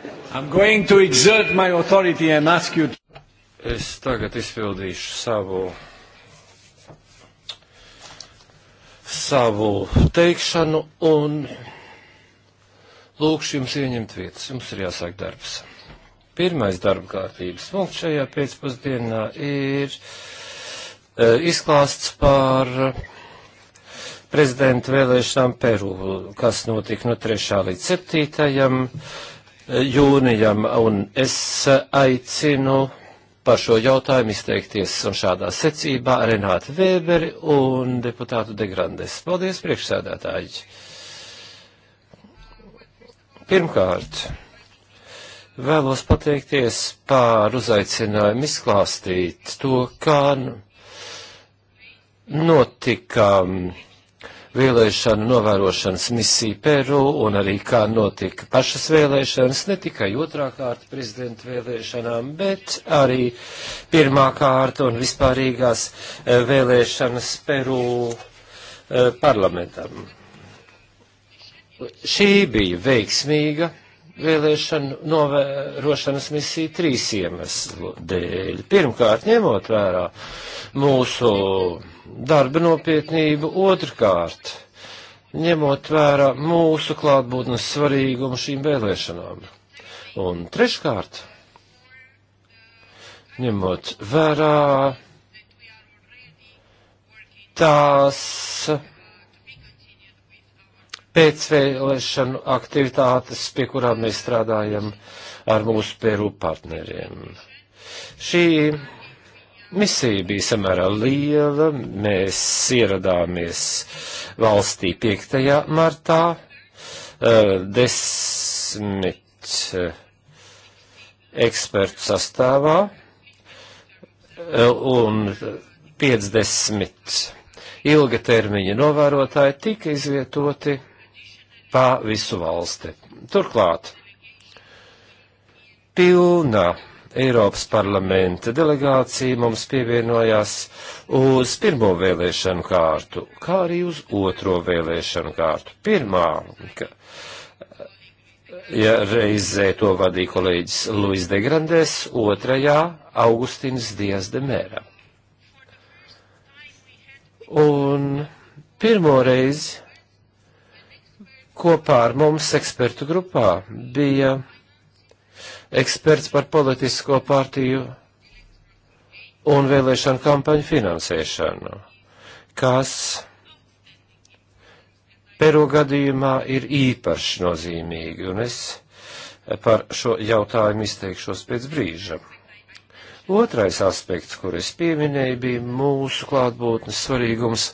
To... Es tagad izpildīšu savu, savu teikšanu un lūkšu jums ieņemt vietas. Jums ir jāsāk darbs. Pirmais darba kārtības punkts šajā pēcpusdienā ir e, izklāsts par prezidenta vēlēšanām Peru, kas notika no 3. līdz 7 jūnijam, un es aicinu par šo jautājumu izteikties un šādā secībā Renāta Vēberi un deputātu Degrandes. Paldies, priekšsēdētāji! Pirmkārt, vēlos pateikties par uzaicinājumu izklāstīt to, kā notika vēlēšanu novērošanas misiju Peru un arī kā notika pašas vēlēšanas, ne tikai otrā kārta prezidenta vēlēšanām, bet arī pirmā kārta un vispārīgās eh, vēlēšanas Peru eh, parlamentam. Šī bija veiksmīga vēlēšanu novērošanas misiju trīs iemeslu dēļ. Pirmkārt, ņemot vērā mūsu darba nopietnību, otrkārt, ņemot vērā mūsu klātbūtnes svarīgumu šīm vēlēšanām. Un treškārt, ņemot vērā tās pēcvēlēšanu aktivitātes, pie kurām mēs strādājam ar mūsu Peru partneriem. Šī misija bija samērā liela. Mēs ieradāmies valstī 5. martā. Eh, desmit eh, ekspertu sastāvā eh, un 50 ilga termiņa novērotāji tika izvietoti pa visu valsti. Turklāt, pilna Eiropas parlamenta delegācija mums pievienojās uz pirmo vēlēšanu kārtu, kā arī uz otro vēlēšanu kārtu. Pirmā, ka, ja reizē to vadīja kolēģis Luis de Grandes, otrajā Augustins Dias de Mēra. Un pirmo reizi kopā ar mums ekspertu grupā bija eksperts par politisko partiju un vēlēšanu kampaņu finansēšanu, kas Peru gadījumā ir īpaši nozīmīgi, un es par šo jautājumu izteikšos pēc brīža. Otrais aspekts, kur es pieminēju, bija mūsu klātbūtnes svarīgums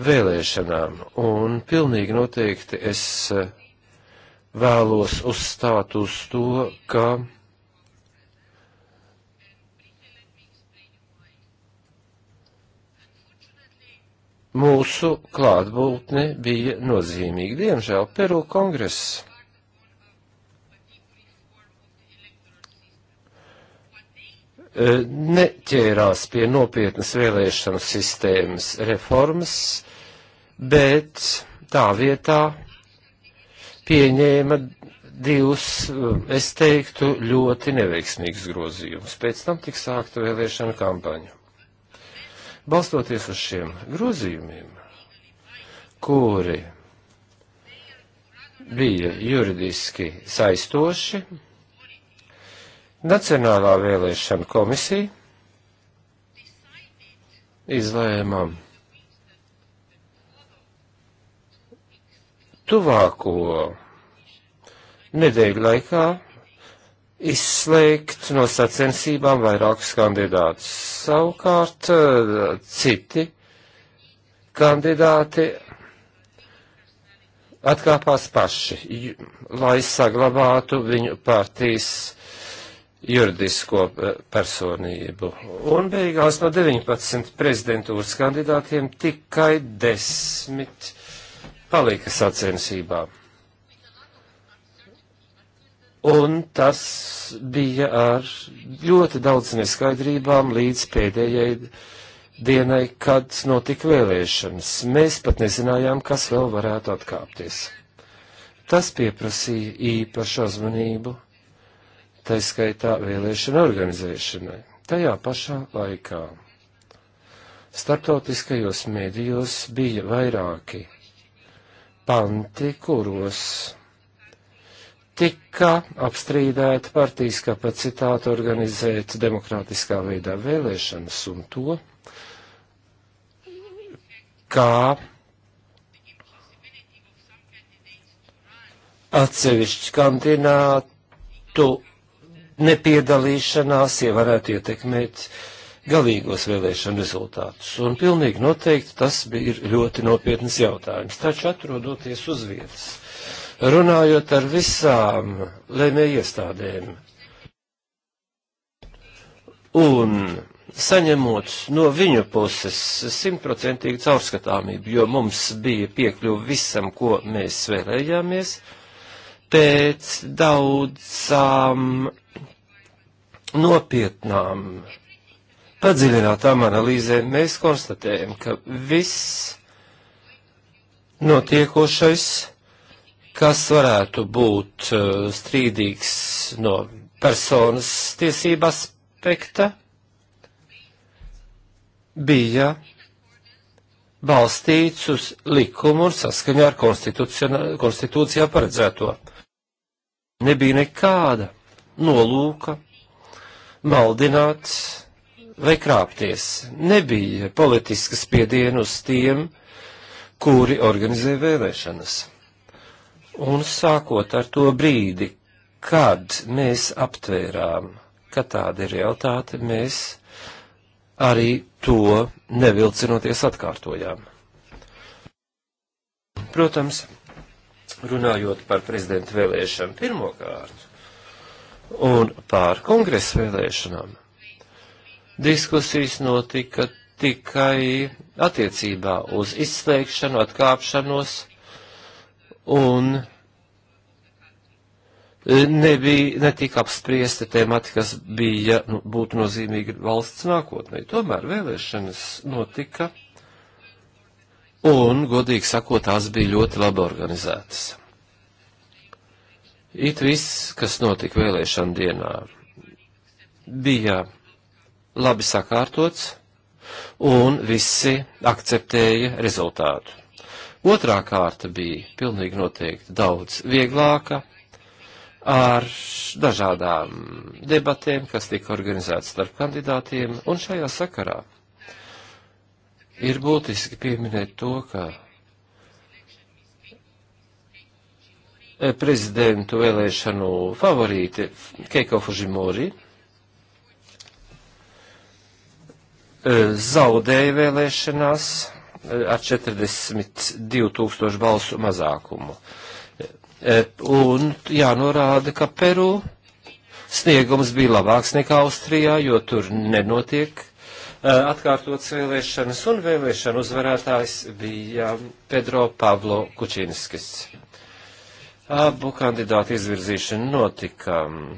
vēlēšanām, un pilnīgi noteikti es eh, vēlos uzstāt uz to, ka mūsu klātbūtne bija nozīmīga. Diemžēl Peru kongress E, neķērās pie nopietnas vēlēšanu sistēmas reformas, bet tā vietā pieņēma divus, e, es teiktu, ļoti neveiksmīgus grozījumus. Pēc tam tika sākta vēlēšana kampaņa. Balstoties uz šiem grozījumiem, kuri bija juridiski saistoši, Nacionālā vēlēšana komisija izlēma tuvāko nedēļu laikā izslēgt no sacensībām vairākus kandidātus. Savukārt citi kandidāti atkāpās paši, lai saglabātu viņu partijas juridisko eh, personību. Un beigās no 19 prezidentūras kandidātiem tikai 10 palika sacensībā. Un tas bija ar ļoti daudz neskaidrībām līdz pēdējai dienai, kad notika vēlēšanas. Mēs pat nezinājām, kas vēl varētu atkāpties. Tas pieprasīja īpašu uzmanību tā skaitā vēlēšana organizēšanai. Tajā pašā laikā starptautiskajos mēdījos bija vairāki panti, kuros tika apstrīdēta partijas kapacitāte organizēt demokrātiskā veidā vēlēšanas un to, kā atsevišķi kandidātu nepiedalīšanās, ja varētu ietekmēt galīgos vēlēšanu rezultātus. Un pilnīgi noteikti tas bija ļoti nopietnas jautājums. Taču atrodoties uz vietas, runājot ar visām lēmēju iestādēm un saņemot no viņu puses simtprocentīgu caurskatāmību, jo mums bija piekļuva visam, ko mēs vēlējāmies, pēc daudzām nopietnām, padziļinātām analīzēm mēs konstatējam, ka viss notiekošais, kas varētu būt uh, strīdīgs no personas tiesību aspekta, bija balstīts uz likumu un saskaņā ar konstitūcijā paredzēto. Nebija nekāda nolūka maldināt vai krāpties. Nebija politiska spiediena uz tiem, kuri organizē vēlēšanas. Un sākot ar to brīdi, kad mēs aptvērām, ka tāda ir realitāte, mēs arī to nevilcinoties atkārtojām. Protams, runājot par prezidentu vēlēšanu pirmokārt, Un pār kongresa vēlēšanām diskusijas notika tikai attiecībā uz izslēgšanu, atkāpšanos un nebija, netika apspriesta temati, kas bija, nu, būtu nozīmīgi valsts nākotnē. Tomēr vēlēšanas notika, un, godīgi sakot, tās bija ļoti labi organizētas. It viss, kas notika vēlēšana dienā, bija labi sakārtots, un visi akceptēja rezultātu. Otrā kārta bija pilnīgi noteikti daudz vieglāka, ar dažādām debatēm, kas tika organizētas starp kandidātiem, un šajā sakarā ir būtiski pieminēt to, ka Eh, prezidentu vēlēšanu favorīti Keiko Fujimori eh, zaudēja vēlēšanās eh, ar 42 tūkstošu balsu mazākumu. Un jānorāda, ka Peru sniegums bija labāks nekā Austrijā, jo tur nenotiek atkārtotas vēlēšanas, un vēlēšana uzvarētājs bija Pedro Pablo Kučinskis. Abu kandidātu izvirzīšana notika um,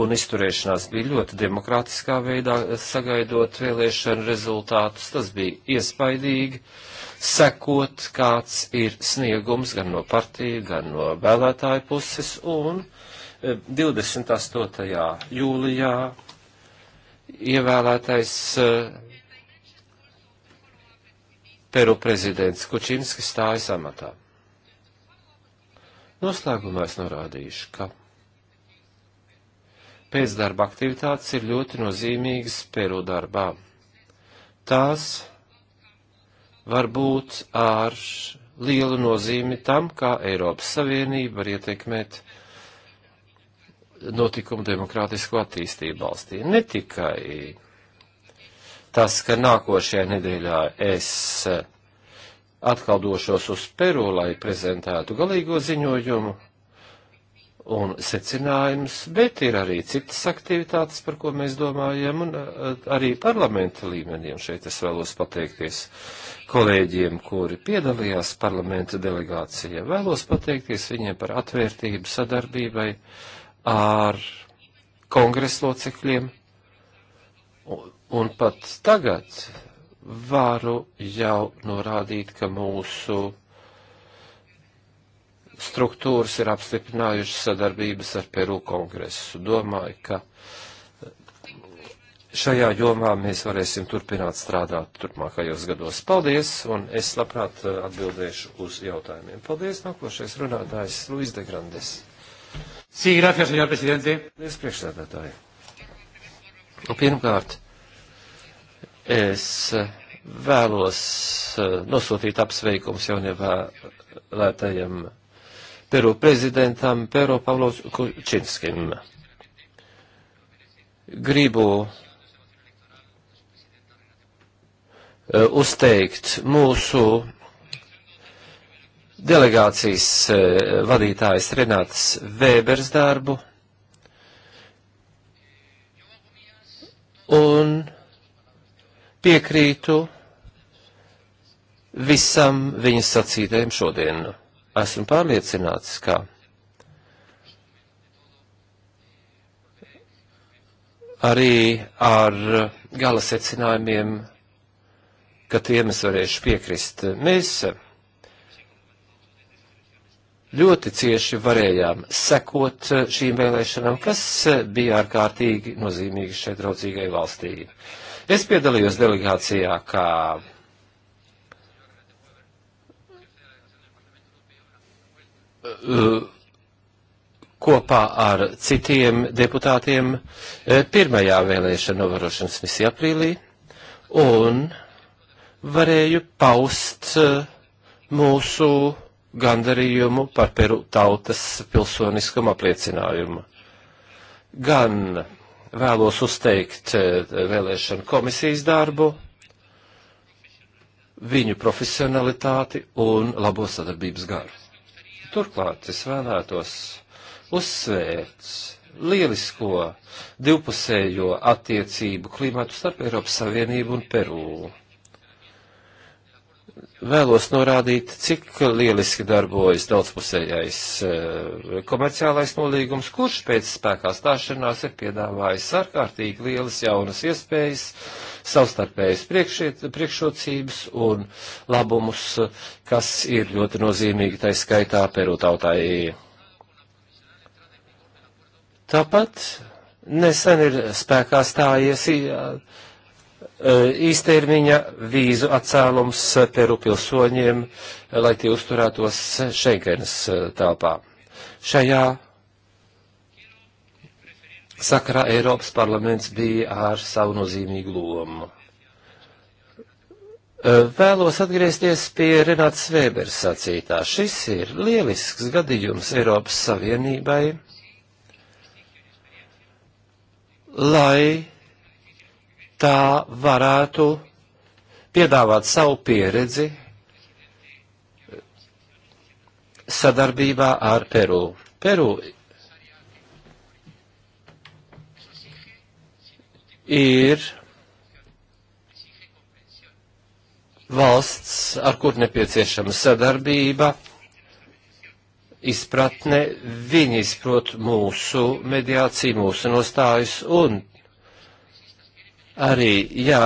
un izturēšanās bija ļoti demokrātiskā veidā, uh, sagaidot vēlēšanu rezultātus. Tas bija iespaidīgi, sekot, kāds ir sniegums gan no partija, gan no vēlētāju puses, un 28. Uh, jūlijā ievēlētais uh, Peru prezidents Kučinskis stājas amatā. Noslēgumā es norādīšu, ka pēcdarba aktivitātes ir ļoti nozīmīgas Peru darbā. Tās var būt ar lielu nozīmi tam, kā Eiropas Savienība var ietekmēt notikumu demokrātisko attīstību valstī. Ne tikai tas, ka nākošajā nedēļā es atkal došos uz Peru, lai prezentētu galīgo ziņojumu un secinājums, bet ir arī citas aktivitātes, par ko mēs domājam, un eh, arī parlamenta līmenī. Un šeit es vēlos pateikties kolēģiem, kuri piedalījās parlamenta delegācijā. Vēlos pateikties viņiem par atvērtību sadarbībai ar kongreslocekļiem. Un, un pat tagad varu jau norādīt, ka mūsu struktūras ir apstiprinājušas sadarbības ar Peru kongresu. Domāju, ka šajā jomā mēs varēsim turpināt strādāt turpmākajos gados. Paldies, un es labprāt eh, atbildēšu uz jautājumiem. Paldies, nākošais runātājs Luis de Grandes. Sí, gracias, señor presidente. Es priekšsēdētāji. Pirmkārt, Es eh, vēlos eh, nosūtīt apsveikums jaunievēlētajam Peru prezidentam Pero Pavlos Kučinskim. Gribu eh, uzteikt mūsu delegācijas vadītājas Renātas Vēbers darbu. Un piekrītu visam viņas sacītajam šodien. Esmu pārliecināts, ka arī ar gala secinājumiem, ka tiem es varēšu piekrist. Mēs ļoti cieši varējām sekot šīm vēlēšanām, kas bija ārkārtīgi nozīmīgi šai draudzīgai valstī. Es piedalījos delegācijā kā uh, kopā ar citiem deputātiem uh, pirmajā vēlēšana novarošanas misija aprīlī un varēju paust uh, mūsu gandarījumu par Peru tautas pilsoniskumu apliecinājumu. Gan vēlos uzteikt eh, vēlēšanu komisijas darbu, viņu profesionalitāti un labo sadarbības garu. Turklāt es vēlētos uzsvērt lielisko divpusējo attiecību klimatu starp Eiropas Savienību un Peru vēlos norādīt, cik lieliski darbojas daudzpusējais eh, komerciālais nolīgums, kurš pēc spēkā stāšanās ir piedāvājis ārkārtīgi lielas jaunas iespējas, savstarpējas priekšrocības un labumus, kas ir ļoti nozīmīgi tai skaitā Peru tautai. Tāpat nesen ir spēkā stājies E, īstermiņa vīzu atcēlums Peru pilsoņiem, lai tie uzturētos Schengenas e, telpā. Šajā sakarā Eiropas parlaments bija ar savu nozīmīgu lomu. E, vēlos atgriezties pie Renāts Vēbers sacītā. Šis ir lielisks gadījums Eiropas Savienībai, lai tā varētu piedāvāt savu pieredzi sadarbībā ar Peru. Peru ir valsts, ar kur nepieciešama sadarbība, izpratne, viņi izprot mūsu mediāciju, mūsu nostājus, un arī jā,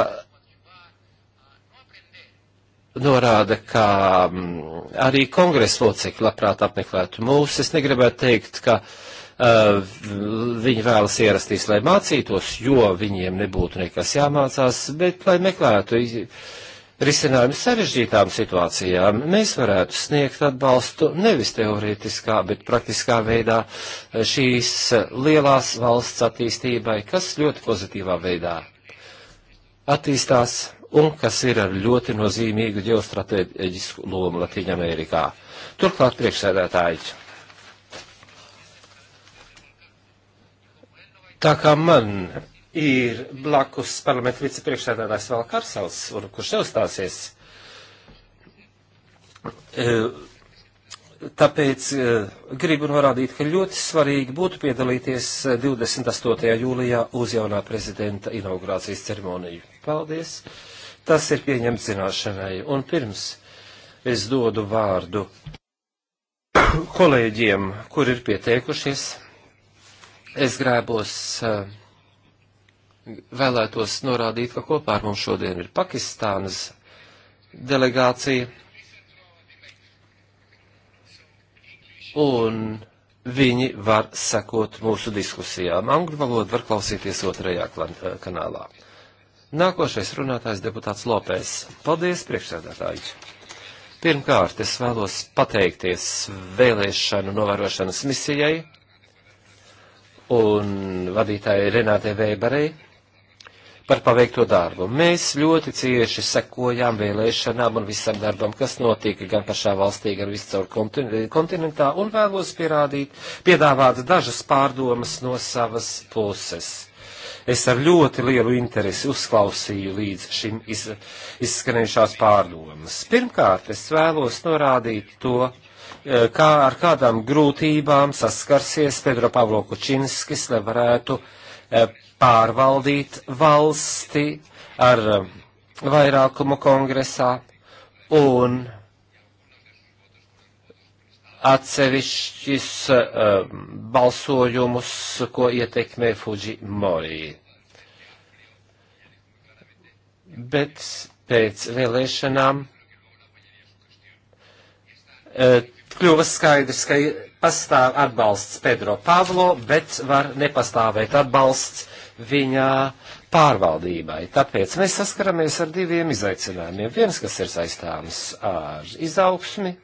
norāda, ka mm, arī kongresa locekļi labprāt apmeklētu mūs. Es negribētu teikt, ka uh, viņi vēlas ierasties, lai mācītos, jo viņiem nebūtu nekas jāmācās, bet lai meklētu risinājumu sarežģītām situācijām, mēs varētu sniegt atbalstu nevis teorētiskā, bet praktiskā veidā eh, šīs eh, lielās valsts attīstībai, kas ļoti pozitīvā veidā attīstās un kas ir ar ļoti nozīmīgu ģeostrateģisku lomu Latīņamerikā. Turklāt priekšsēdētāji. Tā kā man ir blakus parlamenta vicepriekšsēdētājs vēl Karsels, kurš neuzstāsies, eh, Tāpēc eh, gribu norādīt, ka ļoti svarīgi būtu piedalīties 28. Eh, jūlijā uz jaunā prezidenta inaugurācijas ceremoniju. Paldies! Tas ir pieņemts zināšanai. Un pirms es dodu vārdu kolēģiem, kur ir pieteikušies, es grēbos eh, vēlētos norādīt, ka kopā ar mums šodien ir Pakistānas delegācija un viņi var sekot mūsu diskusijām. Angļu valodu var klausīties otrajā eh, kanālā. Nākošais runātājs deputāts Lopēs. Paldies, priekšsēdētāji! Pirmkārt, es vēlos pateikties vēlēšanu novērošanas misijai un vadītājai Renātei Veibarei par paveikto darbu. Mēs ļoti cieši sekojām vēlēšanām un visam darbam, kas notika gan pašā valstī, gan viscaur kontinentā, un vēlos pierādīt, piedāvāt dažas pārdomas no savas puses. Es ar ļoti lielu interesi uzklausīju līdz šim iz, izskanējušās pārdomas. Pirmkārt, es vēlos norādīt to, e, kā ar kādām grūtībām saskarsies Pedro Pavlo Kučinskis, lai varētu e, pārvaldīt valsti ar um, vairākumu kongresā un atsevišķis uh, um, balsojumus, ko ietekmē Fuji Mori. Bet pēc vēlēšanām uh, kļuva skaidrs, ka pastāv atbalsts Pedro Pavlo, bet var nepastāvēt atbalsts viņā pārvaldībai. Tāpēc mēs saskaramies ar diviem izaicinājumiem. Viens, kas ir saistāms ar izaugsmi,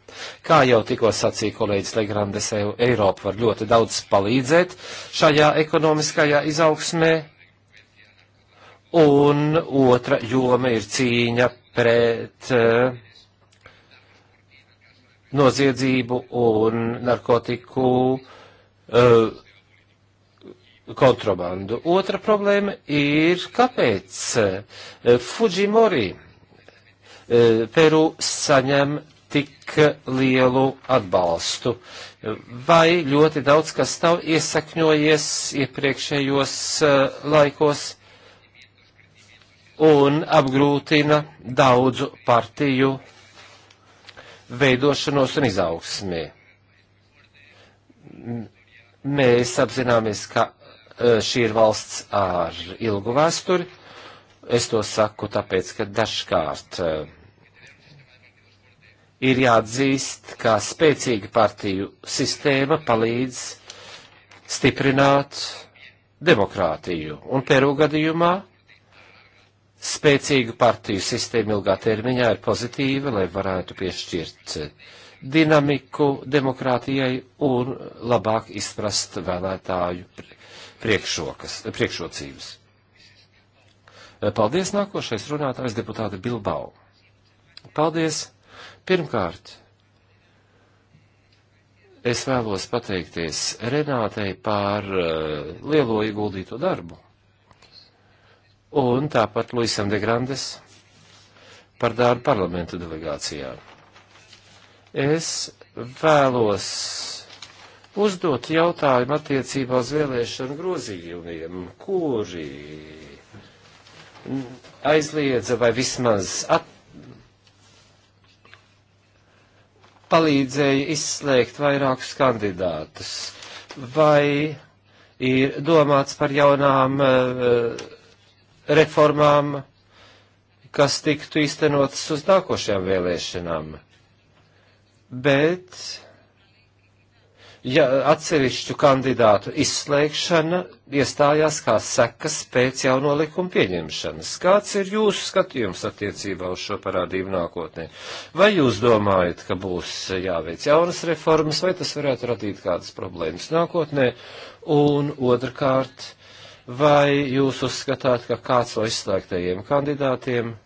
kā jau tikko sacīja kolēģis Legrandes, Eiropa var ļoti daudz palīdzēt šajā ekonomiskajā izaugsmē. Un otra joma ir cīņa pret uh, noziedzību un narkotiku uh, kontrabandu. Otra problēma ir, kāpēc eh, Fujimori eh, Peru saņem tik lielu atbalstu, vai ļoti daudz kas nav iesakņojies iepriekšējos eh, laikos un apgrūtina daudzu partiju veidošanos un izaugsmē. Mēs apzināmies, ka Eh, šī ir valsts ar ilgu vēsturi. Es to saku tāpēc, ka dažkārt eh, ir jāatzīst, ka spēcīga partiju sistēma palīdz stiprināt demokrātiju. Un Peru gadījumā spēcīgu partiju sistēmu ilgā termiņā ir pozitīva, lai varētu piešķirt eh, dinamiku demokrātijai un labāk izprast vēlētāju priekšrocības. Paldies nākošais runātājs deputāte Bilbao. Paldies! Pirmkārt, es vēlos pateikties Renātei par uh, lielo ieguldīto darbu. Un tāpat Luisam de Grandes par darbu parlamentu delegācijā. Es vēlos uzdot jautājumu attiecībā uz vēlēšanu grozījumiem, kuri aizliedza vai vismaz at, palīdzēja izslēgt vairākus kandidātus, vai ir domāts par jaunām uh, reformām, kas tiktu īstenotas uz nākošajām vēlēšanām. Bet ja atsevišķu kandidātu izslēgšana iestājās kā sekas pēc jauno likuma pieņemšanas. Kāds ir jūsu skatījums attiecībā uz šo parādību nākotnē? Vai jūs domājat, ka būs jāveic jaunas reformas, vai tas varētu radīt kādas problēmas nākotnē? Un otrkārt, vai jūs uzskatāt, ka kāds no izslēgtajiem kandidātiem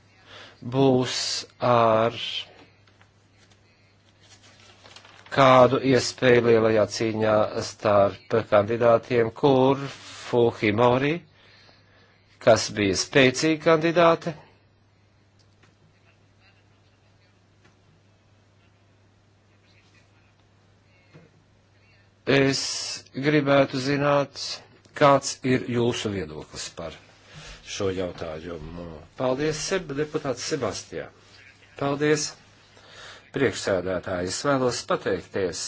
būs ar kādu iespēju lielajā cīņā starp kandidātiem, kur Fuhimori, kas bija spēcīga kandidāte, Es gribētu zināt, kāds ir jūsu viedoklis par šo jautājumu. Paldies, Seb, deputāts Sebastijā. Paldies priekšsēdētāji, es vēlos pateikties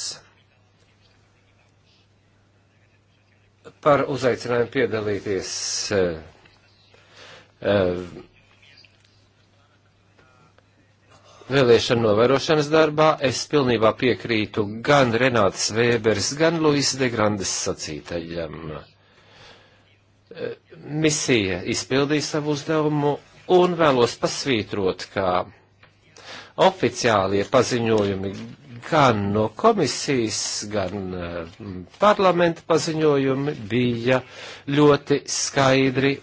par uzaicinājumu piedalīties uh, eh, uh, eh, vēlēšana novērošanas darbā es pilnībā piekrītu gan Renātas Vēberis, gan Luisa de Grandes sacītajam. Eh, misija izpildīja savu uzdevumu un vēlos pasvītrot, kā oficiālie paziņojumi gan no komisijas, gan eh, parlamenta paziņojumi bija ļoti skaidri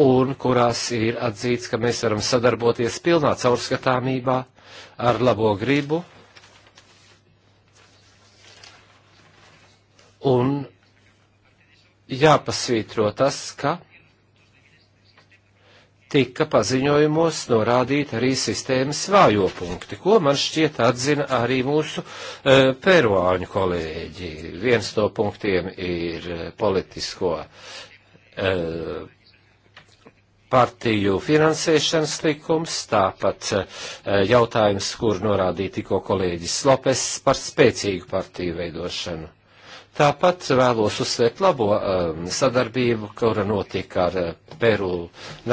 un kurās ir atzīts, ka mēs varam sadarboties pilnā caurskatāmībā ar labo gribu un jāpasvītro tas, ka tika paziņojumos norādīti arī sistēmas vājo punkti, ko man šķiet atzina arī mūsu e, peruāņu kolēģi. Viens no punktiem ir e, politisko e, partiju finansēšanas likums, tāpat e, jautājums, kur norādīja tikko kolēģis Lopes par spēcīgu partiju veidošanu. Tāpat vēlos uzsvērt labo um, sadarbību, kura notika ar uh, Peru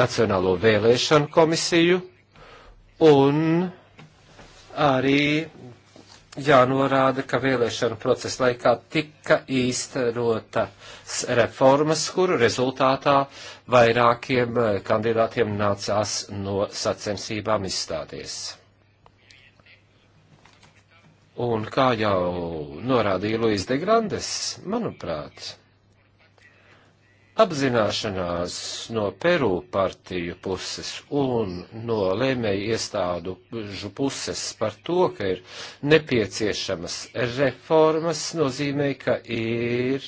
Nacionālo vēlēšanu komisiju un arī jānorāda, ka vēlēšanu procesa laikā tika īstenotas reformas, kuru rezultātā vairākiem uh, kandidātiem nācās no sacensībām izstāties. Un kā jau norādīja Luis de Grandes, manuprāt, apzināšanās no Peru partiju puses un no lēmēju iestādu puses par to, ka ir nepieciešamas reformas, nozīmē, ka ir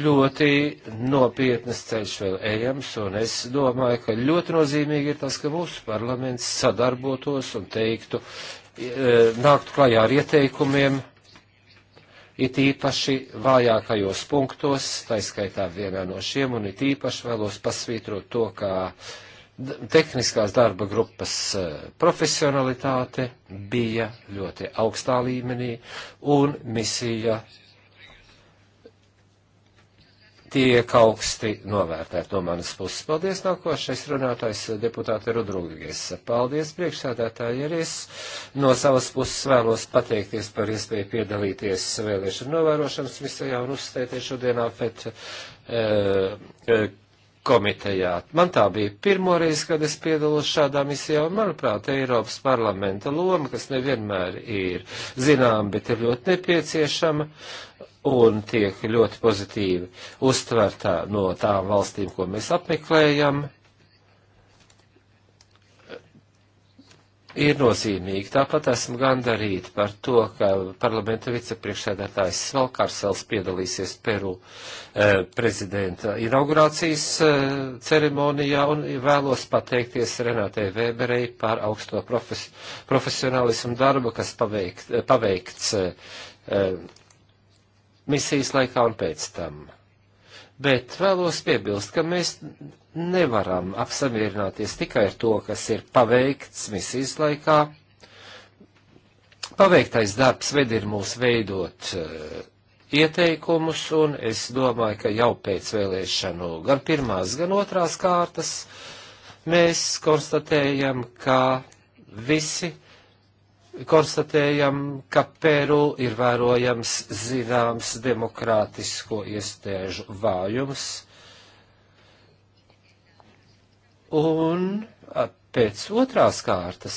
ļoti nopietnas ceļš vēl ejams, un es domāju, ka ļoti nozīmīgi ir tas, ka mūsu parlaments sadarbotos un teiktu, e, nāktu klajā ar ieteikumiem, it īpaši vājākajos punktos, taiskaitā vienā no šiem, un it īpaši vēlos pasvītrot to, kā tehniskās darba grupas e, profesionalitāte bija ļoti augstā līmenī, un misija tiek augsti novērtēti no manas puses. Paldies, nākošais runātājs deputāte Rudrūgies. Paldies, priekšsēdētāji, arī es no savas puses vēlos pateikties par iespēju piedalīties vēlēšanu novērošanas misijā un uzstēties šodienā pēc. E, e, komitejā. Man tā bija pirmo reizi, kad es piedalos šādā misijā, un, manuprāt, Eiropas parlamenta loma, kas nevienmēr ir zinām, bet ir ļoti nepieciešama, un tiek ļoti pozitīvi uztverta no tām valstīm, ko mēs apmeklējam, ir nozīmīgi. Tāpat esmu gandarīti par to, ka parlamenta vicepriekšsēdētājs Svalkārsels piedalīsies Peru eh, prezidenta inaugurācijas eh, ceremonijā un vēlos pateikties Renātei Vēberei par augsto profes, profesionālismu darbu, kas paveikt, eh, paveikts eh, misijas laikā un pēc tam. Bet vēlos piebilst, ka mēs nevaram apsamierināties tikai ar to, kas ir paveikts misijas laikā. Paveiktais darbs vedina mūs veidot uh, ieteikumus, un es domāju, ka jau pēc vēlēšanu gan pirmās, gan otrās kārtas mēs konstatējam, ka visi konstatējam, ka Peru ir vērojams zināms demokrātisko iestēžu vājums, un pēc otrās kārtas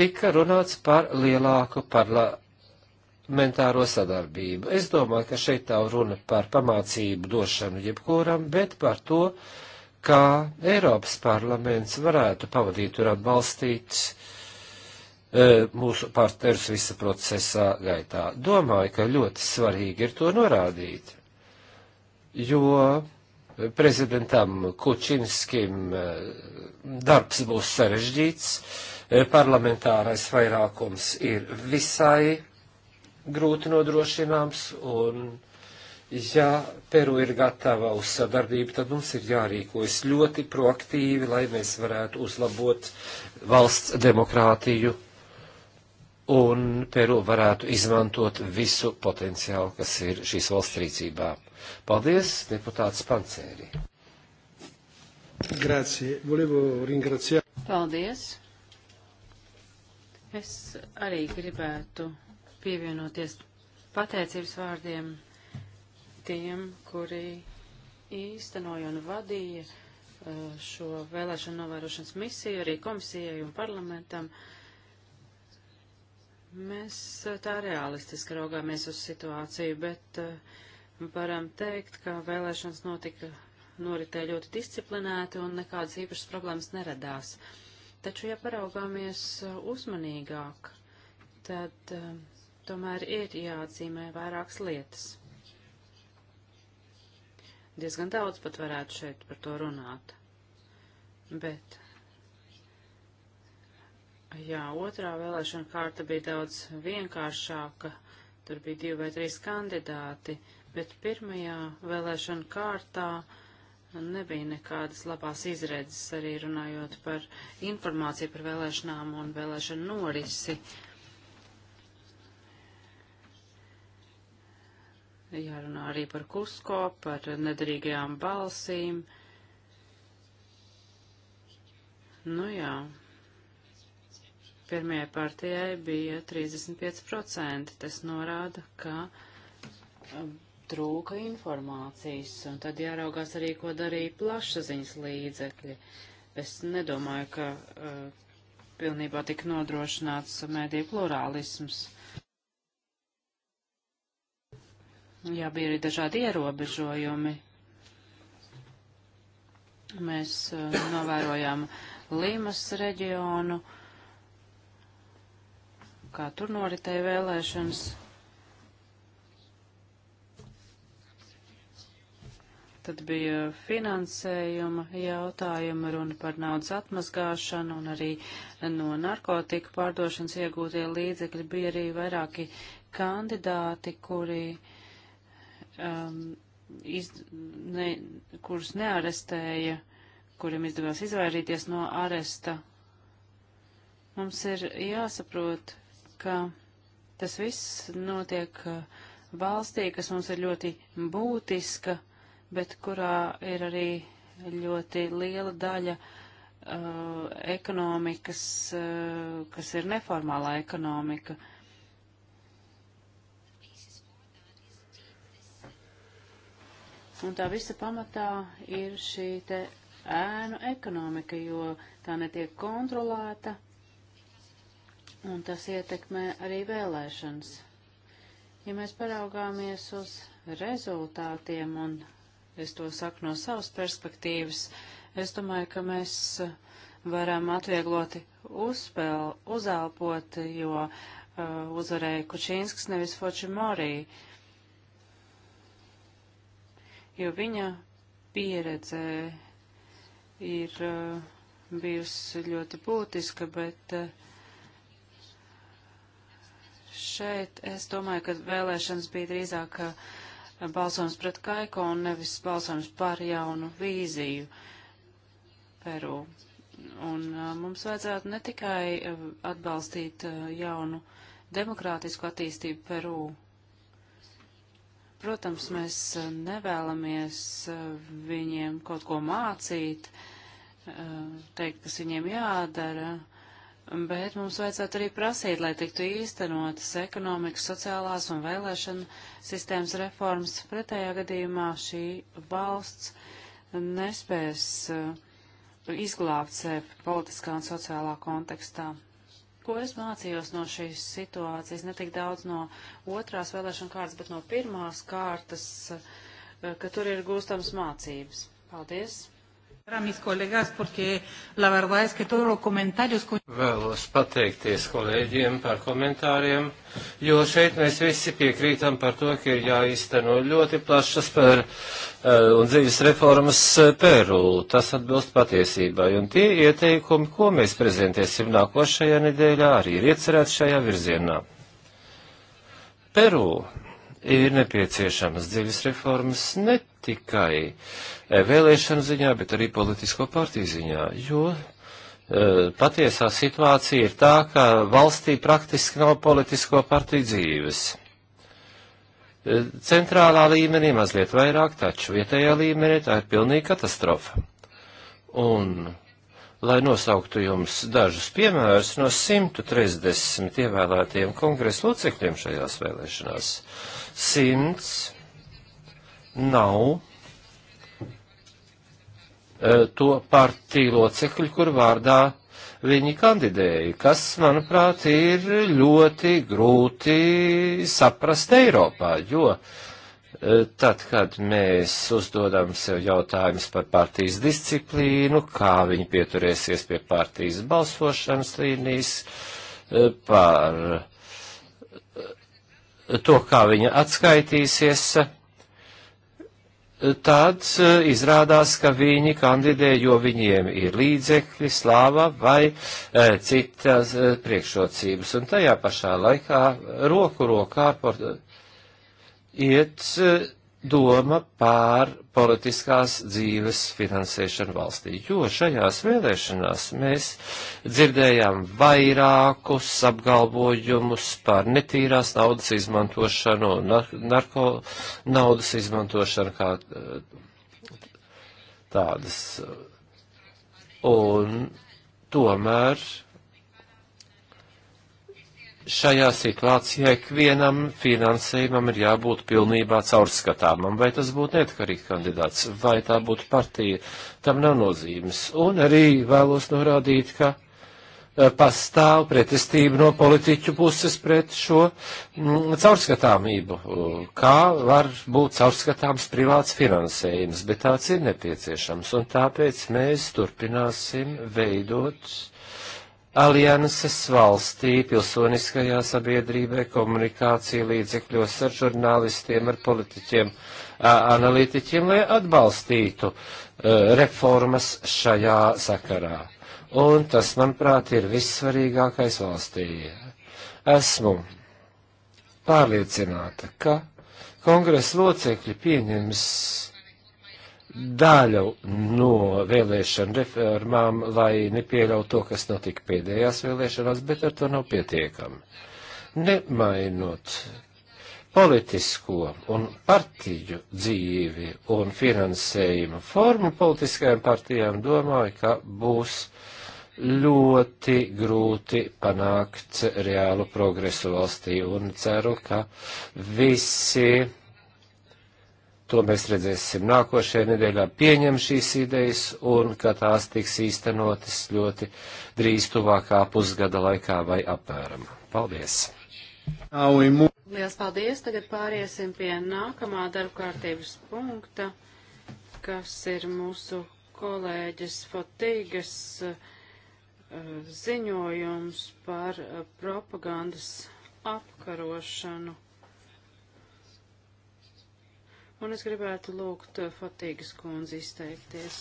tika runāts par lielāku parlamentāro sadarbību. Es domāju, ka šeit nav runa par pamācību došanu jebkuram, bet par to, kā Eiropas parlaments varētu pavadīt un atbalstīt uh, E, mūsu partnerus visa procesā gaitā. Domāju, ka ļoti svarīgi ir to norādīt, jo prezidentam Kučinskim e, darbs būs sarežģīts, e, parlamentārais vairākums ir visai grūti nodrošināms, un ja Peru ir gatava uz sadarbību, tad mums ir jārīkojas ļoti proaktīvi, lai mēs varētu uzlabot valsts demokrātiju un Peru varētu izmantot visu potenciālu, kas ir šīs valsts rīcībā. Paldies, deputāts Pancēri. Grazie. Volevo ringraziare. Paldies. Es arī gribētu pievienoties pateicības vārdiem tiem, kuri īstenoja un vadīja uh, šo vēlēšanu novērošanas misiju arī komisijai un parlamentam. Uh, Mēs eh, tā realistiski raugāmies uz situāciju, bet eh, varam teikt, ka vēlēšanas notika noritēja ļoti disciplinēti un nekādas īpašas problēmas neradās. Taču, ja paraugāmies eh, uzmanīgāk, tad tomēr ir jāatzīmē vairākas lietas. Diezgan daudz pat varētu šeit par to runāt. Bet Jā, otrā vēlēšana kārta bija daudz vienkāršāka. Tur bija divi vai trīs kandidāti, bet pirmajā vēlēšana kārtā nebija nekādas labās izredzes, arī runājot par informāciju par vēlēšanām un vēlēšanu norisi. Jārunā arī par Kusko, par nedarīgajām balsīm. Nu jā. Pirmajai partijai bija 35%. Tas norāda, ka um, trūka informācijas, un tad jāraugās arī, ko darīja plašsaziņas līdzekļi. Es nedomāju, ka uh, pilnībā tika nodrošināts mēdīju plurālisms. Jā, bija arī dažādi ierobežojumi. Mēs uh, novērojām Limas reģionu. Uh, kā tur noritēja vēlēšanas. Tad bija finansējuma jautājuma, runa par naudas atmazgāšanu un arī no narkotika pārdošanas iegūtie līdzekļi. Bija arī vairāki kandidāti, kuri, um, iz, ne, kurus nearestēja, kuriem izdevās izvairīties no aresta. Mums ir jāsaprot, ka tas viss notiek uh, valstī, kas mums ir ļoti būtiska, bet kurā ir arī ļoti liela daļa uh, ekonomikas, uh, kas ir neformālā ekonomika. Un tā visa pamatā ir šī te ēnu ekonomika, jo tā netiek kontrolēta un tas ietekmē arī vēlēšanas. Ja mēs paraugāmies uz rezultātiem, un es to saku no savas perspektīvas, es domāju, ka mēs varam atviegloti uzspēl, uzelpot, jo uh, uzvarēja Kučīnskas nevis Fočimorī, jo viņa pieredze ir uh, bijusi ļoti būtiska, bet uh, Šeit es domāju, ka vēlēšanas bija drīzāk balsojums pret Kaiko un nevis balsojums par jaunu vīziju Peru. Un mums vajadzētu ne tikai atbalstīt jaunu demokrātisku attīstību Peru. Protams, mēs nevēlamies viņiem kaut ko mācīt, teikt, kas viņiem jādara bet mums vajadzētu arī prasīt, lai tiktu īstenotas ekonomikas, sociālās un vēlēšana sistēmas reformas. Pretējā gadījumā šī valsts nespēs uh, izglābt sevi politiskā un sociālā kontekstā. Ko es mācījos no šīs situācijas? Ne tik daudz no otrās vēlēšana kārtas, bet no pirmās kārtas, uh, ka tur ir gūstams mācības. Paldies! Vēlos pateikties kolēģiem par komentāriem, jo šeit mēs visi piekrītam par to, ka ir jāizteno ļoti plašas par, eh, un dziļas reformas eh, Peru. Tas atbilst patiesībai, un tie ieteikumi, ko mēs prezentēsim nākošajā nedēļā, arī ir iecerēti šajā virzienā. Peru ir nepieciešamas dziļas reformas ne tikai e, vēlēšanu ziņā, bet arī politisko partiju ziņā, jo e, patiesā situācija ir tā, ka valstī praktiski nav politisko partiju dzīves. E, centrālā līmenī mazliet vairāk, taču vietējā līmenī tā ir pilnīga katastrofa. Un lai nosauktu jums dažus piemērus no 130 ievēlētajiem kongresa locekļiem šajās vēlēšanās. 100 nav e, to partiju locekļu, kur vārdā viņi kandidēja, kas, manuprāt, ir ļoti grūti saprast Eiropā, jo uh, tad, kad mēs uzdodam sev jautājumus par partijas disciplīnu, kā viņi pieturēsies pie partijas balsošanas līnijas, e, par e, to, kā viņa atskaitīsies, e, tad izrādās, ka viņi kandidē, jo viņiem ir līdzekļi, slāva vai citas priekšrocības. Un tajā pašā laikā roku rokā ar iet eh, doma pār politiskās dzīves finansēšanu valstī, jo šajās vēlēšanās mēs dzirdējām vairākus apgalvojumus par netīrās naudas izmantošanu, narko naudas izmantošanu kā eh, tādas. Un tomēr šajā situācijā ikvienam finansējumam ir jābūt pilnībā caurskatāmam, vai tas būtu neatkarīgi kandidāts, vai tā būtu partija, tam nav nozīmes. Un arī vēlos norādīt, ka eh, pastāv pretestība no politiķu puses pret šo m, mm, caurskatāmību. Kā var būt caurskatāms privāts finansējums, bet tāds ir nepieciešams, un tāpēc mēs turpināsim veidot alianses valstī, pilsoniskajā sabiedrībā, komunikācija līdzekļos ar žurnālistiem, ar politiķiem, analītiķiem, lai atbalstītu e, reformas šajā sakarā. Un tas, manuprāt, ir vissvarīgākais valstī. Esmu pārliecināta, ka kongresa locekļi pieņems daļu no vēlēšanu reformām, lai nepieļautu to, kas notika pēdējās vēlēšanās, bet ar to nav pietiekami. Nemainot politisko un partiju dzīvi un finansējumu formu politiskajām partijām, domāju, ka būs ļoti grūti panākt reālu progresu valstī un ceru, ka visi to mēs redzēsim nākošajā nedēļā, pieņem šīs idejas un ka tās tiks īstenotas ļoti drīz tuvākā pusgada laikā vai apmēram. Paldies! Lielas paldies! Tagad pāriesim pie nākamā darba kārtības punkta, kas ir mūsu kolēģis Fotīgas eh, ziņojums par eh, propagandas apkarošanu un es gribētu lūgt eh, Fotīgas kundzi izteikties.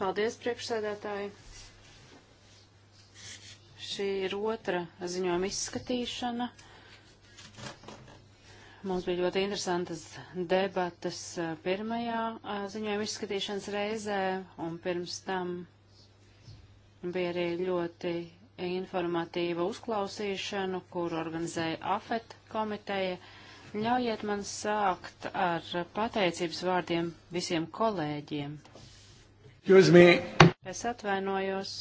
Paldies, priekšsēdētāji! Šī ir otra ziņojuma izskatīšana. Mums bija ļoti interesantas debatas eh, pirmajā eh, ziņojuma izskatīšanas reizē, un pirms tam bija arī ļoti informatīva uzklausīšana, kur organizēja AFET komiteja. Ļaujiet man sākt ar pateicības vārdiem visiem kolēģiem. Jūs mī. Es atvainojos.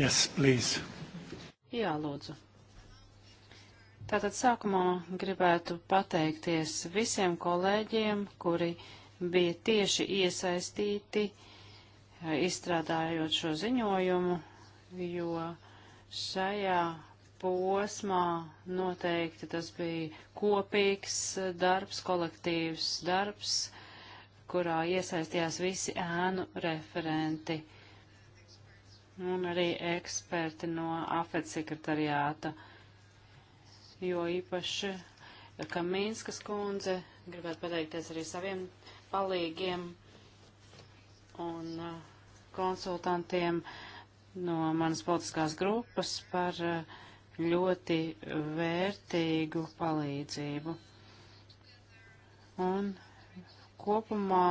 Yes, please. Jā, lūdzu. Tātad sākumā gribētu pateikties visiem kolēģiem, kuri bija tieši iesaistīti eh, izstrādājot šo ziņojumu, jo šajā posmā noteikti tas bija kopīgs darbs, kolektīvs darbs, kurā iesaistījās visi ēnu referenti un arī eksperti no AFED sekretariāta, jo īpaši Kamīnskas kundze, gribētu pateikties arī saviem palīgiem un uh, konsultantiem no manas politiskās grupas par uh, ļoti vērtīgu palīdzību. Un kopumā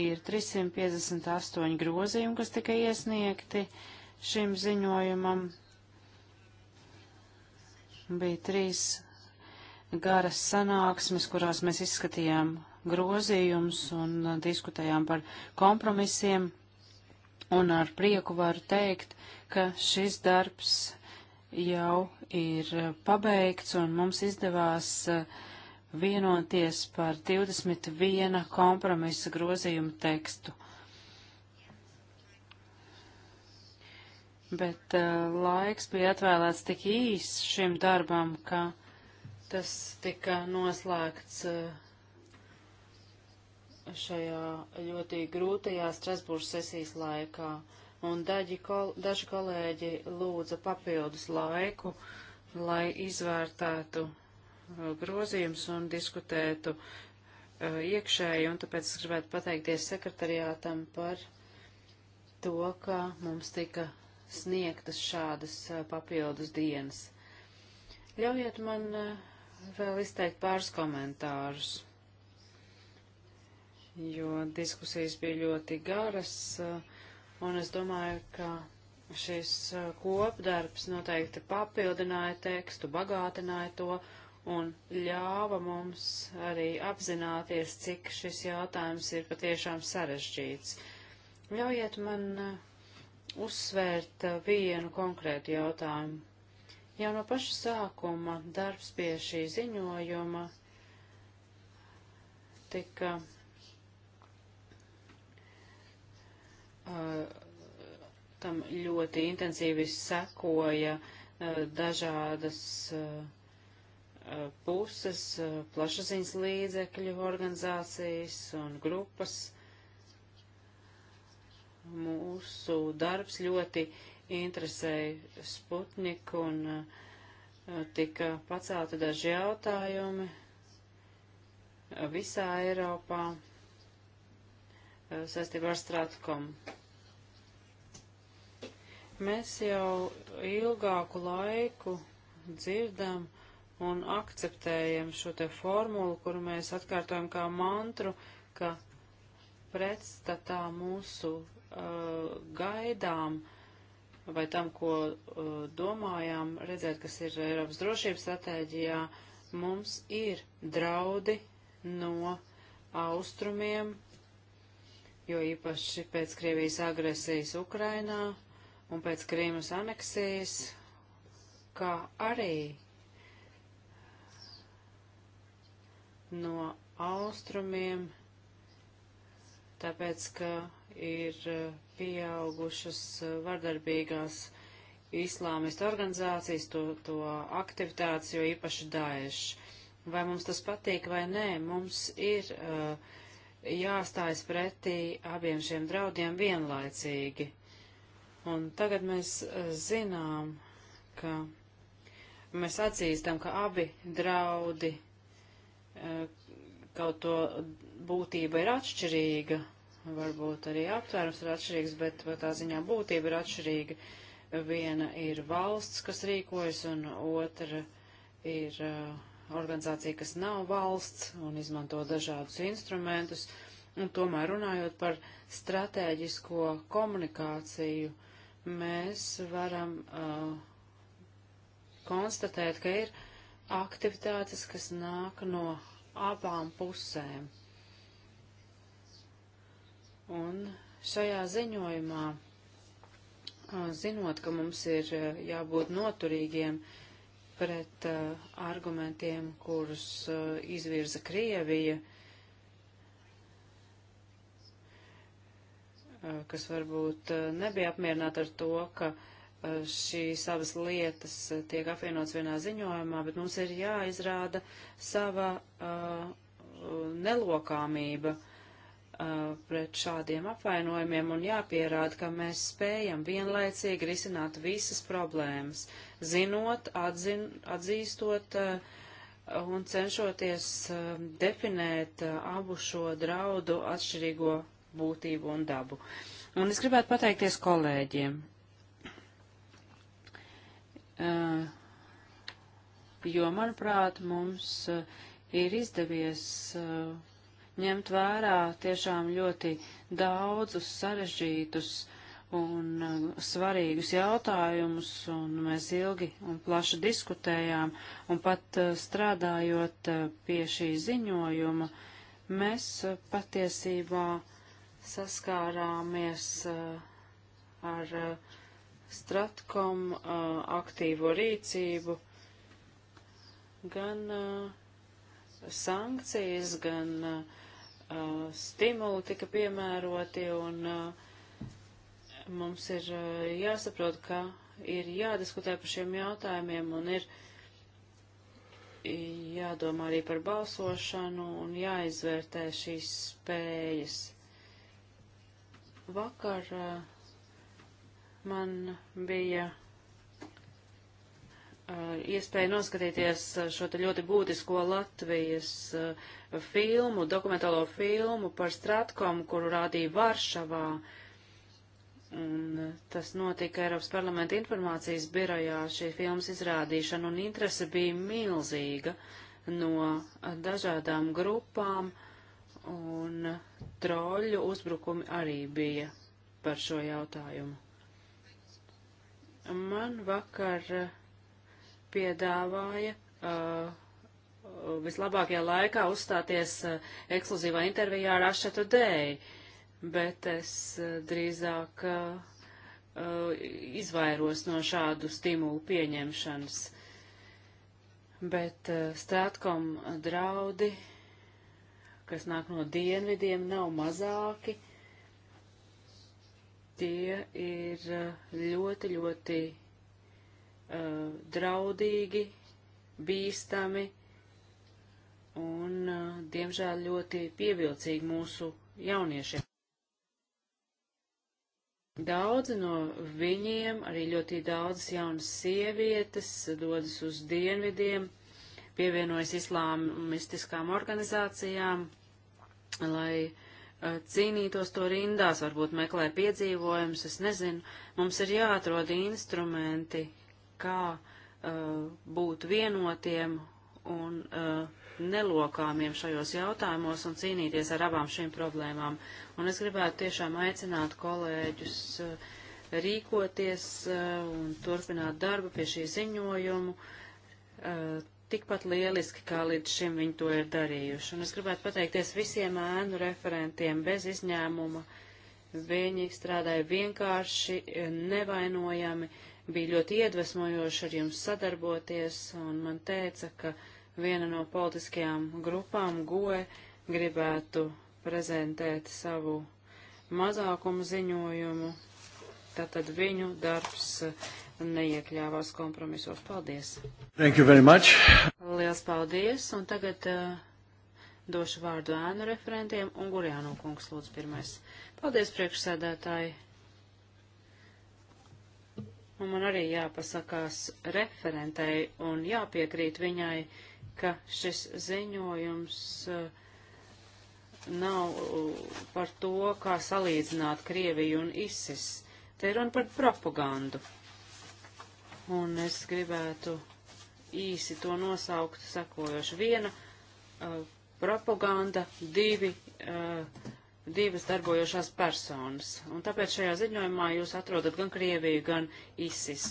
ir 358 grozījumi, kas tika iesniegti šim ziņojumam. Bija trīs garas sanāksmes, kurās mēs izskatījām grozījumus un diskutējām par kompromisiem. Un ar prieku varu teikt, ka šis darbs jau ir pabeigts, un mums izdevās eh, vienoties par 21 kompromisa grozījumu tekstu. Bet uh, laiks bija atvēlēts tik īs šim darbam, ka tas tika noslēgts eh, šajā ļoti grūtajā Strasbūras sesijas laikā un daži, kol, daži kolēģi lūdza papildus laiku, lai izvērtētu uh, grozījums un diskutētu uh, iekšēji, un tāpēc es gribētu pateikties sekretariātam par to, ka mums tika sniegtas šādas uh, papildus dienas. Ļaujiet man uh, vēl izteikt pāris komentārus, jo diskusijas bija ļoti garas. Uh, un es domāju, ka šis uh, kopdarbs noteikti papildināja tekstu, bagātināja to un ļāva mums arī apzināties, cik šis jautājums ir patiešām sarežģīts. Ļaujiet man uh, uzsvērt uh, vienu konkrētu jautājumu. Jau no paša sākuma darbs pie šī ziņojuma tika Uh, tam ļoti intensīvi sekoja uh, dažādas uh, puses, plašsaziņas līdzekļu organizācijas un grupas. Mūsu darbs ļoti interesēja Sputniku un tika pacelti daži jautājumi visā Eiropā saistībā ar Stratkom. Mēs jau ilgāku laiku dzirdam un akceptējam šo te formulu, kuru mēs atkārtojam kā mantru, ka pretstatā mūsu uh, gaidām vai tam, ko uh, domājām, redzēt, kas ir Eiropas drošības stratēģijā, mums ir draudi no austrumiem, jo īpaši pēc Krievijas agresijas Ukrainā un pēc Krīmas aneksijas, kā arī no austrumiem, tāpēc, ka ir eh, pieaugušas eh, vardarbīgās islāmistu organizācijas, to, to aktivitātes, jo īpaši Daesh. Vai mums tas patīk vai nē, mums ir uh, jāstājas pretī abiem šiem draudiem vienlaicīgi. Un tagad mēs eh, zinām, ka mēs atzīstam, ka abi draudi, eh, kaut to būtība ir atšķirīga, varbūt arī aptvērums ir atšķirīgs, bet tā ziņā būtība ir atšķirīga. Viena ir valsts, kas rīkojas, un otra ir uh, organizācija, kas nav valsts un izmanto dažādus instrumentus. Un tomēr runājot par stratēģisko komunikāciju, mēs varam uh, konstatēt, ka ir aktivitātes, kas nāk no abām pusēm. Un šajā ziņojumā, uh, zinot, ka mums ir uh, jābūt noturīgiem, uh, pret uh, argumentiem, kurus uh, izvirza Krievija, uh, kas varbūt uh, nebija apmierināta ar to, ka uh, šīs abas lietas uh, tiek apvienotas vienā ziņojumā, bet mums ir jāizrāda sava uh, nelokāmība. Uh, Uh, pret šādiem apvainojumiem un jāpierāda, ka mēs spējam vienlaicīgi risināt visas problēmas, zinot, atzin, atzīstot uh, un cenšoties uh, definēt abu šo draudu atšķirīgo būtību un dabu. Un es gribētu pateikties kolēģiem. Jo, manuprāt, mums ir izdevies uh, ņemt vērā tiešām ļoti daudzus sarežģītus un uh, svarīgus jautājumus, un mēs ilgi un plaši diskutējām, un pat uh, strādājot uh, pie šī ziņojuma, mēs patiesībā saskārāmies ar Stratkom aktīvo rīcību, gan sankcijas, gan uh, uh, stimuli tika piemēroti un uh, mums ir uh, jāsaprot, ka ir jādiskutē par šiem jautājumiem un ir jādomā arī par balsošanu un jāizvērtē šīs spējas. Vakar uh, man bija Uh, iespēju noskatīties uh, šo te ļoti būtisko Latvijas uh, filmu, dokumentālo filmu par Stratkomu, kuru rādīja Varšavā. Un tas notika Eiropas parlamenta informācijas birojā šī filmas izrādīšana, un interese bija milzīga no dažādām grupām, un troļu uzbrukumi arī bija par šo jautājumu. Man vakar uh, piedāvāja uh, vislabākajā laikā uzstāties uh, ekskluzīvā intervijā ar Ašetu Dēju, bet es uh, drīzāk uh, uh, izvairos no šādu stimulu pieņemšanas. Bet uh, Stratkom draudi, kas nāk no dienvidiem, nav mazāki. Tie ir uh, ļoti, ļoti uh, draudīgi, bīstami un, uh, diemžēl, ļoti pievilcīgi mūsu jauniešiem. Daudzi no viņiem, arī ļoti daudzas jaunas sievietes, dodas uz dienvidiem, pievienojas islāmistiskām organizācijām, lai uh, cīnītos to rindās, varbūt meklē piedzīvojumus, es nezinu, mums ir jāatrod instrumenti, kā uh, būt vienotiem un uh, nelokāmiem šajos jautājumos un cīnīties ar abām šīm problēmām. Un es gribētu tiešām aicināt kolēģus uh, rīkoties uh, un turpināt darbu pie šī ziņojumu. Uh, tikpat lieliski, kā līdz šim viņi to ir darījuši. Un es gribētu pateikties visiem ēnu referentiem bez izņēmuma. Viņi strādāja vienkārši, nevainojami, uh, bija ļoti iedvesmojoši ar jums sadarboties, un man teica, ka viena no politiskajām grupām GOE gribētu prezentēt savu mazākumu ziņojumu, tātad viņu darbs neiekļāvās kompromisos. Paldies! Thank you very much! Liels paldies! Un tagad uh, došu vārdu ēnu referentiem un Gurjāno kungs lūdzu pirmais. Paldies, priekšsēdētāji! un man arī jāpasakās referentei un jāpiekrīt viņai, ka šis ziņojums uh, nav uh, par to, kā salīdzināt Krieviju un ISIS. Te ir runa par propagandu. Un es gribētu īsi to nosaukt sakojoši. Viena uh, propaganda, divi uh, divas darbojošās personas. Un tāpēc šajā ziņojumā jūs atrodat gan Krieviju, gan ISIS.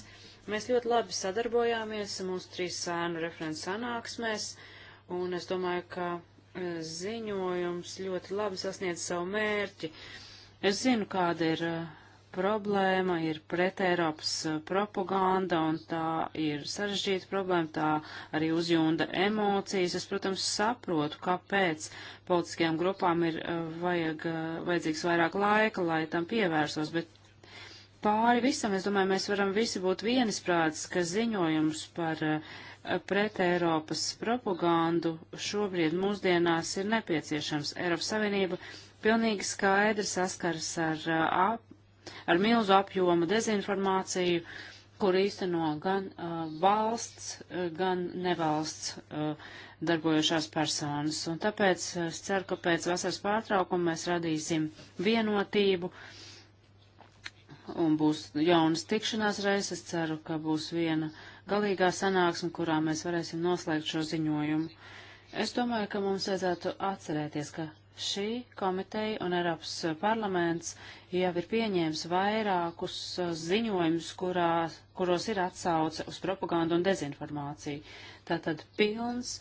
Mēs ļoti labi sadarbojāmies mūsu trīs sēnu referents sanāksmēs, un es domāju, ka e, ziņojums ļoti labi sasniedz savu mērķi. Es zinu, kāda ir uh, problēma, ir pret Eiropas uh, propaganda un tā ir sarežģīta problēma, tā arī uzjūnda emocijas. Es, protams, saprotu, kāpēc politiskajām grupām ir uh, vajag, uh, vajadzīgs vairāk laika, lai tam pievērsos, bet pāri visam, es domāju, mēs varam visi būt vienisprāts, ka ziņojums par pret Eiropas propagandu šobrīd mūsdienās ir nepieciešams. Eiropas Savienība pilnīgi skaidri saskaras ar ap ar milzu apjomu dezinformāciju, kur īsteno gan uh, valsts, uh, gan nevalsts uh, darbojošās personas. Un tāpēc uh, es ceru, ka pēc vasaras pārtraukuma mēs radīsim vienotību un būs jaunas tikšanās reizes. Es ceru, ka būs viena galīgā sanāksme, kurā mēs varēsim noslēgt šo ziņojumu. Es domāju, ka mums vajadzētu atcerēties, ka Šī komiteja un Eiropas parlaments jau ir pieņēmis vairākus uh, ziņojumus, kurā, kuros ir atsauce uz propagandu un dezinformāciju. Tātad pilns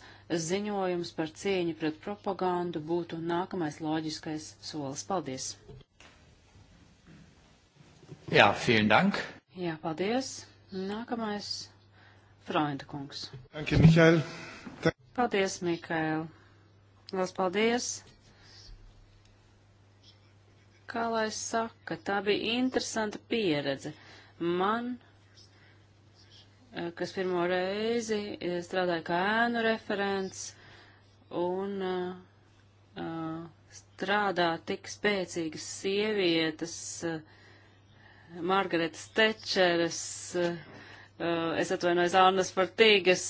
ziņojums par cieņu pret propagandu būtu nākamais loģiskais solis. Paldies! Jā, vielen dank. Jā, paldies. Nākamais Freunde kungs. Danke, Mihēl. Paldies, Mihēl. Lielas paldies Kā lai saka, tā bija interesanta pieredze. Man, eh, kas pirmo reizi eh, strādāja kā ēnu referents un uh, strādā tik spēcīgas sievietas, uh, Margaretas Tečeres, uh, es atvainojos Annas Partīgas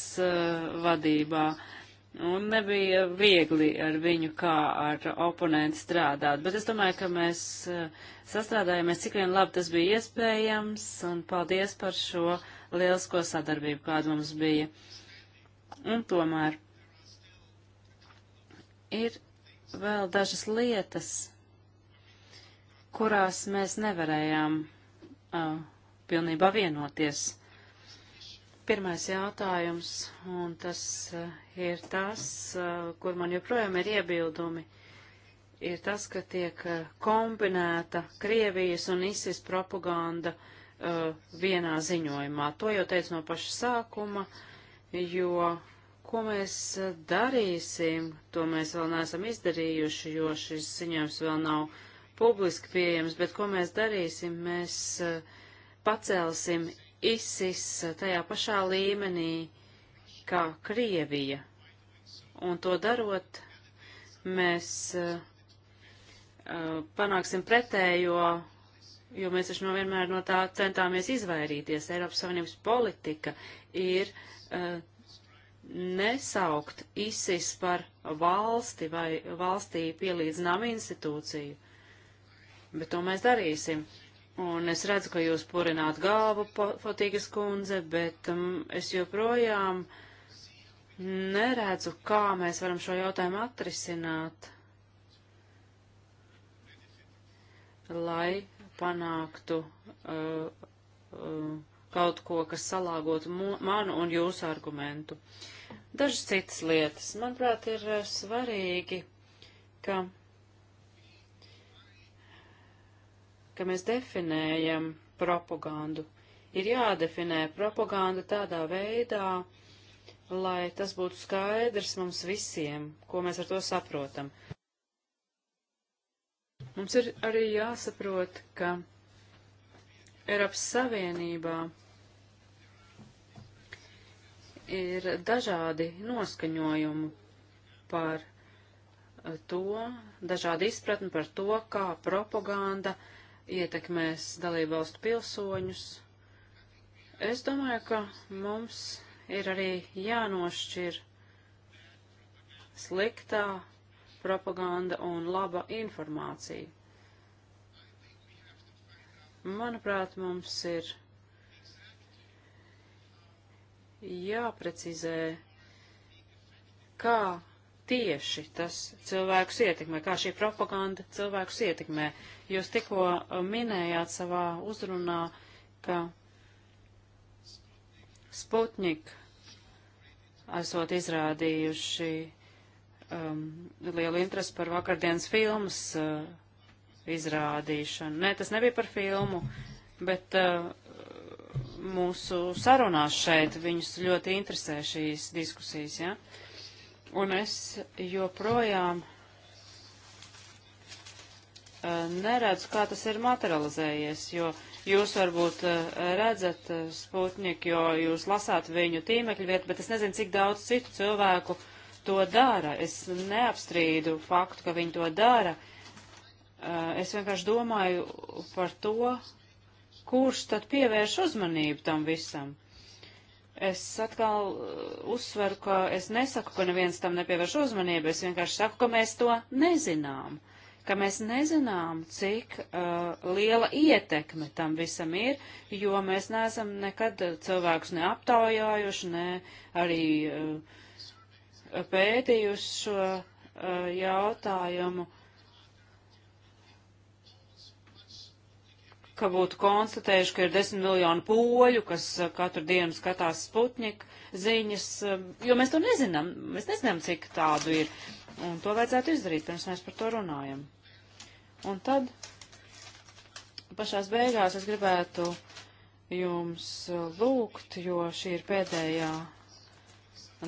vadībā. Uh, Un nebija viegli ar viņu kā ar oponentu strādāt, bet es domāju, ka mēs eh, sastrādājāmies, cik vien labi tas bija iespējams, un paldies par šo lielisko sadarbību, kāda mums bija. Un tomēr ir vēl dažas lietas, kurās mēs nevarējām uh, pilnībā vienoties. Pirmais jautājums, un tas eh, ir tas, eh, kur man joprojām ir iebildumi, ir tas, ka tiek eh, kombinēta Krievijas un ISIS propaganda uh, vienā ziņojumā. To jau teicu no paša sākuma, jo ko mēs darīsim, to mēs vēl neesam izdarījuši, jo šis ziņojums vēl nav publiski pieejams, bet ko mēs darīsim, mēs uh, pacelsim ISIS tajā pašā līmenī kā Krievija. Un to darot, mēs uh, panāksim pretējo, jo mēs taču no vienmēr no tā centāmies izvairīties. Eiropas Savienības politika ir uh, nesaukt ISIS par valsti vai valstī pielīdzinām institūciju. Bet to mēs darīsim. Un es redzu, ka jūs purināt galvu, Fotīgas kundze, bet um, es joprojām neredzu, kā mēs varam šo jautājumu atrisināt, lai panāktu uh, uh, kaut ko, kas salāgotu manu un jūsu argumentu. Dažas citas lietas, manuprāt, ir uh, svarīgi, ka ka mēs definējam propagandu. Ir jādefinē propaganda tādā veidā, lai tas būtu skaidrs mums visiem, ko mēs ar to saprotam. Mums ir arī jāsaprot, ka Eiropas Savienībā ir dažādi noskaņojumi par eh, to, dažādi izpratni par to, kā propaganda uh, ietekmēs dalībvalstu pilsoņus. Es domāju, ka mums ir arī jānošķir sliktā propaganda un laba informācija. Manuprāt, mums ir jāprecizē, kā tieši tas cilvēkus ietekmē, kā šī propaganda cilvēkus ietekmē. Jūs tikko uh, minējāt savā uzrunā, ka Sputnik esot izrādījuši um, lielu interesi par vakardienas filmas uh, izrādīšanu. Nē, tas nebija par filmu, bet uh, mūsu sarunās šeit viņus ļoti interesē šīs diskusijas, ja? Uh, Un es joprojām eh, neredzu, kā tas ir materializējies, jo jūs varbūt eh, redzat eh, Sputniku, jo jūs lasāt viņu tīmekļu vietu, bet es nezinu, cik daudz citu cilvēku to dara. Es neapstrīdu faktu, ka viņi to dara. Es vienkārši domāju par to, kurš tad pievērš uzmanību tam visam. Es atkal uh, uzsveru, ka es nesaku, ka neviens tam nepievērš uzmanību, es vienkārši saku, ka mēs to nezinām, ka mēs nezinām, cik uh, liela ietekme tam visam ir, jo mēs neesam nekad cilvēkus neaptaujājuši, ne arī uh, pētījuši šo uh, jautājumu. Uh, ka būtu konstatējuši, ka ir desmit miljoni poļu, kas eh, katru dienu skatās sputņik ziņas, eh, jo mēs to nezinām. Mēs nezinām, cik tādu ir. Un to vajadzētu izdarīt, pirms mēs par to runājam. Un tad pašās beigās es gribētu jums eh, lūgt, jo šī ir pēdējā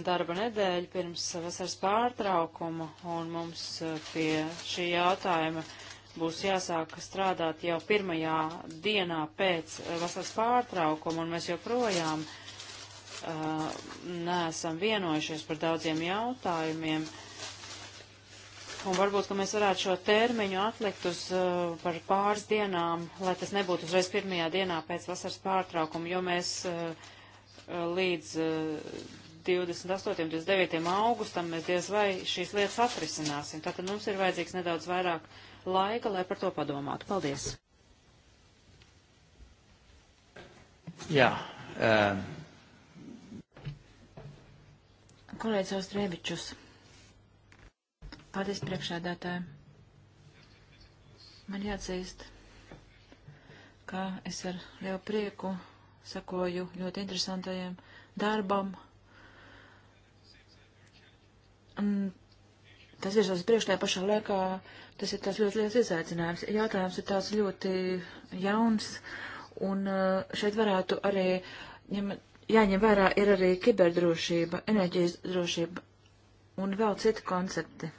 darba nedēļa pirms vasaras pārtraukuma, un mums pie šī jautājuma būs jāsāk strādāt jau pirmajā dienā pēc eh, vasaras pārtraukuma, un mēs joprojām uh, neesam vienojušies par daudziem jautājumiem. Un varbūt, ka mēs varētu šo termiņu atlikt uz uh, par pāris dienām, lai tas nebūtu uzreiz pirmajā dienā pēc vasaras pārtraukuma, jo mēs uh, līdz 28. un 29. augustam mēs diez vai šīs lietas atrisināsim. Tātad mums ir vajadzīgs nedaudz vairāk uh, laika, lai par to padomātu. Paldies! Jā. Um... Kolēģis Austrēvičus. Paldies priekšādātājiem. Man jāatzīst, ka es ar lielu prieku sakoju ļoti interesantajiem darbam. Un tas virzās priekš tajā pašā laikā, tas ir tāds ļoti liels izaicinājums. Jautājums ir tāds ļoti jauns, un uh, šeit varētu arī ņem, jāņem vērā ir arī kiberdrošība, enerģijas drošība un vēl citi koncepti.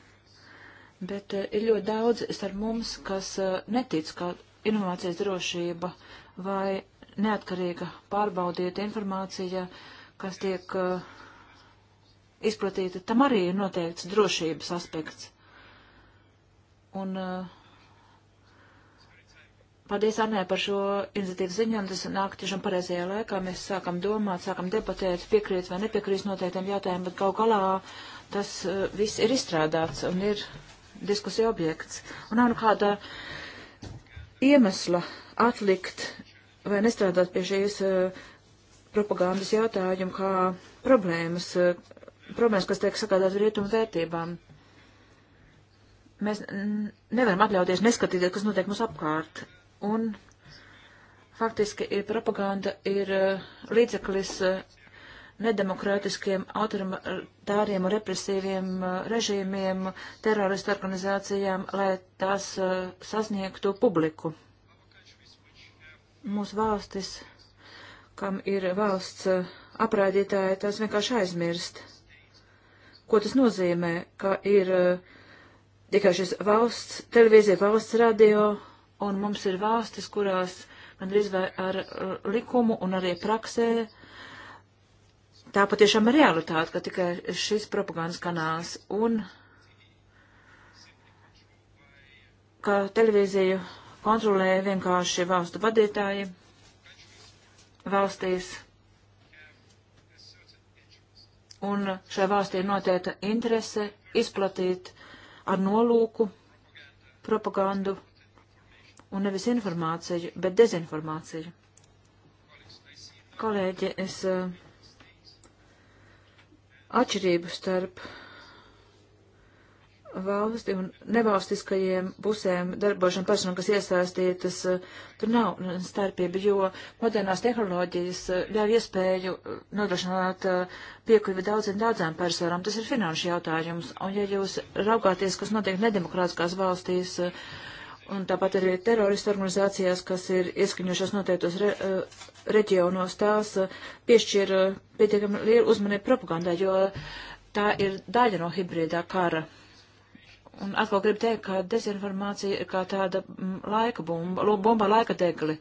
Bet uh, ir ļoti daudz starp mums, kas uh, netic, ka inovācijas drošība vai neatkarīga pārbaudīta informācija, kas tiek uh, izplatīta, tam arī ir noteikts drošības aspekts. Un eh, paldies Arnē par šo iniciatīvu ziņojumu, tas nāk tiešām pareizajā laikā, mēs sākam domāt, sākam debatēt, piekrīt vai nepiekrīt noteiktiem jautājumiem, bet kaut galā tas eh, viss ir izstrādāts un ir diskusija objekts. Un nav nekāda iemesla atlikt vai nestrādāt pie šīs uh, propagandas jautājuma kā problēmas, uh, problēmas, kas tiek sagādāt rietumu vērtībām. Mēs nevaram atļauties neskatīties, kas notiek mums apkārt. Un faktiski ir propaganda ir uh, līdzeklis uh, nedemokrātiskiem, autoritāriem un represīviem uh, režīmiem, teroristu organizācijām, lai tās sasniegtu publiku. Mūsu valstis, kam ir valsts apraidītāji, tās vienkārši aizmirst ko tas nozīmē, ka ir eh, tikai šis valsts, televīzija, valsts radio, un mums ir valstis, kurās gandrīz vai ar eh, likumu un arī praksē tā patiešām ir realitāte, ka tikai šis propagandas kanāls un ka televīziju kontrolē vienkārši valstu vadītāji valstīs un šai valstī ir noteikta interese izplatīt ar nolūku propagandu un nevis informāciju, bet dezinformāciju. Kolēģi, es eh, atšķirību starp valsti un nevalstiskajiem pusēm darbošana personām, kas iesaistītas, eh, tur nav starpība, jo modernās tehnoloģijas eh, ļauj iespēju eh, nodrošināt piekļuvi daudziem daudzām personām. Tas ir finanšu jautājums. Un ja jūs raugāties, kas notiek nedemokrātiskās valstīs, un tāpat arī teroristu organizācijās, kas ir ieskaņojušās noteiktos re, reģionos, tās piešķir pietiekami lielu uzmanību propagandai, jo tā ir daļa no hibrīdā kara. Un atkal gribu teikt, ka dezinformācija ir kā tāda mm, laika bumba, bumba laika degli.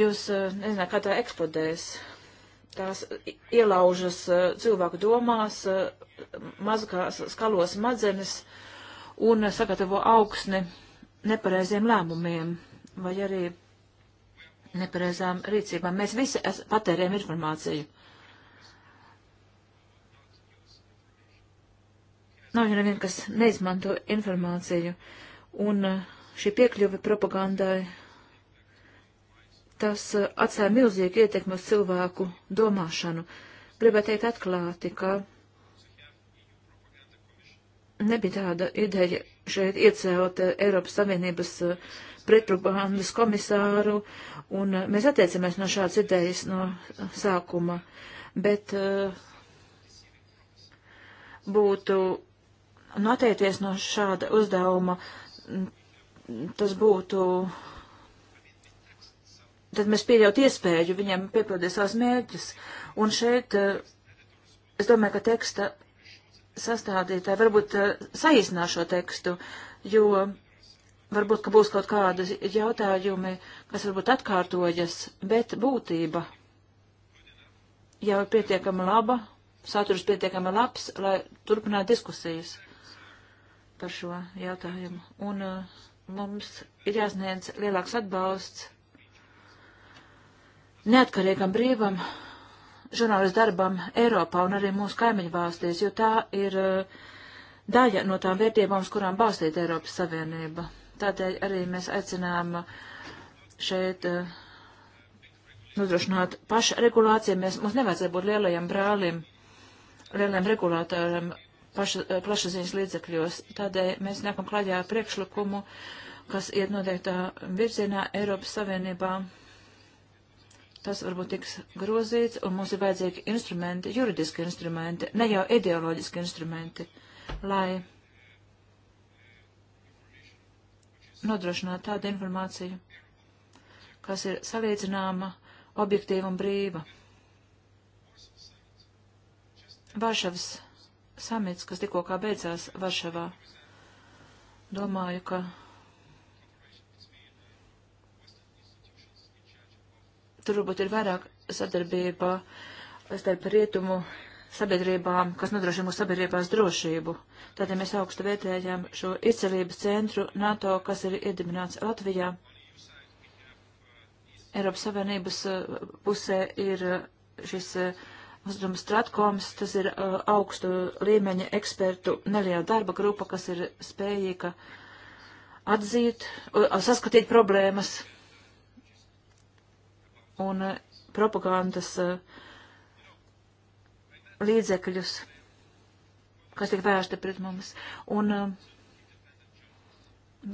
Jūs eh, nezināt, kā tā eksplodēs. Tās ielaužas eh, cilvēku domās, eh, mazgās skalos madzenes un sagatavo augsni nepareiziem lēmumiem vai arī nepareizām rīcībām. Mēs visi patērējam informāciju. nav jau nevien, kas neizmanto informāciju. Un eh, šī piekļuve propagandai, tas eh, atstāja milzīgu ietekmi uz cilvēku domāšanu. Gribētu teikt atklāti, ka nebija tāda ideja šeit iecelt eh, Eiropas Savienības pretpropagandas komisāru, un mēs attiecamies no šādas idejas no sākuma, bet būtu un atteikties no šāda uzdevuma, tas būtu. Tad mēs pieļaut iespēju viņiem piepildīt savus mērķus. Un šeit eh, es domāju, ka teksta sastādītāji varbūt eh, saīsinās šo tekstu, jo varbūt, ka būs kaut kādi jautājumi, kas varbūt atkārtojas, bet būtība jau ir pietiekami laba, saturs pietiekami labs, lai turpinātu diskusijas par šo jautājumu. Un uh, mums ir jāsniedz lielāks atbalsts neatkarīgam brīvam žurnālistu darbam Eiropā un arī mūsu kaimiņu valstīs, jo tā ir uh, daļa no tām vērtībām, uz kurām balstīt Eiropas Savienība. Tādēļ arī mēs aicinām šeit uh, nodrošināt pašregulāciju. Mēs, mums nevajadzētu būt lielajiem brālim, lielajiem regulātoriem paša, eh, plašaziņas līdzekļos. Tādēļ mēs nākam klajā priekšlikumu, kas iet noteiktā virzienā Eiropas Savienībā. Tas varbūt tiks grozīts, un mums ir vajadzīgi instrumenti, juridiski instrumenti, ne jau ideoloģiski instrumenti, lai nodrošināt tādu informāciju, kas ir salīdzināma, objektīva un brīva. Varšavas samits, kas tikko kā beidzās Varšavā. Domāju, ka tur varbūt ir vairāk sadarbība starp rietumu sabiedrībām, kas nodrošina mūsu sabiedrībās drošību. Tādēļ mēs augstu vērtējam šo izcelības centru NATO, kas ir iedibināts Latvijā. Eiropas Savienības uh, pusē ir uh, šis uh, Es domāju, Stratkoms, tas ir uh, augstu līmeņa ekspertu neliela darba grupa, kas ir spējīga atzīt, uh, saskatīt problēmas un uh, propagandas uh, līdzekļus, kas tiek vērsti pret mums. Un uh,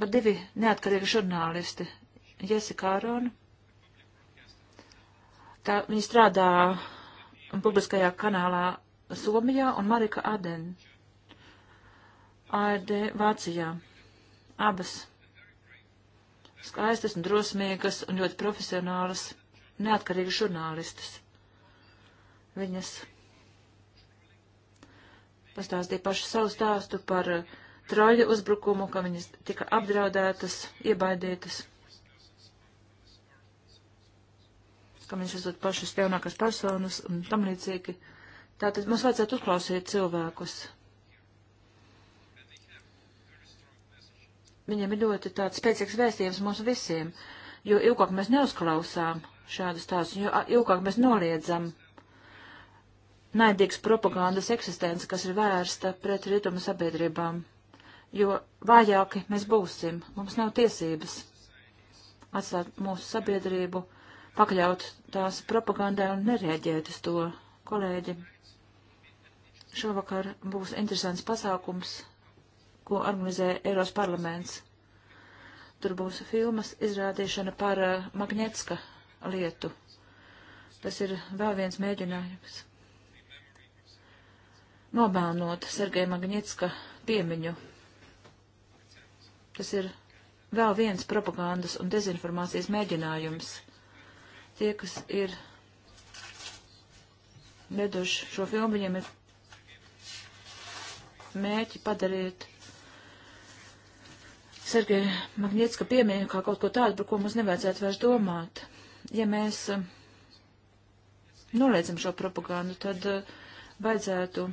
pat divi neatkarīgi žurnālisti, Jessica Arona. Tā, viņa strādā uh, un publiskajā kanālā Somijā un Marika Aden ARD Vācijā. Abas skaistas un drosmīgas un ļoti profesionālas, neatkarīgas žurnālistas. Viņas pastāstīja pašu savu stāstu par troļu uzbrukumu, ka viņas tika apdraudētas, iebaidītas. kam viņš esat pašas jaunākas personas un tam līdzīgi. Tātad mums vajadzētu uzklausīt cilvēkus. Viņiem ir ļoti tāds spēcīgs vēstījums mums visiem, jo ilgāk mēs neuzklausām šādu stāstu, jo ilgāk mēs noliedzam naidīgas propagandas eksistenci, kas ir vērsta pret rietumu sabiedrībām, jo vājāki mēs būsim, mums nav tiesības atstāt mūsu sabiedrību pakļaut tās propagandai un nereaģēt uz to, kolēģi. Šovakar būs interesants pasākums, ko organizē Eiros parlaments. Tur būs filmas izrādīšana par uh, Magnetska lietu. Tas ir vēl viens mēģinājums. Nobēlnot Sergeja Magnetska piemiņu. Tas ir vēl viens propagandas un dezinformācijas mēģinājums. Tie, kas ir veduši šo filmu, viņiem ir mēķi padarīt Sergeja Magniecka piemiņu kā kaut ko tādu, par ko mums nevajadzētu vairs domāt. Ja mēs eh, noliedzam šo propagandu, tad eh, vajadzētu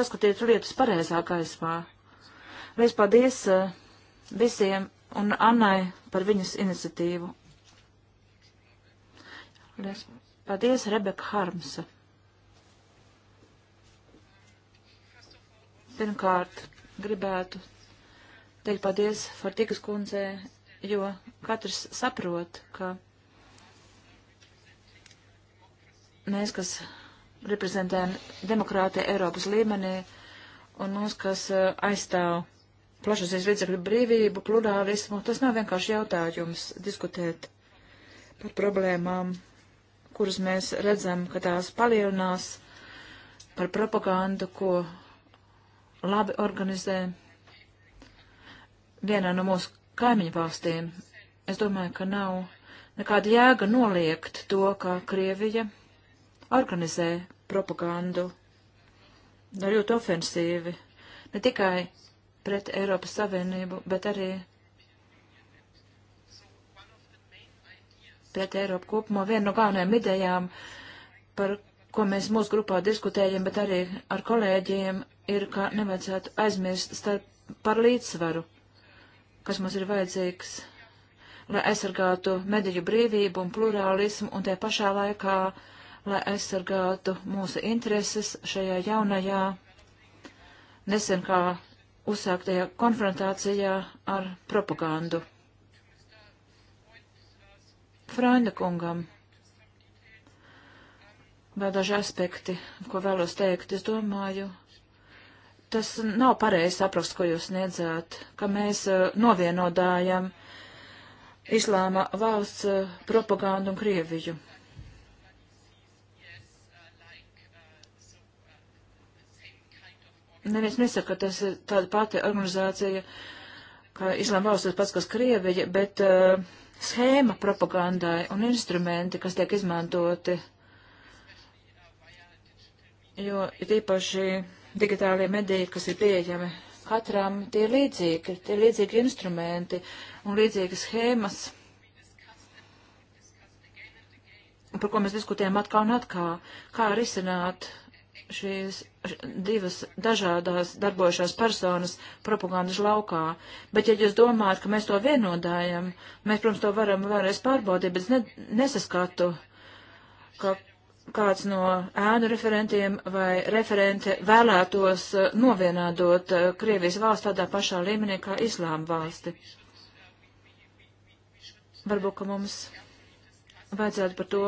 saskatīt lietas pareizā gaismā. Liels paldies eh, visiem un Annai par viņas iniciatīvu. Lies. Paldies, Rebeka Harmsa. Pirmkārt, gribētu teikt paldies Fortikas kundzē, jo katrs saprot, ka mēs, kas reprezentējam demokrātiju Eiropas līmenī, un mums, kas eh, aizstāv plašasies līdzekļu brīvību, plurālismu, tas nav vienkārši jautājums diskutēt par problēmām kuras mēs redzam, ka tās palielinās par propagandu, ko labi organizē vienā no mūsu kaimiņu valstīm. Es domāju, ka nav nekāda jēga noliegt to, kā Krievija organizē propagandu. Ļoti ofensīvi, ne tikai pret Eiropas Savienību, bet arī pret Eiropu kopumā. Viena no galvenajām idejām, par ko mēs mūsu grupā diskutējam, bet arī ar kolēģiem, ir, ka nevajadzētu aizmirst starp, par līdzsvaru, kas mums ir vajadzīgs, lai aizsargātu mediju brīvību un plurālismu un tajā pašā laikā, lai aizsargātu mūsu intereses šajā jaunajā, nesen kā uzsāktajā konfrontācijā ar propagandu. Fraina kungam. Vēl daži aspekti, ko vēlos teikt. Es domāju, tas nav pareizi saprast, ko jūs sniedzāt, ka mēs uh, novienodājam islāma valsts uh, propagandu un Krieviju. neviens nesaka, ka tas ir tāda pati organizācija, kā Islāma valsts, tas pats, kas Krievija, bet uh, schēma propagandai un instrumenti, kas tiek izmantoti, jo ir īpaši digitālie mediji, kas ir pieejami katram, tie ir līdzīgi, tie ir līdzīgi instrumenti un līdzīgi schēmas, par ko mēs diskutējam atkal un atkal, kā risināt šīs divas dažādās darbojušās personas propagandas laukā. Bet, ja jūs domājat, ka mēs to vienodājam, mēs, protams, to varam vēlreiz pārbaudīt, bet es ne, nesaskatu, ka kāds no ēnu referentiem vai referente vēlētos eh, novienādot eh, Krievijas valsts tādā pašā līmenī kā Islāma valsti. Varbūt, ka mums vajadzētu par to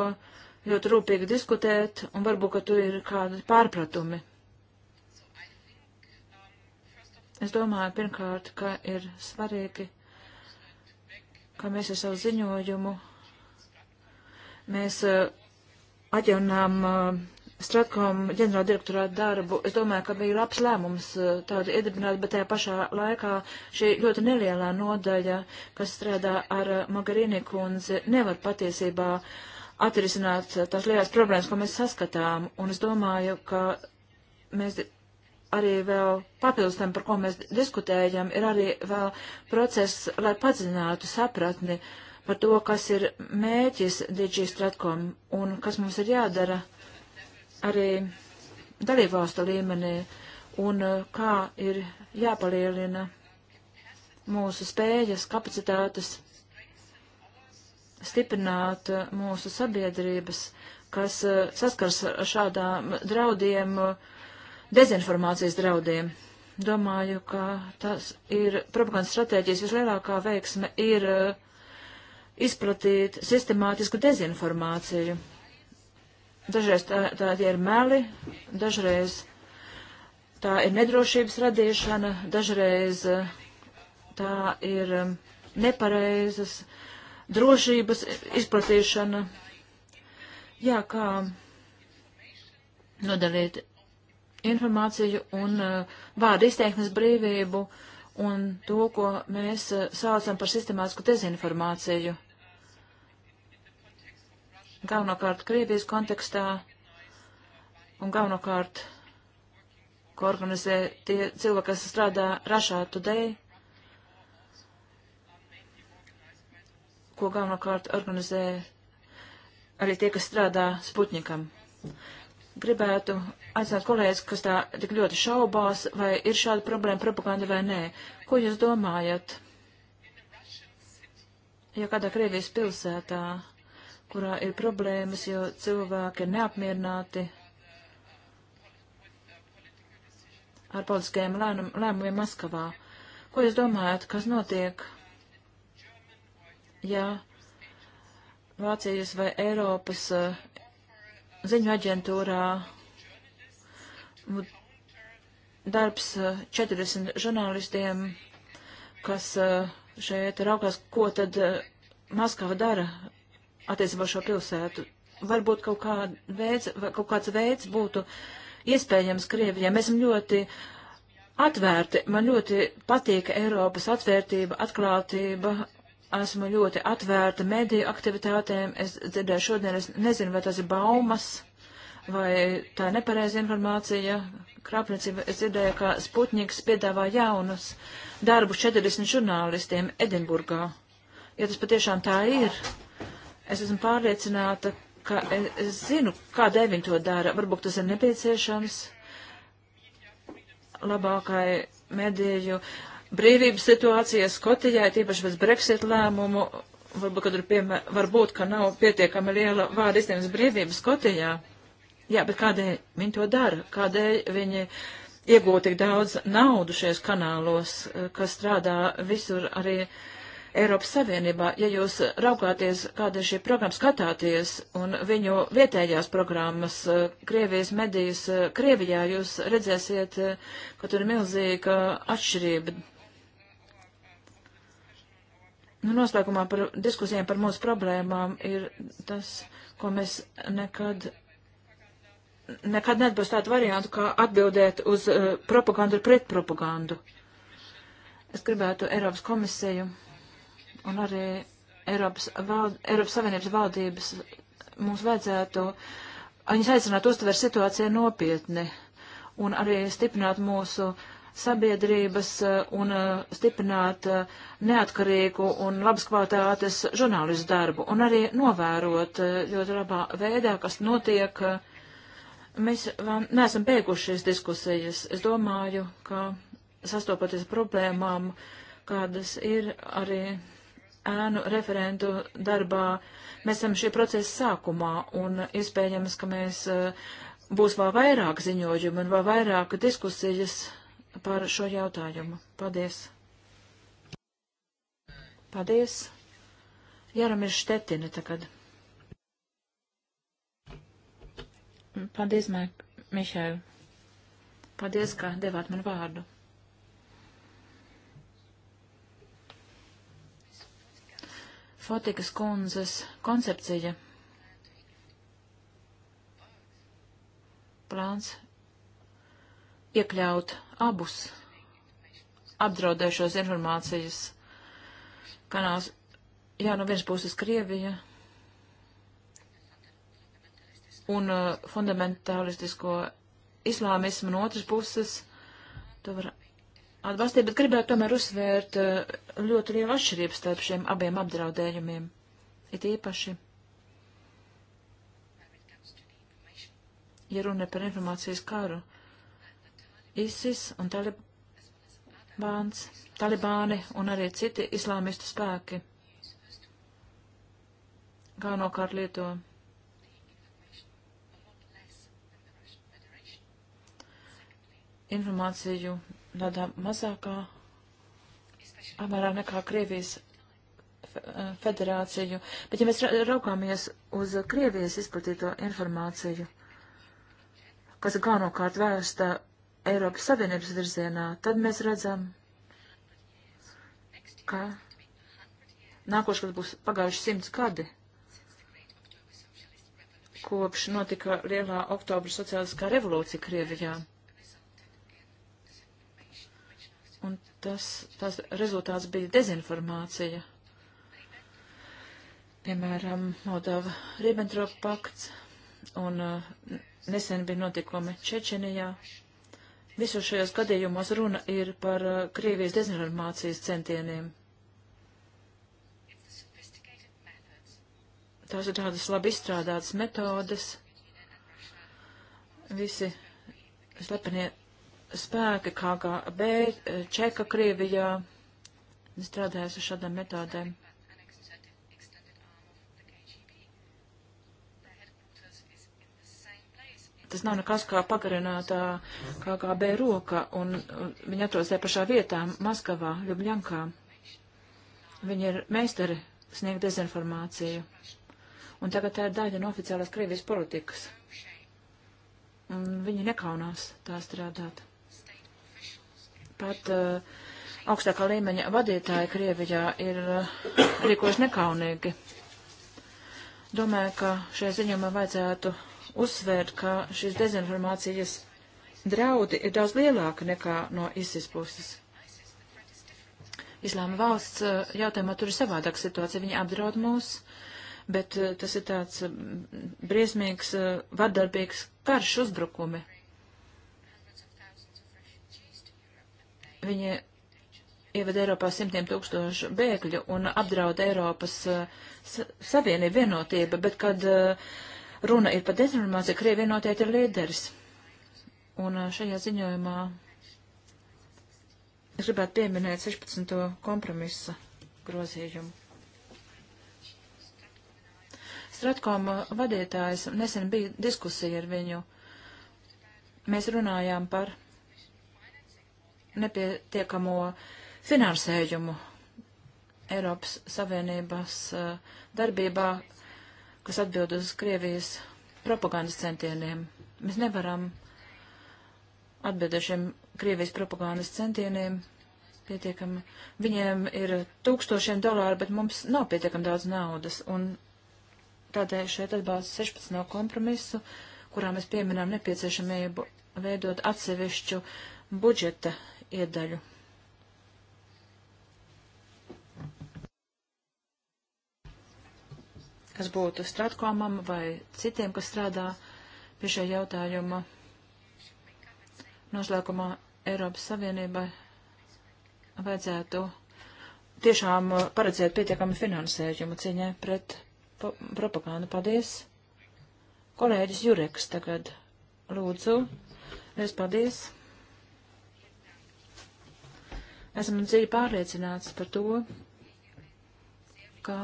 ļoti rūpīgi diskutēt, un varbūt, ka tur ir kādi pārpratumi. Es domāju, pirmkārt, ka ir svarīgi, ka mēs ar savu ziņojumu mēs uh, atjaunām uh, Stratkom ģenerāldirektorāta darbu. Es domāju, ka bija labs lēmums uh, tādu iedibināt, bet tajā pašā laikā šī ļoti nelielā nodaļa, kas strādā ar Magarini kundzi, nevar patiesībā atrisināt tās lielās problēmas, ko mēs saskatām. Un es domāju, ka mēs arī vēl papildus tam, par ko mēs diskutējam, ir arī vēl process, lai padzinātu sapratni par to, kas ir mēķis DG Stratkom un kas mums ir jādara arī dalībvalstu līmenī un uh, kā ir jāpalielina mūsu spējas, kapacitātes, stiprināt uh, mūsu sabiedrības, kas uh, saskars ar šādām draudiem uh, dezinformācijas draudiem. Domāju, ka tas ir propagandas stratēģijas vislielākā veiksme ir uh, izplatīt sistemātisku dezinformāciju. Dažreiz tā, tā ir meli, dažreiz tā ir nedrošības radīšana, dažreiz uh, tā ir um, nepareizas drošības izplatīšana. Jā, kā nodalīt informāciju un eh, vārdu izteiksmes brīvību un to, ko mēs eh, saucam par sistemātisku dezinformāciju. Galvenokārt Krievijas kontekstā un galvenokārt, ko organizē tie cilvēki, kas strādā Rašā Today, ko galvenokārt organizē arī tie, kas strādā Sputnikam gribētu aicināt kolēģis, kas tā tik ļoti šaubās, vai ir šāda problēma propaganda vai nē. Ko jūs domājat? Ja kādā Krievijas pilsētā, kurā ir problēmas, jo cilvēki ir neapmierināti ar politiskajiem lēmumiem Maskavā, ko jūs domājat, kas notiek? Ja Vācijas vai Eiropas uh, ziņu aģentūrā nu, darbs 40 eh, žurnālistiem, kas eh, šeit raukās, ko tad eh, Maskava dara attiecībā šo pilsētu. Varbūt kaut, kā veids, kaut kāds veids būtu iespējams Krievijai. Mēs esam ļoti atvērti. Man ļoti patīk Eiropas atvērtība, atklātība, esmu ļoti atvērta mediju aktivitātēm. Es dzirdēju šodien, es nezinu, vai tas ir baumas, vai tā ir nepareiza informācija, krāpniecība. Es dzirdēju, ka Sputniks piedāvā jaunus darbu 40 žurnālistiem Edinburgā. Ja tas patiešām tā ir, es esmu pārliecināta, ka es, es zinu, kādēļ viņi to dara. Varbūt tas ir nepieciešams labākai mediju. Uh, brīvības situācija Skotijai, tīpaši pēc Brexit lēmumu, varbūt, kad ir piemē, varbūt, ka nav pietiekami liela vārda izņemas brīvības Skotijā. Jā, bet kādēļ viņi to dara? Kādēļ viņi iegūst tik daudz naudu šajos kanālos, eh, kas strādā visur arī Eiropas Savienībā? Ja jūs raugāties, kāda ir šī programma, skatāties un viņu vietējās programmas, eh, Krievijas medijas eh, Krievijā, jūs redzēsiet, ka tur ir milzīga atšķirība Nu, noslēgumā par diskusijām par mūsu problēmām ir tas, ko mēs nekad, nekad nebūs tādu variantu, kā atbildēt uz uh, propagandu ar pretpropagandu. Es gribētu Eiropas komisiju un arī Eiropas, val, Eiropas Savienības valdības mums vajadzētu, viņas aicinātu uztver situāciju nopietni un arī stiprināt mūsu uh, sabiedrības eh, un eh, stiprināt eh, neatkarīgu un labas kvalitātes žurnālistu darbu un arī novērot ļoti labā veidā, kas notiek. Mēs vēl neesam beiguši šīs diskusijas. Es domāju, ka sastopoties problēmām, kādas ir arī ēnu referentu darbā. Mēs esam šī procesa sākumā un iespējams, ka mēs būs vēl vairāk ziņojumu un vēl vairāk diskusijas par šo jautājumu. Paldies! Paldies! Jāram ir štetina tagad. Paldies, Mē, Mišēl. Paldies, ka devāt man vārdu. Fotikas kundzes koncepcija. Plāns iekļaut abus apdraudējušos informācijas kanāls. Jā, no vienas puses Krievija un uh, fundamentālistisko islāmismu, no otras puses to var atbalstīt, bet gribētu tomēr uzsvērt uh, ļoti lielu atšķirību starp šiem abiem apdraudējumiem. It īpaši, ja runa par informācijas kāru. Uh, ISIS un Talibāns, Talibāni un arī citi islāmistu spēki galvenokārt lieto informāciju tādā mazākā apmērā nekā Krievijas eh, federāciju. Bet ja mēs raukāmies uz Krievijas izplatīto informāciju, kas galvenokārt vērsta Eiropas Savienības virzienā, tad mēs redzam, ka nākošais būs pagājuši simts gadi, kopš notika lielā oktobra sociāliskā revolūcija Krievijā. Un tas, tas rezultāts bija dezinformācija. Piemēram, Moldova Ribbentrop pakts un uh, nesen bija notikumi Čečenijā. Visos šajos gadījumos runa ir par uh, Krievijas dezinformācijas centieniem. Tās ir tādas labi izstrādātas metodes. Visi slepenie spēki KGB, Čeka Krievijā strādājas ar šādām metodēm. Tas nav nekas kā pagarinātā KGB roka, un viņi atrodas tajā pašā vietā, Maskavā, Ljubļankā. Viņi ir meistari sniegt dezinformāciju. Un tagad tā ir daļa no oficiālās Krievijas politikas. Un viņi nekaunās tā strādāt. Pat uh, augstākā līmeņa vadītāji Krievijā ir uh, rīkojuši nekaunīgi. Domāju, ka šajā ziņā man vajadzētu uzsvērt, ka šīs dezinformācijas draudi ir daudz lielāki nekā no ISIS puses. Islāma valsts eh, jautājumā tur ir savādāka situācija. Viņi apdraud mūs, bet eh, tas ir tāds eh, briesmīgs, vardarbīgs karš uzbrukumi. Viņi ievada Eiropā simtiem tūkstošu bēgļu un apdraud Eiropas Savienību vienotība, bet kad uh, runa ir par dezinformāciju, Krievija noteikti ir līderis. Un šajā ziņojumā es gribētu pieminēt 16. kompromisa grozījumu. Stratkom vadītājs nesen bija diskusija ar viņu. Mēs runājām par nepietiekamo finansējumu Eiropas Savienības darbībā, kas atbild uz Krievijas propagandas centieniem. Mēs nevaram atbildēt šiem Krievijas propagandas centieniem pietiekami. Viņiem ir tūkstošiem dolāru, bet mums nav pietiekami daudz naudas. Un tādēļ šeit atbalsta 16 no kompromisu, kurā mēs pieminām nepieciešamību veidot atsevišķu budžeta iedaļu kas būtu Stratkomam vai citiem, kas strādā pie šī jautājuma. Noslēgumā Eiropas Savienībai vajadzētu tiešām uh, paredzēt pietiekami finansējumu ciņai pret propagandu. Paldies! Kolēģis Jureks tagad lūdzu. Es paldies! Esmu dziļi pārliecināts par to, ka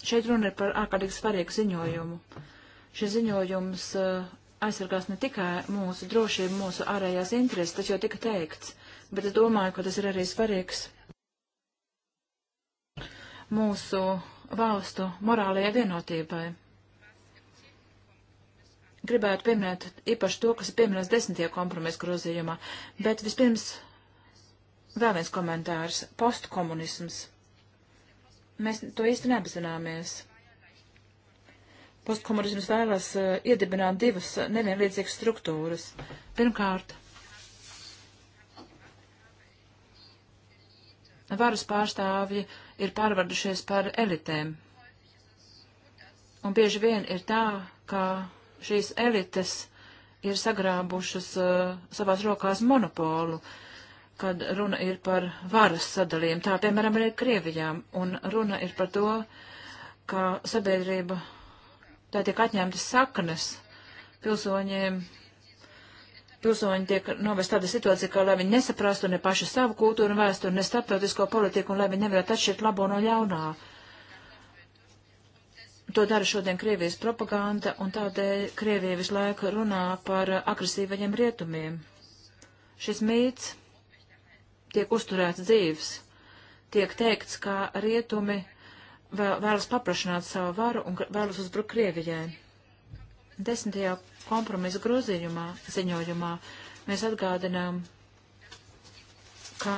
Šeit runa ir par ārkārtīgi svarīgu ziņojumu. Šis ziņojums eh, aizsargās ne tikai mūsu drošību, mūsu ārējās intereses, tas jau tika teikts, bet es domāju, ka tas ir arī svarīgs mūsu valstu morālajai vienotībai. Gribētu pieminēt īpaši to, kas ir pieminēts desmitie kompromisu grozījumā, bet vispirms vēl viens komentārs - postkomunisms mēs to īsti neapzināmies. Postkomunisms vēlas uh, iedibināt divas nevienlīdzīgas struktūras. Pirmkārt, varas pārstāvji ir pārvardušies par elitēm. Un bieži vien ir tā, ka šīs elites ir sagrābušas uh, savās rokās monopolu, uh, kad runa ir par varas sadalījumu. Tā, piemēram, arī Krievijām. Un runa ir par to, ka sabiedrība, tā tiek atņemtas saknes pilsoņiem. Pilsoņi tiek novest tādā situācijā, ka, lai viņi nesaprastu ne paši savu kultūru un vēsturi, ne starptautisko politiku, un lai viņi nevarētu atšķirt labo no ļaunā. To dara šodien Krievijas propaganda, un tādēļ Krievija visu laiku runā par agresīvajiem rietumiem. Šis mīts tiek uzturēts dzīves. Tiek teikts, ka rietumi vēl, vēlas paplašināt savu varu un vēlas uzbrukt Krievijai. Desmitajā kompromisa grozījumā, ziņojumā, mēs atgādinām, ka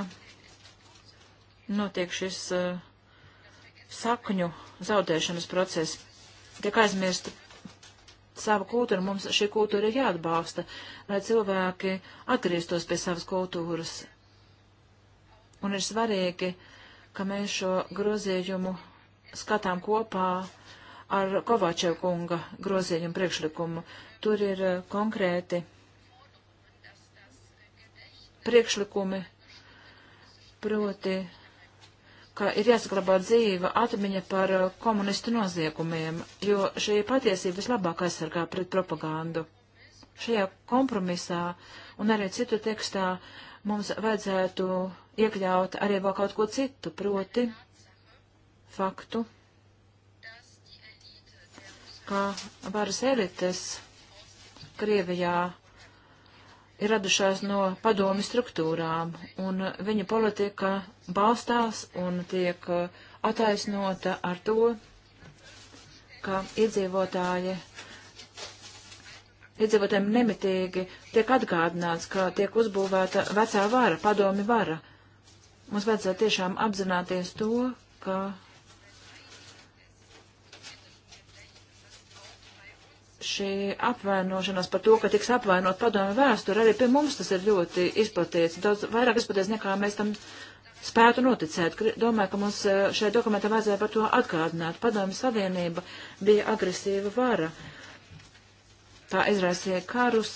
notiek šis uh, sakņu zaudēšanas process. Tiek aizmirst savu kultūru, mums šī kultūra ir jāatbalsta, lai cilvēki atgrieztos pie savas kultūras, un ir svarīgi, ka mēs šo grozījumu skatām kopā ar Kovačev kunga grozījumu priekšlikumu. Tur ir eh, konkrēti priekšlikumi, proti, ka ir jāsaglabā dzīva atmiņa par eh, komunistu noziegumiem, jo šī patiesība vislabāk aizsargā pret propagandu. Šajā kompromisā un arī citu tekstā mums vajadzētu iekļaut arī vēl kaut ko citu, proti faktu, ka varas elites Krievijā ir radušās no padomi struktūrām, un viņa politika balstās un tiek uh, attaisnota ar to, ka iedzīvotāji, iedzīvotājiem nemitīgi tiek atgādināts, ka tiek uzbūvēta vecā vara, padomi vara, Mums vajadzētu tiešām apzināties to, ka šī apvainošanās par to, ka tiks apvainot padomu vēsturi, arī pie mums tas ir ļoti izplatīts, daudz vairāk izplatīts nekā mēs tam spētu noticēt. Domāju, ka mums eh, šai dokumentam vajadzēja par to atgādināt. Padomu savienība bija agresīva vara. Tā izraisīja karus,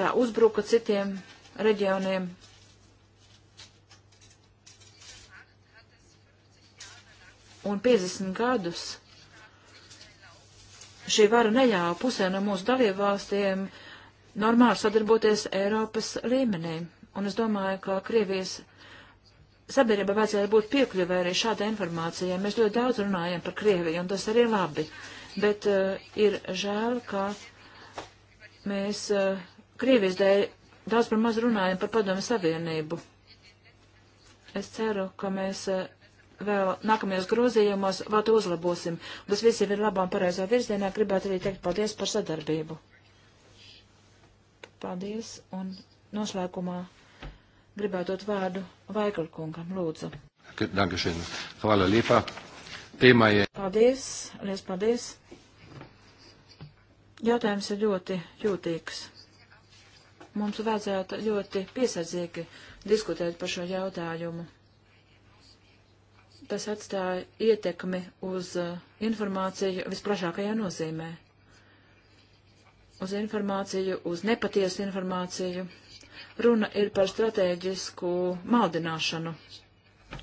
tā uzbruka citiem reģioniem, un 50 gadus šī vara neļāva pusē no mūsu dalībvalstiem normāli sadarboties Eiropas līmenī. Un es domāju, ka Krievijas sabiedrība vajadzētu būt piekļuvē arī šādai informācijai. Mēs ļoti daudz runājam par Krieviju, un tas arī labi. Bet uh, ir žēl, ka mēs uh, Krievijas dēļ daudz par maz runājam par padomu savienību. Es ceru, ka mēs uh, vēl nākamajos grozījumos vēl to uzlabosim. Tas viss jau ir labā un pareizā virzienā. Gribētu arī teikt paldies par sadarbību. Paldies. Un noslēgumā gribētu dot vārdu Vaikalkungam. Lūdzu. Dankeschön. Hvala lijepa. Tema je... Paldies. Lies paldies. Jautājums ir ļoti jūtīgs. Mums vajadzētu ļoti piesardzīgi diskutēt par šo jautājumu tas atstāja ietekmi uz uh, informāciju visplašākajā nozīmē. Uz informāciju, uz nepatiesu informāciju. Runa ir par strateģisku maldināšanu.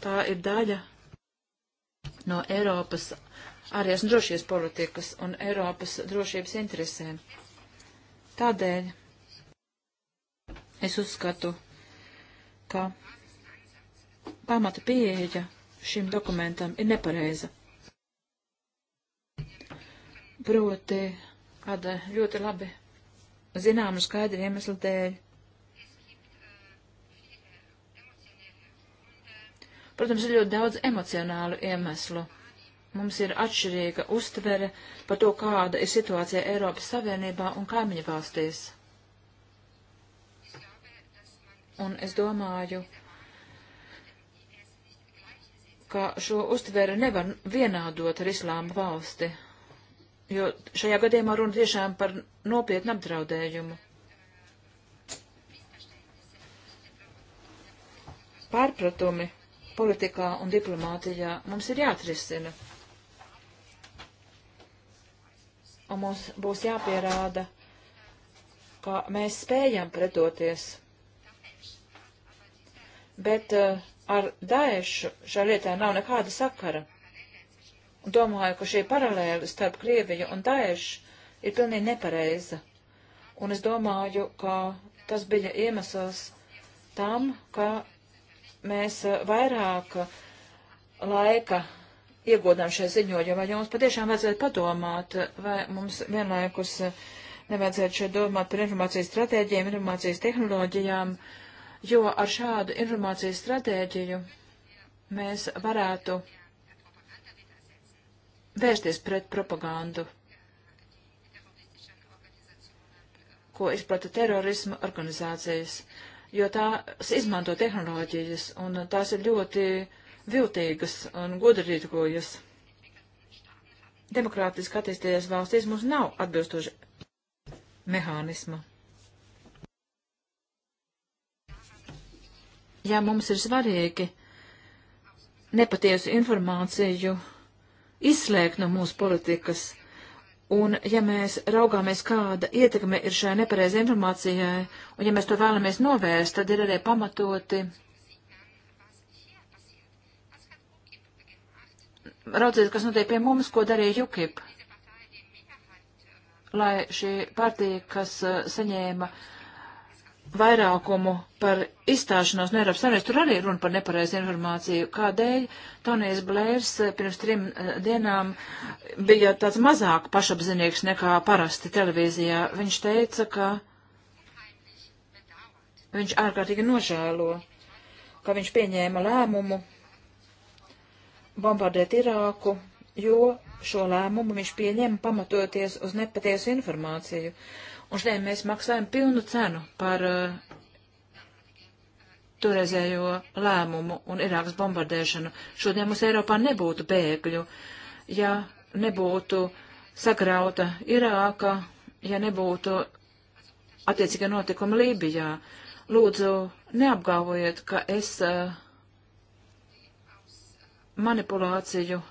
Tā ir daļa no Eiropas ārējās un drošības politikas un Eiropas drošības interesēm. Tādēļ es uzskatu, ka pamata pieeja šim dokumentam ir nepareiza. Proti, kāda eh, ļoti labi zināma skaidra iemesla dēļ. Protams, ir ļoti daudz emocionālu iemeslu. Mums ir atšķirīga uztvere par to, kāda ir situācija Eiropas Savienībā un kaimiņu valstīs. Un es domāju, ka šo uztveru nevar vienādot ar islāma valsti, jo šajā gadījumā runa tiešām par nopietnu apdraudējumu. Pārpratumi politikā un diplomātijā mums ir jāatrisina. Un mums būs jāpierāda, ka mēs spējam pretoties. Bet uh, ar Daešu šā lietā nav nekāda sakara. Domāju, ka šī paralēla starp Krieviju un Daešu ir pilnīgi nepareiza. Un es domāju, ka tas bija iemesls tam, ka mēs vairāk laika iegūdām šajā ziņojumā, jo mums patiešām vajadzētu padomāt, vai mums vienlaikus nevajadzētu šeit domāt par informācijas stratēģiem, informācijas tehnoloģijām. Uh, jo ar šādu informācijas stratēģiju mēs varētu vērsties pret propagandu, ko izplata terorisma organizācijas, jo tās izmanto tehnoloģijas, un tās ir ļoti viltīgas un gudrītkojas. Demokrātiski attīstīties valstīs mums nav atbilstoši mehānisma. ja mums ir svarīgi nepatiesu informāciju izslēgt no mūsu politikas, un ja mēs raugāmies, kāda ietekme ir šai nepareiz informācijai, un ja mēs to vēlamies novērst, tad ir arī pamatoti raudzīt, kas notiek pie mums, ko darīja UKIP, lai šī partija, kas eh, saņēma uh, vairākumu par izstāšanos no Eiropas Savienības, tur arī runa par nepareizu informāciju. Kādēļ Tonijs Blērs eh, pirms trim eh, dienām bija tāds mazāk pašapzinīgs nekā parasti televīzijā? Viņš teica, ka viņš ārkārtīgi nožēlo, ka viņš pieņēma lēmumu bombardēt Irāku, jo šo lēmumu viņš pieņēma pamatoties uz nepatiesu informāciju. Uh, Un šodien mēs maksājam pilnu cenu par uh, toreizējo lēmumu un Irākas bombardēšanu. Šodien mums Eiropā nebūtu bēgļu, ja nebūtu sagrauta Irāka, ja nebūtu attiecīga notikuma Lībijā. Lūdzu, neapgalvojiet, ka es uh, manipulāciju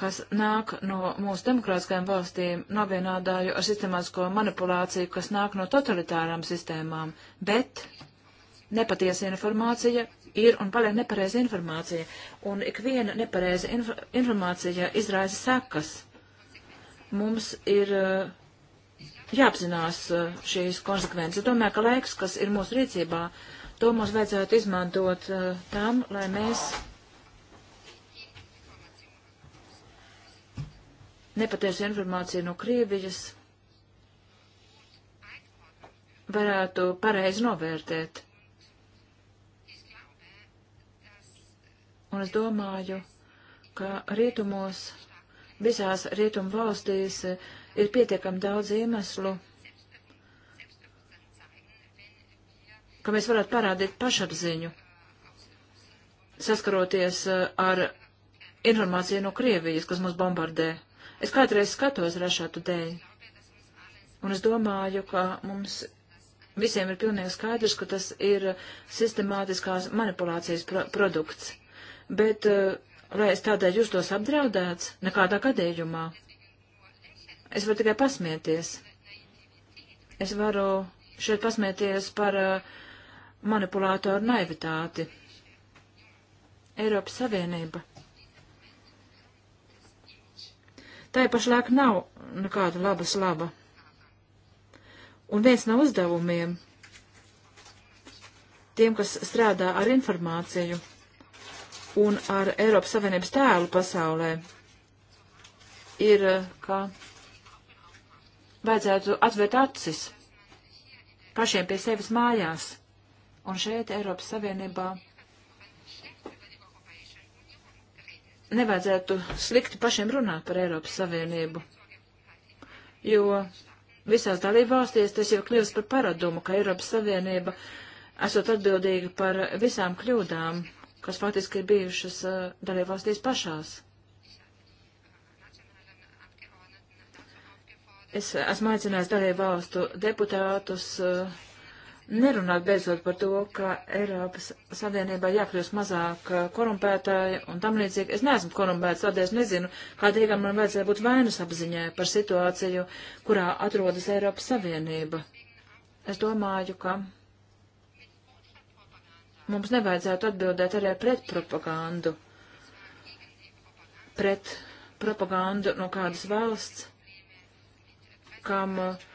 kas nāk no mūsu demokrātiskajām valstīm, nav vienādāju ar sistemātisko manipulāciju, kas nāk no totalitārām sistēmām, bet nepatiesa informācija ir un paliek nepareiza informācija, un ikviena nepareiza inf informācija izraisa sekas. Mums ir eh, jāapzinās eh, šīs konsekvences. Domāju, ka laiks, kas ir mūsu rīcībā, to mums vajadzētu izmantot eh, tam, lai mēs nepatiesa informācija no Krievijas varētu pareizi novērtēt. Un es domāju, ka rietumos, visās rietumu valstīs ir pietiekami daudz iemeslu, ka mēs varētu parādīt pašapziņu, saskaroties eh, ar informāciju no Krievijas, kas mūs bombardē. Es kādreiz skatos rašātu dēļ, un es domāju, ka mums visiem ir pilnīgi skaidrs, ka tas ir sistemātiskās manipulācijas pro produkts. Bet, eh, lai es tādēļ justos apdraudēts, nekādā gadījumā. Es varu tikai pasmieties. Es varu šeit pasmieties par uh, manipulātoru naivitāti. Eiropas Savienība Tā ir pašlaik nav nekāda laba slaba. Un viens no uzdevumiem tiem, kas strādā ar informāciju un ar Eiropas Savienības tēlu pasaulē, ir, eh, ka vajadzētu atvērt acis pašiem pie sevis mājās. Un šeit Eiropas Savienībā nevajadzētu slikti pašiem runāt par Eiropas Savienību, jo visās dalībvalstīs tas jau kļūst par paradumu, ka Eiropas Savienība esot atbildīga par visām kļūdām, kas faktiski ir bijušas uh, dalībvalstīs pašās. Es esmu aicinājis dalību valstu deputātus uh, nerunāt beidzot par to, ka Eiropas Savienībā jākļūst mazāk eh, korumpētāji un tam līdzīgi. Es neesmu korumpēts, tādēļ nezinu, kādīgam man vajadzēja būt vainas apziņai par situāciju, kurā atrodas Eiropas Savienība. Es domāju, ka mums nevajadzētu atbildēt arī pret propagandu, pret propagandu no kādas valsts, kam uh,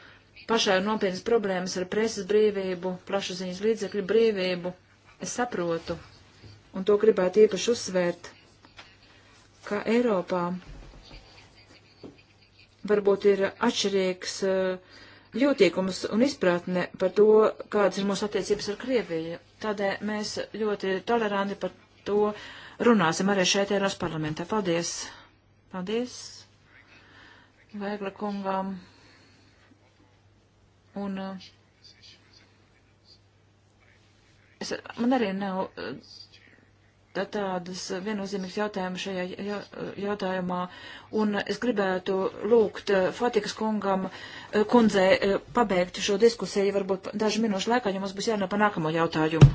pašai nopietnas problēmas ar preses brīvību, plašsaziņas līdzekļu brīvību. Es saprotu, un to gribētu īpaši uzsvērt, ka Eiropā varbūt ir atšķirīgs eh, jūtīgums un izpratne par to, kādas ir mūsu attiecības ar Krieviju. Tādēļ mēs ļoti toleranti par to runāsim arī šeit Eiros parlamentā. Paldies! Paldies! Vēgla kungām! Un eh, es, man arī nav eh, tā, tādas viennozīmīgas jautājumas šajā jautājumā. Un es gribētu lūgt eh, Fatikas kungam, kundzei, pabeigt šo diskusiju varbūt dažu minūšu laikā, jo mums būs jārunā par nākamo jautājumu.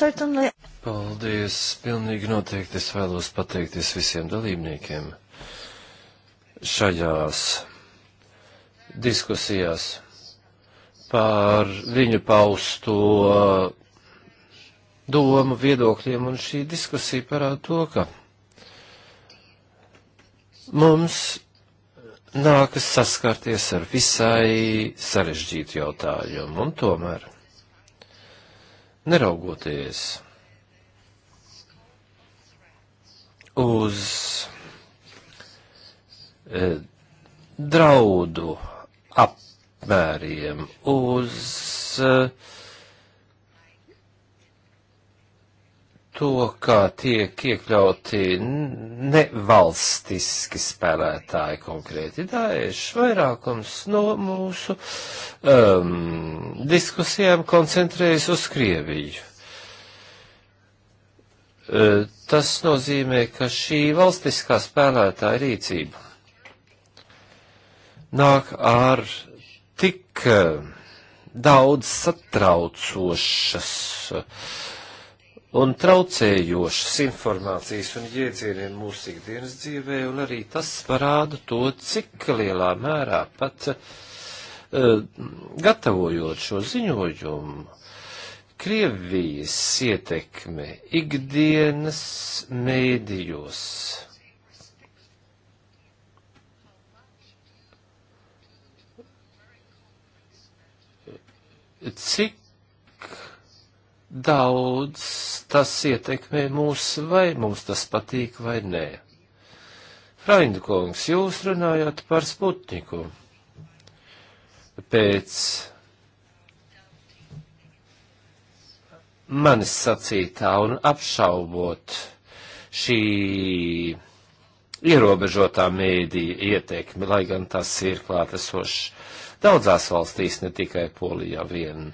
Certainly. Paldies. Pilnīgi noteikti es vēlos pateikties visiem dalībniekiem šajās diskusijās par viņu pausto domu viedokļiem, un šī diskusija parāda to, ka mums nākas saskarties ar visai sarežģītu jautājumu, un tomēr, neraugoties uz e, draudu ap apmēriem, uz eh, to, kā tiek iekļauti nevalstiski spēlētāji konkrēti daieši. Vairākums no mūsu um, diskusijām koncentrējas uz Krieviju. Uh, tas nozīmē, ka šī valstiskā spēlētāja rīcība nāk ar tik eh, daudz satraucošas un traucējošas informācijas un jēdzieniem mūsu ikdienas dzīvē, un arī tas parāda to, cik lielā mērā pat uh, gatavojot šo ziņojumu, Krievijas ietekme ikdienas mēdījos cik daudz tas ietekmē mūs, vai mums tas patīk vai nē. Fraindkungs, jūs runājāt par Sputniku. Pēc manis sacītā un apšaubot šī ierobežotā mēdīja ietekme, lai gan tas ir klātesošs daudzās valstīs, ne tikai Polijā vien.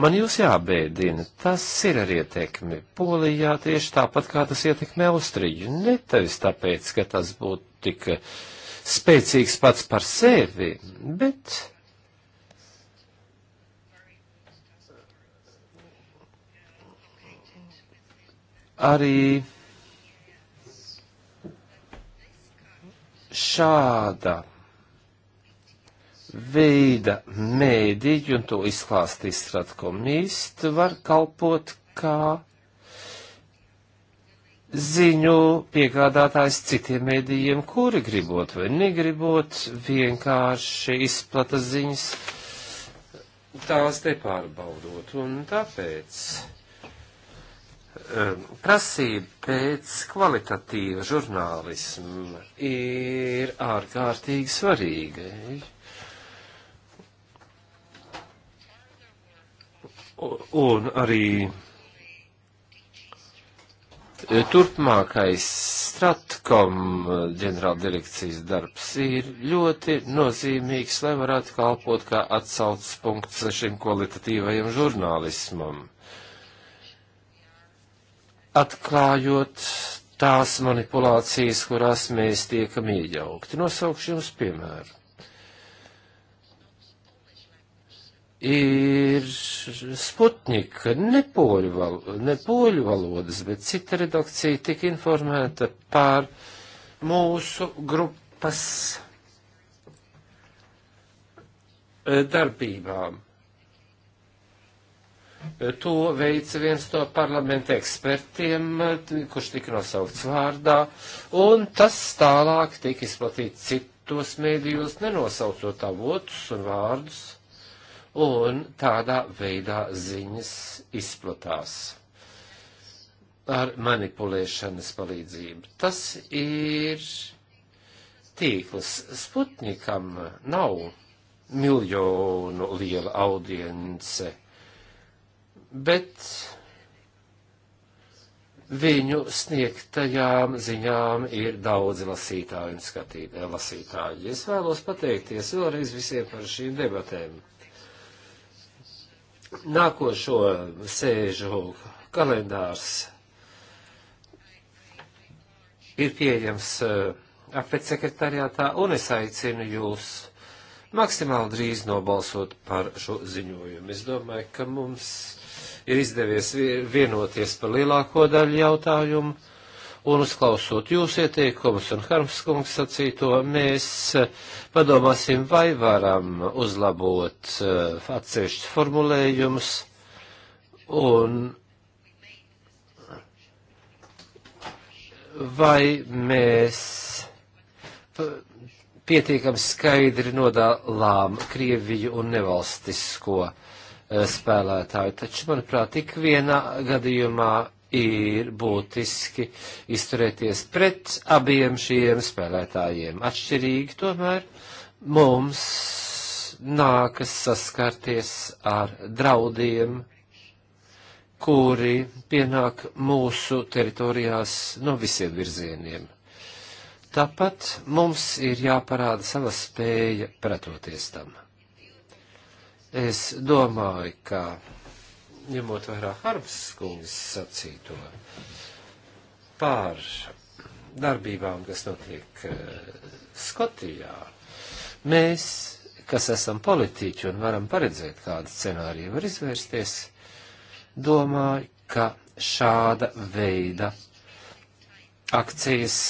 Man jūs jābēdina, tas ir ar ietekmi Polijā tieši tāpat, kā tas ietekmē Austriju. Ne tevis tāpēc, ka tas būtu tik spēcīgs pats par sevi, bet. Arī šāda veida mēdīģi, un to izklāstīs stratkomīst, var kalpot kā ziņu piegādātājs citiem mēdījiem, kuri gribot vai negribot, vienkārši izplata ziņas, tās nepārbaudot. Un tāpēc um, prasība pēc kvalitatīva žurnālisma ir ārkārtīgi svarīga. un arī e, turpmākais Stratkom e, ģenerāla direkcijas darbs ir ļoti nozīmīgs, lai varētu kalpot kā atsaucas punkts šim kvalitatīvajam žurnālismam. Atklājot tās manipulācijas, kurās mēs tiekam iejaukti, nosaukšu jums piemēru. ir Sputnika, ne poļu, val, ne poļu valodas, bet cita redakcija tika informēta par mūsu grupas eh, darbībām. To veica viens no parlamenta ekspertiem, kurš tika nosaukts vārdā, un tas tālāk tika izplatīts citos mēdījos, nenosaucot avotus un vārdus un tādā veidā ziņas izplatās ar manipulēšanas palīdzību. Tas ir tīkls. Sputnikam nav miljonu liela audience, bet viņu sniegtajām ziņām ir daudz lasītāju un skatīt, lasītāju. Es vēlos pateikties vēlreiz visiem par šīm debatēm nākošo sēžu kalendārs ir pieejams eh, apēc sekretariātā, un es aicinu jūs maksimāli drīz nobalsot par šo ziņojumu. Es domāju, ka mums ir izdevies vienoties par lielāko daļu jautājumu un uzklausot jūsu ieteikumus un Harmskungs sacīto, mēs eh, padomāsim, vai varam uzlabot eh, atsevišķus formulējumus un vai mēs eh, pietiekami skaidri nodalām Krieviju un nevalstisko spēlētāju. Taču, manuprāt, ik vienā gadījumā ir būtiski izturēties pret abiem šiem spēlētājiem. Atšķirīgi tomēr mums nākas saskarties ar draudiem, kuri pienāk mūsu teritorijās no visiem virzieniem. Tāpat mums ir jāparāda sava spēja pretoties tam. Es domāju, ka ņemot vērā Harbs skundas sacīto pār darbībām, kas notiek eh, Skotijā, mēs, kas esam politiķi un varam paredzēt, kāda scenārija var izvērsties, domāju, ka šāda veida akcijas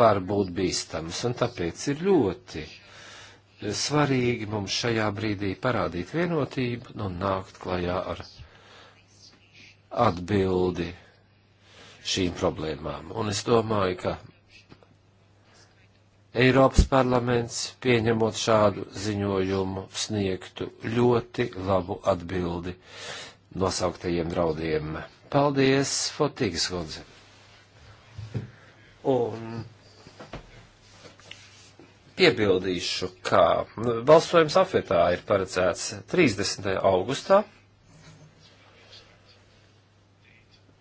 var būt bīstamas, un tāpēc ir ļoti svarīgi mums šajā brīdī parādīt vienotību un nākt klajā ar atbildi šīm problēmām. Un es domāju, ka Eiropas parlaments, pieņemot šādu ziņojumu, sniegtu ļoti labu atbildi nosauktajiem draudiem. Paldies, Fotīgas kundze! Un piebildīšu, ka balsojums afetā ir paredzēts 30. augustā.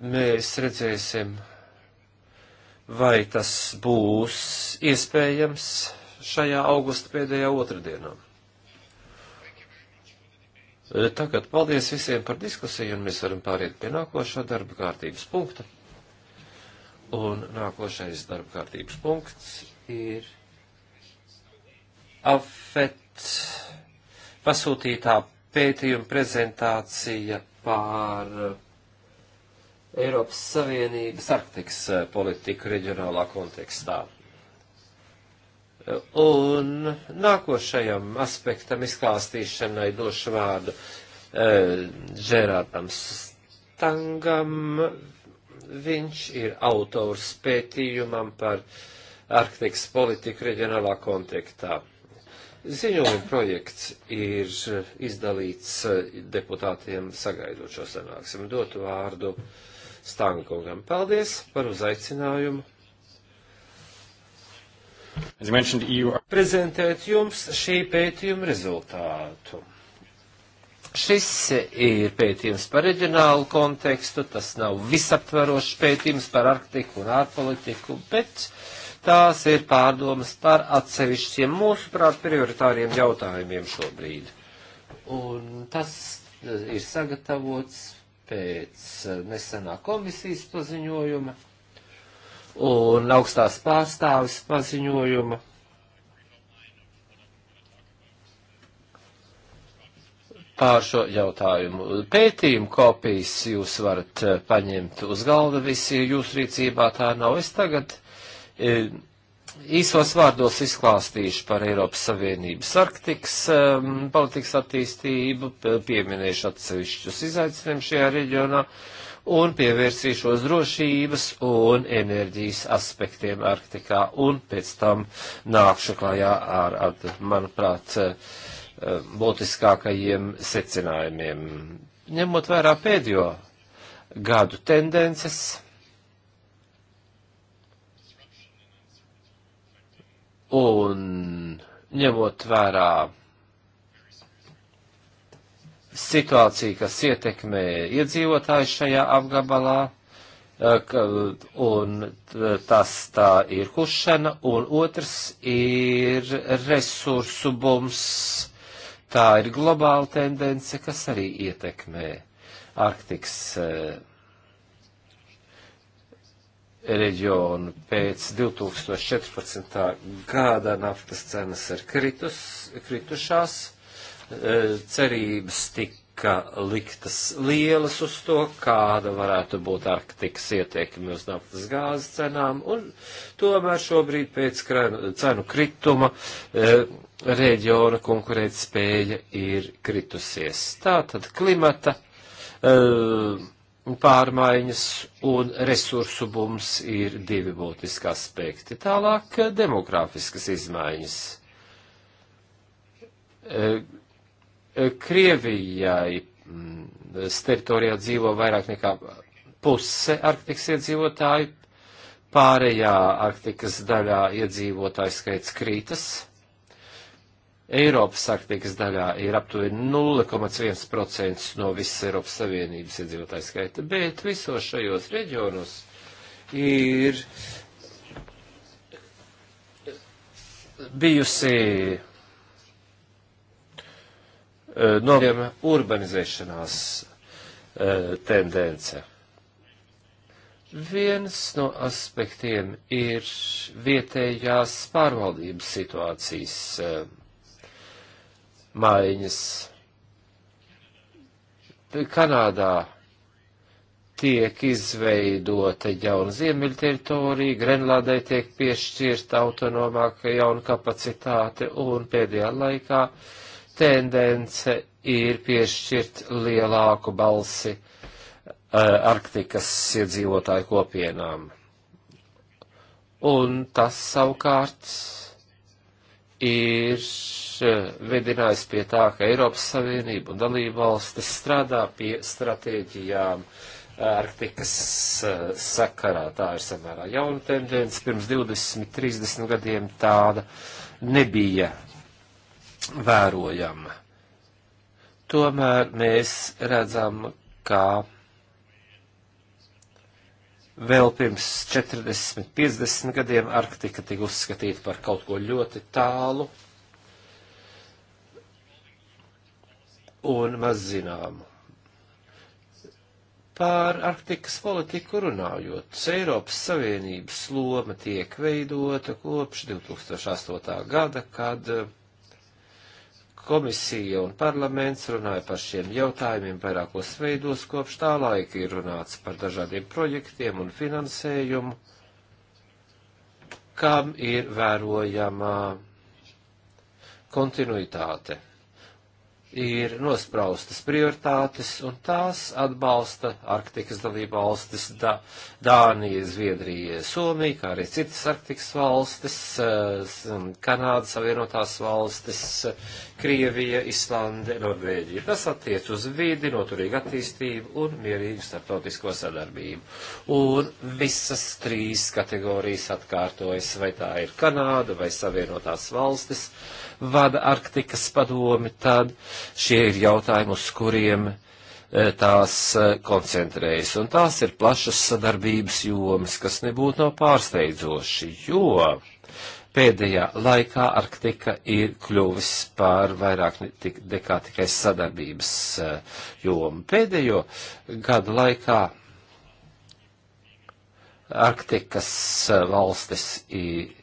mēs redzēsim, vai tas būs iespējams šajā augusta pēdējā otrdienā. Tagad paldies visiem par diskusiju, un mēs varam pāriet pie nākošā darba kārtības punkta. Un nākošais darba kārtības punkts ir AFET pasūtītā pētījuma prezentācija pār Eiropas Savienības Arktikas eh, politiku reģionālā kontekstā. Eh, un nākošajam aspektam izklāstīšanai došu vārdu eh, Žerārdam Stangam. Viņš ir autors pētījumam par Arktikas politiku reģionālā kontekstā. Ziņojuma projekts ir izdalīts deputātiem sagaidot šo sanāksmi. Dotu vārdu uh, Stāngkungam. Paldies par uzaicinājumu. Prezentēt jums šī pētījuma rezultātu. Šis ir pētījums par reģionālu kontekstu, tas nav visaptverošs pētījums par Arktiku un ārpolitiku, bet tās ir pārdomas par atsevišķiem mūsuprāt prioritāriem jautājumiem šobrīd. Un tas ir sagatavots pēc eh, nesenā komisijas paziņojuma un augstās pārstāvis paziņojuma. Pār šo jautājumu pētījumu kopijas jūs varat eh, paņemt uz galda visi jūsu rīcībā, tā nav. Es tagad e, īsos vārdos izklāstīšu par Eiropas Savienības Arktikas um, politikas attīstību, pieminēšu atsevišķus izaicinājumus šajā reģionā un pievērsīšos drošības un enerģijas aspektiem Arktikā un pēc tam nākšu klajā ar, ar manuprāt, būtiskākajiem secinājumiem. Ņemot vērā pēdējo gadu tendences, Un ņemot vērā situāciju, kas ietekmē iedzīvotājus šajā apgabalā, eh, un tas tā ir kušana, un otrs ir resursu bums. Tā ir globāla tendence, kas arī ietekmē Arktikas eh, reģionu pēc 2014. gada naftas cenas ir kritus, kritušās, e, cerības tika liktas lielas uz to, kāda varētu būt Arktikas ietekme uz naftas gāzes cenām, un tomēr šobrīd pēc cenu krituma e, reģiona konkurētspēja ir kritusies. Tātad klimata. Uh, pārmaiņas un resursu bums ir divi būtiski aspekti. Tālāk eh, demografiskas izmaiņas. Eh, eh, Krievijai mm, teritorijā dzīvo vairāk nekā puse Arktikas iedzīvotāju, pārējā Arktikas daļā iedzīvotāju skaits krītas Eiropas Arktikas daļā ir aptuveni 0,1% no visas Eiropas Savienības iedzīvotāju skaita, bet visos šajos reģionos ir bijusi eh, no urbanizēšanās eh, tendence. Viens no aspektiem ir vietējās pārvaldības situācijas eh, maiņas. Kanādā tiek izveidota jauna ziemeļa teritorija, Grenlādai tiek piešķirta autonomāka jauna kapacitāte, un pēdējā laikā tendence ir piešķirt lielāku balsi uh, Arktikas iedzīvotāju kopienām. Un tas savukārt ir Eh, vedinājis pie tā, ka Eiropas Savienība un dalībvalstis strādā pie stratēģijām Arktikas eh, sakarā. Tā ir samērā jauna tendence. Pirms 20, 30 gadiem tāda nebija vērojama. Tomēr mēs redzam, ka vēl pirms 40, 50 gadiem Arktika tika uzskatīta par kaut ko ļoti tālu un maz zināmu. Pār Arktikas politiku runājot, Eiropas Savienības loma tiek veidota kopš 2008. gada, kad komisija un parlaments runāja par šiem jautājumiem vairākos veidos, kopš tā laika ir runāts par dažādiem projektiem un finansējumu, kam ir vērojama kontinuitāte ir nospraustas prioritātes, un tās atbalsta Arktikas dalība valstis da, Dānija, Zviedrija, Somija, kā arī citas Arktikas valstis, Kanādas Savienotās valstis, Krievija, Islande, Norvēģija. Tas attiec uz vidi, noturīgu attīstību un mierīgu starptautisko sadarbību. Un visas trīs kategorijas atkārtojas, vai tā ir Kanāda vai Savienotās valstis vada Arktikas padomi, tad šie ir jautājumi, uz kuriem eh, tās eh, koncentrējas. Un tās ir plašas sadarbības jomas, kas nebūtu nav pārsteidzoši, jo pēdējā laikā Arktika ir kļuvis par vairāk tik, nekā tikai sadarbības eh, jomu. Pēdējo gadu laikā Arktikas valstis ir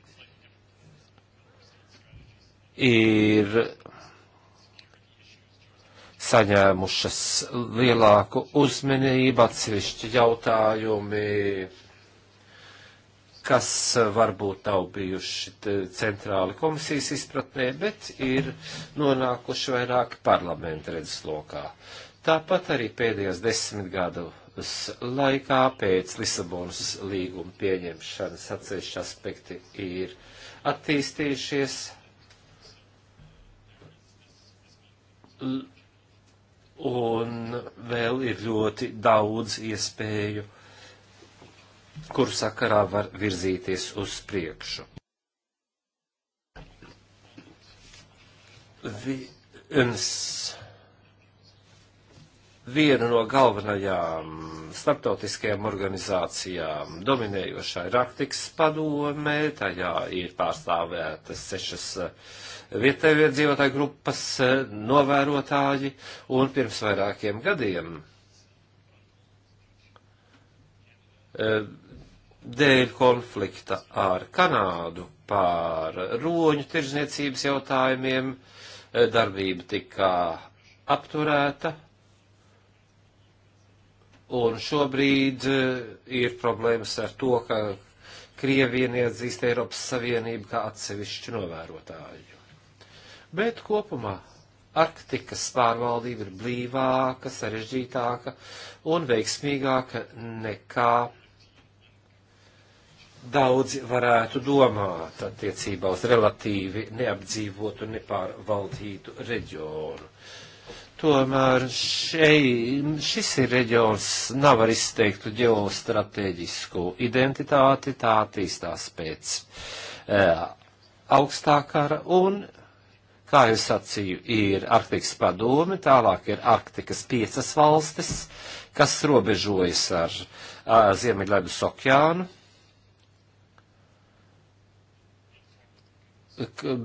ir saņēmušas lielāku uzmanību atsevišķi jautājumi, kas varbūt nav bijuši centrāli komisijas izpratnē, bet ir nonākuši vairāk parlamenta redzeslokā. Tāpat arī pēdējos desmit gadu laikā pēc Lisabonas līguma pieņemšanas atsevišķi aspekti ir attīstījušies un vēl ir ļoti daudz iespēju, kur sakarā var virzīties uz priekšu. Viens viena no galvenajām starptautiskajām organizācijām dominējošā ir Arktikas padome, tajā ir pārstāvētas sešas eh, vietējie dzīvotāju grupas eh, novērotāji, un pirms vairākiem gadiem eh, dēļ konflikta ar Kanādu pār roņu tirzniecības jautājumiem darbība tika apturēta Un šobrīd eh, ir problēmas ar to, ka Krievija neatzīst Eiropas Savienību kā atsevišķu novērotāju. Bet kopumā Arktikas pārvaldība ir blīvāka, sarežģītāka un veiksmīgāka nekā daudzi varētu domāt attiecībā uz relatīvi neapdzīvotu, nepārvaldītu reģionu. Tomēr šei, šis ir reģions, nav ar izteiktu ģeostrateģisku identitāti, tā attīstās pēc e, augstā kara un, kā jau sacīju, ir Arktikas padome, tālāk ir Arktikas piecas valstis, kas robežojas ar Ziemeļledus okeānu,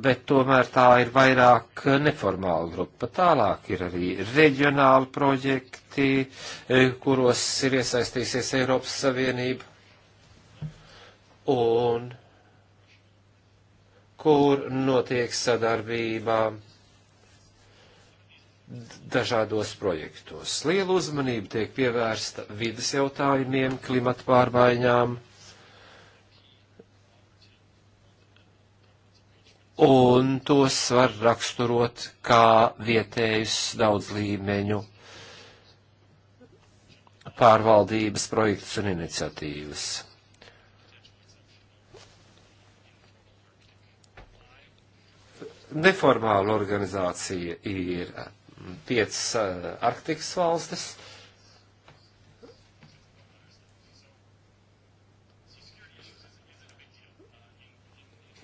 bet tomēr tā ir vairāk neformāla grupa. Tālāk ir arī reģionāli projekti, e, kuros ir iesaistīsies Eiropas Savienība un kur notiek sadarbībā dažādos projektos. Liela uzmanība tiek pievērsta vidas jautājumiem, klimata pārmaiņām un tos var raksturot kā vietējus daudz līmeņu pārvaldības projekts un iniciatīvas. Neformāla organizācija ir piecas eh, Arktikas valstis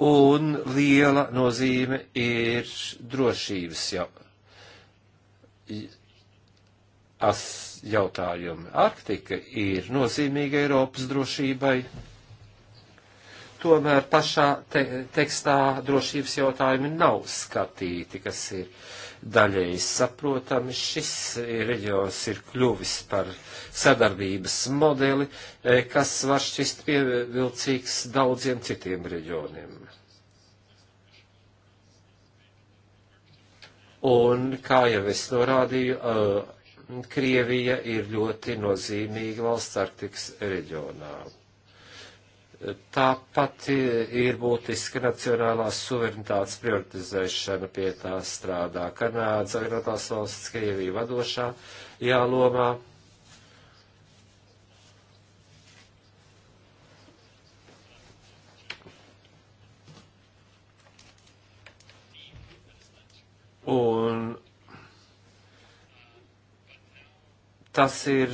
Un liela nozīme ir drošības jau, as, jautājumi. Arktika ir nozīmīga Eiropas drošībai. Tomēr pašā te, tekstā drošības jautājumi nav skatīti, kas ir daļēji saprotami. Šis reģions ir kļuvis par sadarbības modeli, eh, kas var šķist pievilcīgs daudziem citiem reģioniem. Un, kā jau es norādīju, Krievija ir ļoti nozīmīga valsts Arktikas reģionā. Tāpat ir būtiska nacionālās suverenitātes prioritizēšana, pie tā strādā Kanāda, Savienotās valsts, Krievija vadošā jālomā. Un tas ir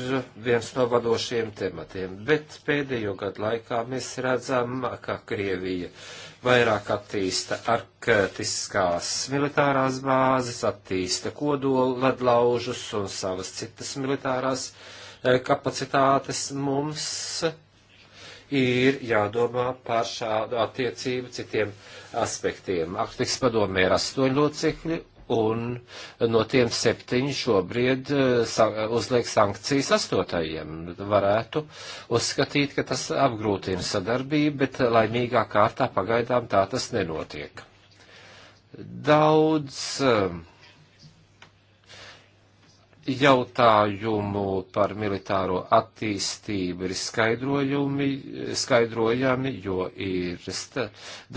viens no vadošiem tematiem. Bet pēdējo gadu laikā mēs redzam, ka Krievija vairāk attīsta arktiskās militārās bāzes, attīsta kodola ledlaužus un savas citas militārās eh, kapacitātes. Mums ir jādomā par šādu attiecību citiem aspektiem. Arktikas padomē ir astoņi locekļi un no tiem septiņi šobrīd eh, uzliek sankcijas astotajiem. Varētu uzskatīt, ka tas apgrūtina sadarbību, bet laimīgā kārtā pagaidām tā tas nenotiek. Daudz uh, jautājumu par militāro attīstību ir skaidrojumi, skaidrojami, jo ir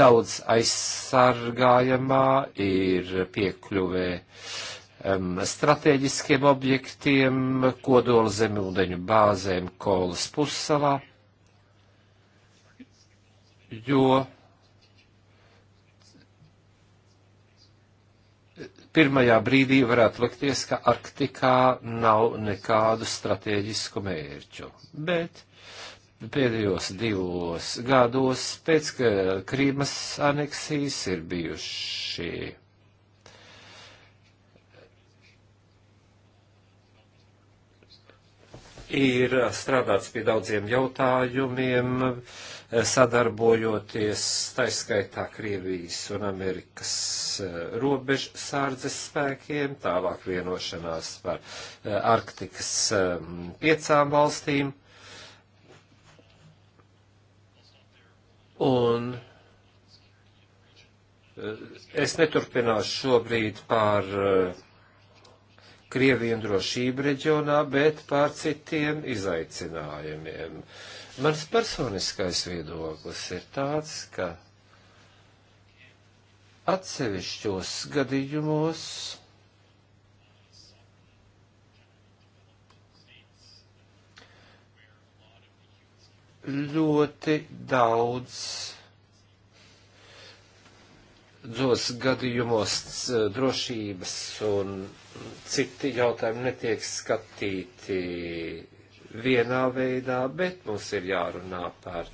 daudz aizsargājamā, ir piekļuvē um, strateģiskiem objektiem, kodola zemūdeņu bāzēm Kolas pussalā, jo pirmajā brīdī varētu likties, ka Arktikā nav nekādu strateģisku mērķu. Bet pēdējos divos gados pēc Krīmas aneksijas ir bijuši ir strādāts pie daudziem jautājumiem, sadarbojoties taiskaitā Krievijas un Amerikas eh, robežu sārdzes spēkiem, tālāk vienošanās par eh, Arktikas eh, piecām valstīm. Un es neturpināšu šobrīd par Krieviju un drošību reģionā, bet par citiem izaicinājumiem. Uh, Mans personiskais viedoklis ir tāds, ka atsevišķos gadījumos ļoti daudz dos gadījumos drošības un citi jautājumi netiek skatīti vienā veidā, bet mums ir jārunā par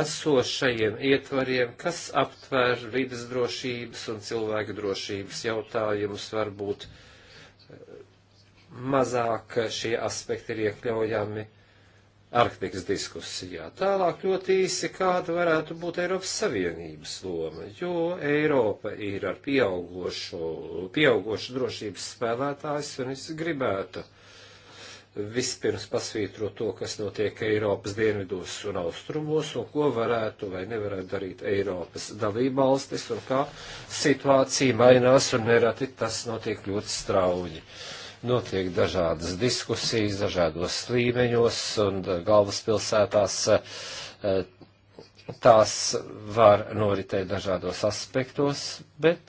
esošajiem ietvariem, kas aptver vidas drošības un cilvēka drošības jautājumus, varbūt mazāk šie aspekti ir iekļaujami Arktikas diskusijā. Tālāk ļoti īsi, kāda varētu būt Eiropas Savienības loma, jo Eiropa ir ar pieaugošu, pieaugošu drošības spēlētājs, un es gribētu vispirms pasvītrot to, kas notiek Eiropas dienvidos un austrumos, un ko varētu vai nevarētu darīt Eiropas dalībvalstis, un kā situācija mainās, un nereti tas notiek ļoti strauji. Uh, notiek dažādas diskusijas dažādos līmeņos un galvaspilsētās eh, tās var noritēt dažādos aspektos, bet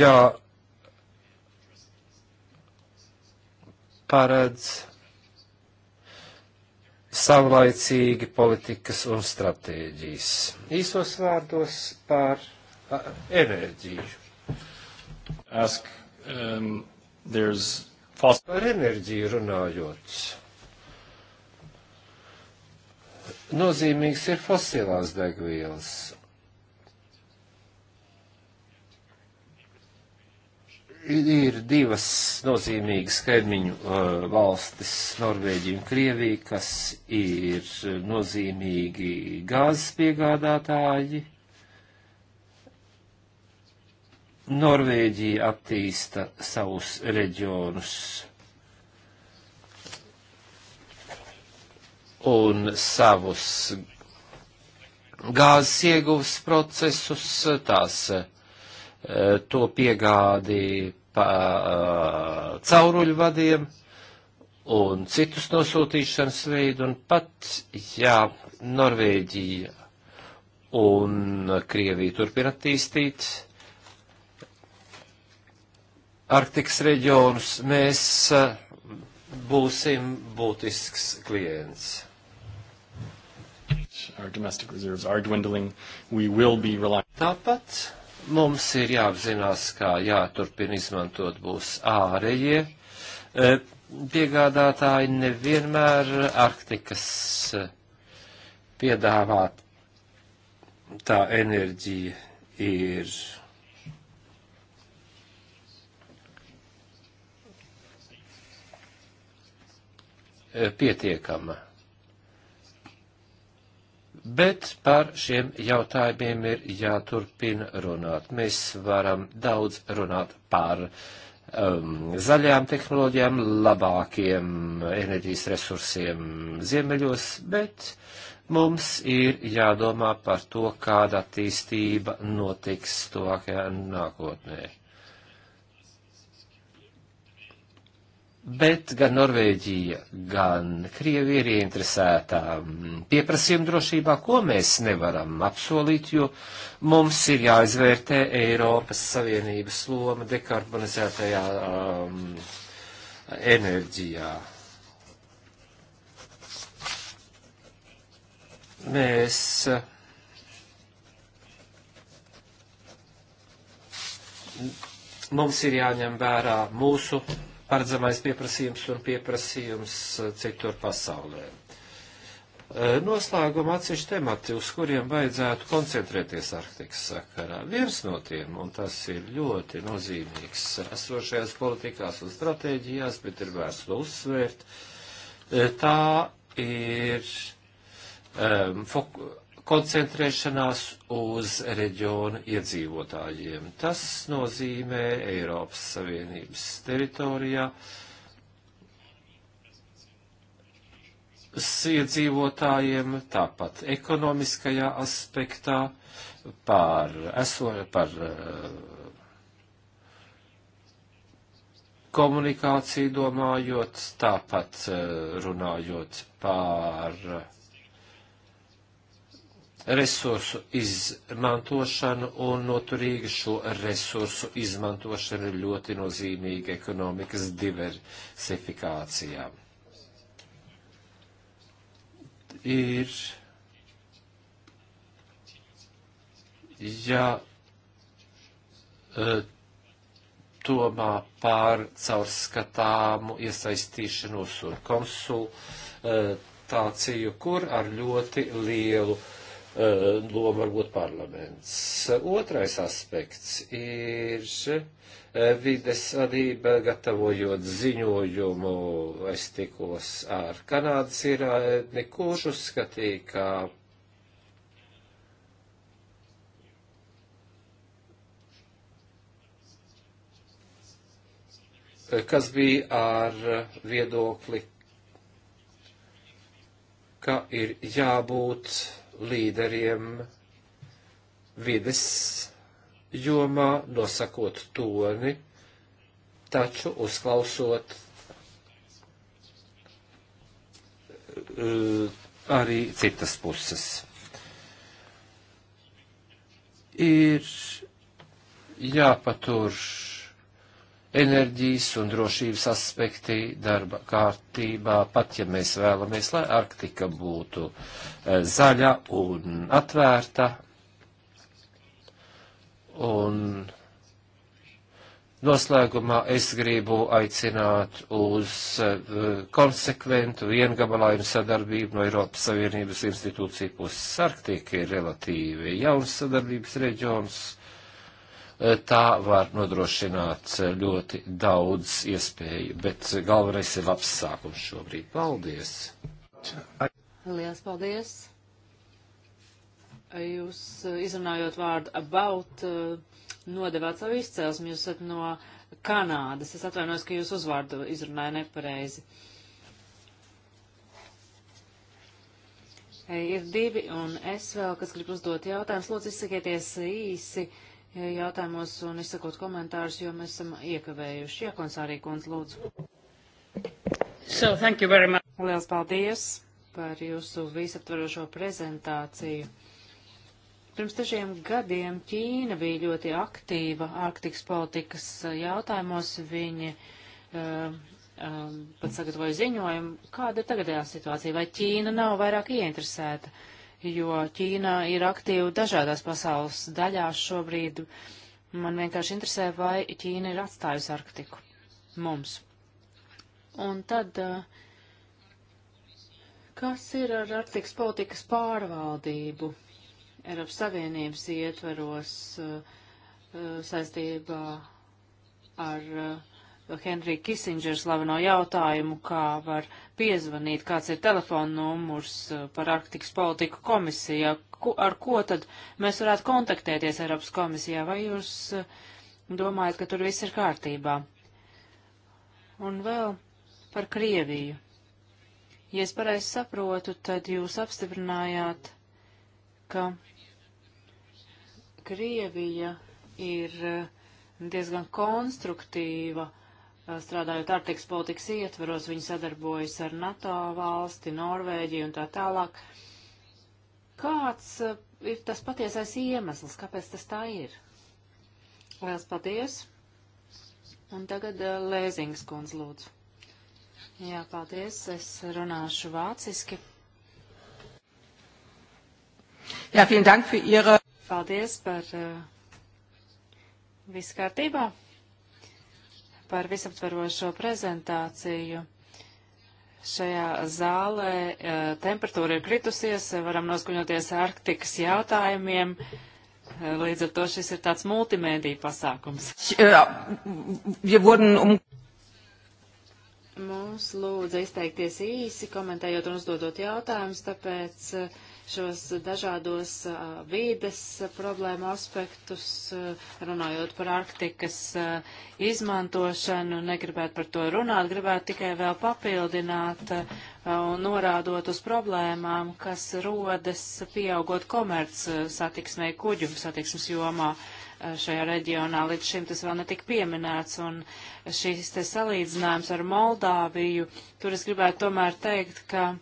jā, paredz savlaicīgi politikas un stratēģijas. Īsos vārdos par enerģiju. Ask, um, false... Par enerģiju runājot. Nozīmīgs ir fosilās degvielas ir divas nozīmīgas kaimiņu uh, valstis, Norvēģija un Krievija, kas ir nozīmīgi gāzes piegādātāji. Norvēģija attīsta savus reģionus un savus gāzes ieguvas procesus, tās uh, Eh, to piegādi pa eh, cauruļu vadiem un citus nosūtīšanas veidu, un pat, ja Norvēģija un Krievija turpina attīstīt Arktikas reģionus, mēs eh, būsim būtisks klients. Our domestic reserves are dwindling. We will be reliant. Tāpat mums ir jāapzinās, kā jāturpina izmantot būs ārējie e, piegādātāji nevienmēr Arktikas e, piedāvāt tā enerģija ir pietiekama. Bet par šiem jautājumiem ir jāturpina runāt. Mēs varam daudz runāt par um, zaļām tehnoloģijām, labākiem enerģijas resursiem ziemeļos, bet mums ir jādomā par to, kāda attīstība notiks tuvākajā nākotnē. Bet gan Norvēģija, gan Krievija ir ieinteresētā pieprasījuma drošībā, ko mēs nevaram apsolīt, jo mums ir jāizvērtē Eiropas Savienības loma dekarbonizētajā um, enerģijā. Mēs uh, mums ir jāņem vērā mūsu paredzamais pieprasījums un pieprasījums eh, citur pasaulē. Eh, noslēguma atsevišķi temati, uz kuriem vajadzētu koncentrēties Arktikas sakarā. Viens no tiem, un tas ir ļoti nozīmīgs esošajās politikās un stratēģijās, bet ir vērts to uzsvērt, eh, tā ir um, ehm, fokus koncentrēšanās uz reģiona iedzīvotājiem. Tas nozīmē Eiropas Savienības teritorijā iedzīvotājiem, tāpat ekonomiskajā aspektā, par, eso, par eh, komunikāciju domājot, tāpat eh, runājot par resursu izmantošanu un noturīga šo resursu izmantošana ir ļoti nozīmīga ekonomikas diversifikācijā. Ir jādomā eh, ja, par caurskatāmu iesaistīšanos un konsultāciju, kur ar ļoti lielu uh, Eh, lomu varbūt parlaments. Otrais aspekts ir eh, vides vadība, gatavojot ziņojumu, es tikos ar Kanādas ierēdni, kurš uzskatīja, ka kas bija ar viedokli, ka ir jābūt līderiem vides jomā, nosakot toni, taču uzklausot eh, arī citas puses. Ir jāpatur enerģijas un drošības aspekti darba kārtībā, pat ja mēs vēlamies, lai Arktika būtu eh, zaļa un atvērta. Un noslēgumā es gribu aicināt uz eh, konsekventu viengabalājumu sadarbību no Eiropas Savienības institūciju puses. Arktika ir relatīvi jauns sadarbības reģions Eh, tā var nodrošināt eh, ļoti daudz iespēju, bet galvenais ir labs sākums šobrīd. Paldies! Lielas paldies! Jūs eh, izrunājot vārdu about, nodevāt savu izcelsmi, jūs esat no Kanādas. Es atvainojos, ka jūs uzvārdu izrunāju nepareizi. Ir divi, un es vēl, kas grib uzdot jautājumus, lūdzu izsakieties īsi. Uh, jautājumos un izsakot komentārus, jo mēs esam iekavējuši. Jākonsārī kundze, lūdzu. So, thank you very much. Liels paldies par jūsu visaptvarošo prezentāciju. Pirms dažiem gadiem Ķīna bija ļoti aktīva Arktikas politikas eh, jautājumos. Viņi um, um, pat sagatavoja ziņojumu, kāda ir tagadējā situācija, vai Ķīna nav vairāk ieinteresēta. Uh, jo Ķīna ir aktīva dažādās pasaules daļās šobrīd. Man vienkārši interesē, vai Ķīna ir atstājusi Arktiku mums. Un tad, kas ir ar Arktikas politikas pārvaldību Eiropas Savienības ietveros saistībā ar Henrija Kisindžera slaveno jautājumu, kā var piezvanīt, kāds ir telefona numurs uh, par Arktikas politiku komisijā, ku, ar ko tad mēs varētu kontaktēties Eiropas komisijā, vai jūs uh, domājat, ka tur viss ir kārtībā? Un vēl par Krieviju. Ja es pareizi saprotu, tad jūs apstiprinājāt, ka Krievija ir uh, diezgan konstruktīva uh, Eh, strādājot ārtieks politikas ietvaros, viņi sadarbojas ar NATO valsti, Norvēģiju un tā tālāk. Kāds eh, ir tas patiesais iemesls, kāpēc tas tā ir? Liels paldies! Un tagad eh, Lēzings kundz lūdzu. Jā, paldies, es runāšu vāciski. Jā, vielen dank für Ihre. Paldies par uh, visu kārtībā par visaptverošo prezentāciju. Šajā zālē e, temperatūra ir kritusies, varam noskuņoties Arktikas jautājumiem. E, līdz ar to šis ir tāds multimēdija pasākums. Mums e, lūdza izteikties īsi, komentējot un uzdodot jautājumus, tāpēc uh, šos dažādos vīdes problēmu aspektus, runājot par Arktikas izmantošanu. Negribētu par to runāt, gribētu tikai vēl papildināt un norādot uz problēmām, kas rodas pieaugot komerc satiksmē kuģu satiksmes jomā šajā reģionā. Līdz šim tas vēl netika pieminēts, un šīs te salīdzinājums ar Moldāviju, tur es gribētu tomēr teikt, ka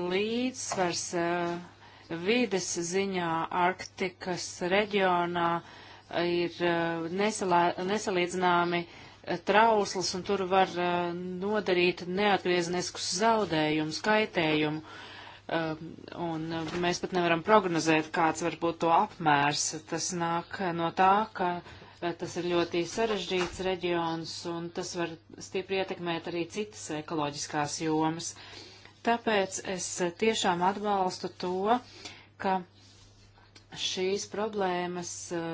līdzsvars eh, vides ziņā Arktikas reģionā eh, ir eh, nesalā, nesalīdzināmi trausls, un tur var nodarīt neatgriezeniskus zaudējumus, kaitējumu. Un mēs pat nevaram prognozēt, kāds var būt to apmērs. Tas nāk no tā, ka tas ir ļoti sarežģīts reģions, un tas var stipri ietekmēt arī citas ekoloģiskās jomas. Uh, Tāpēc es tiešām atbalstu to, ka šīs problēmas uh,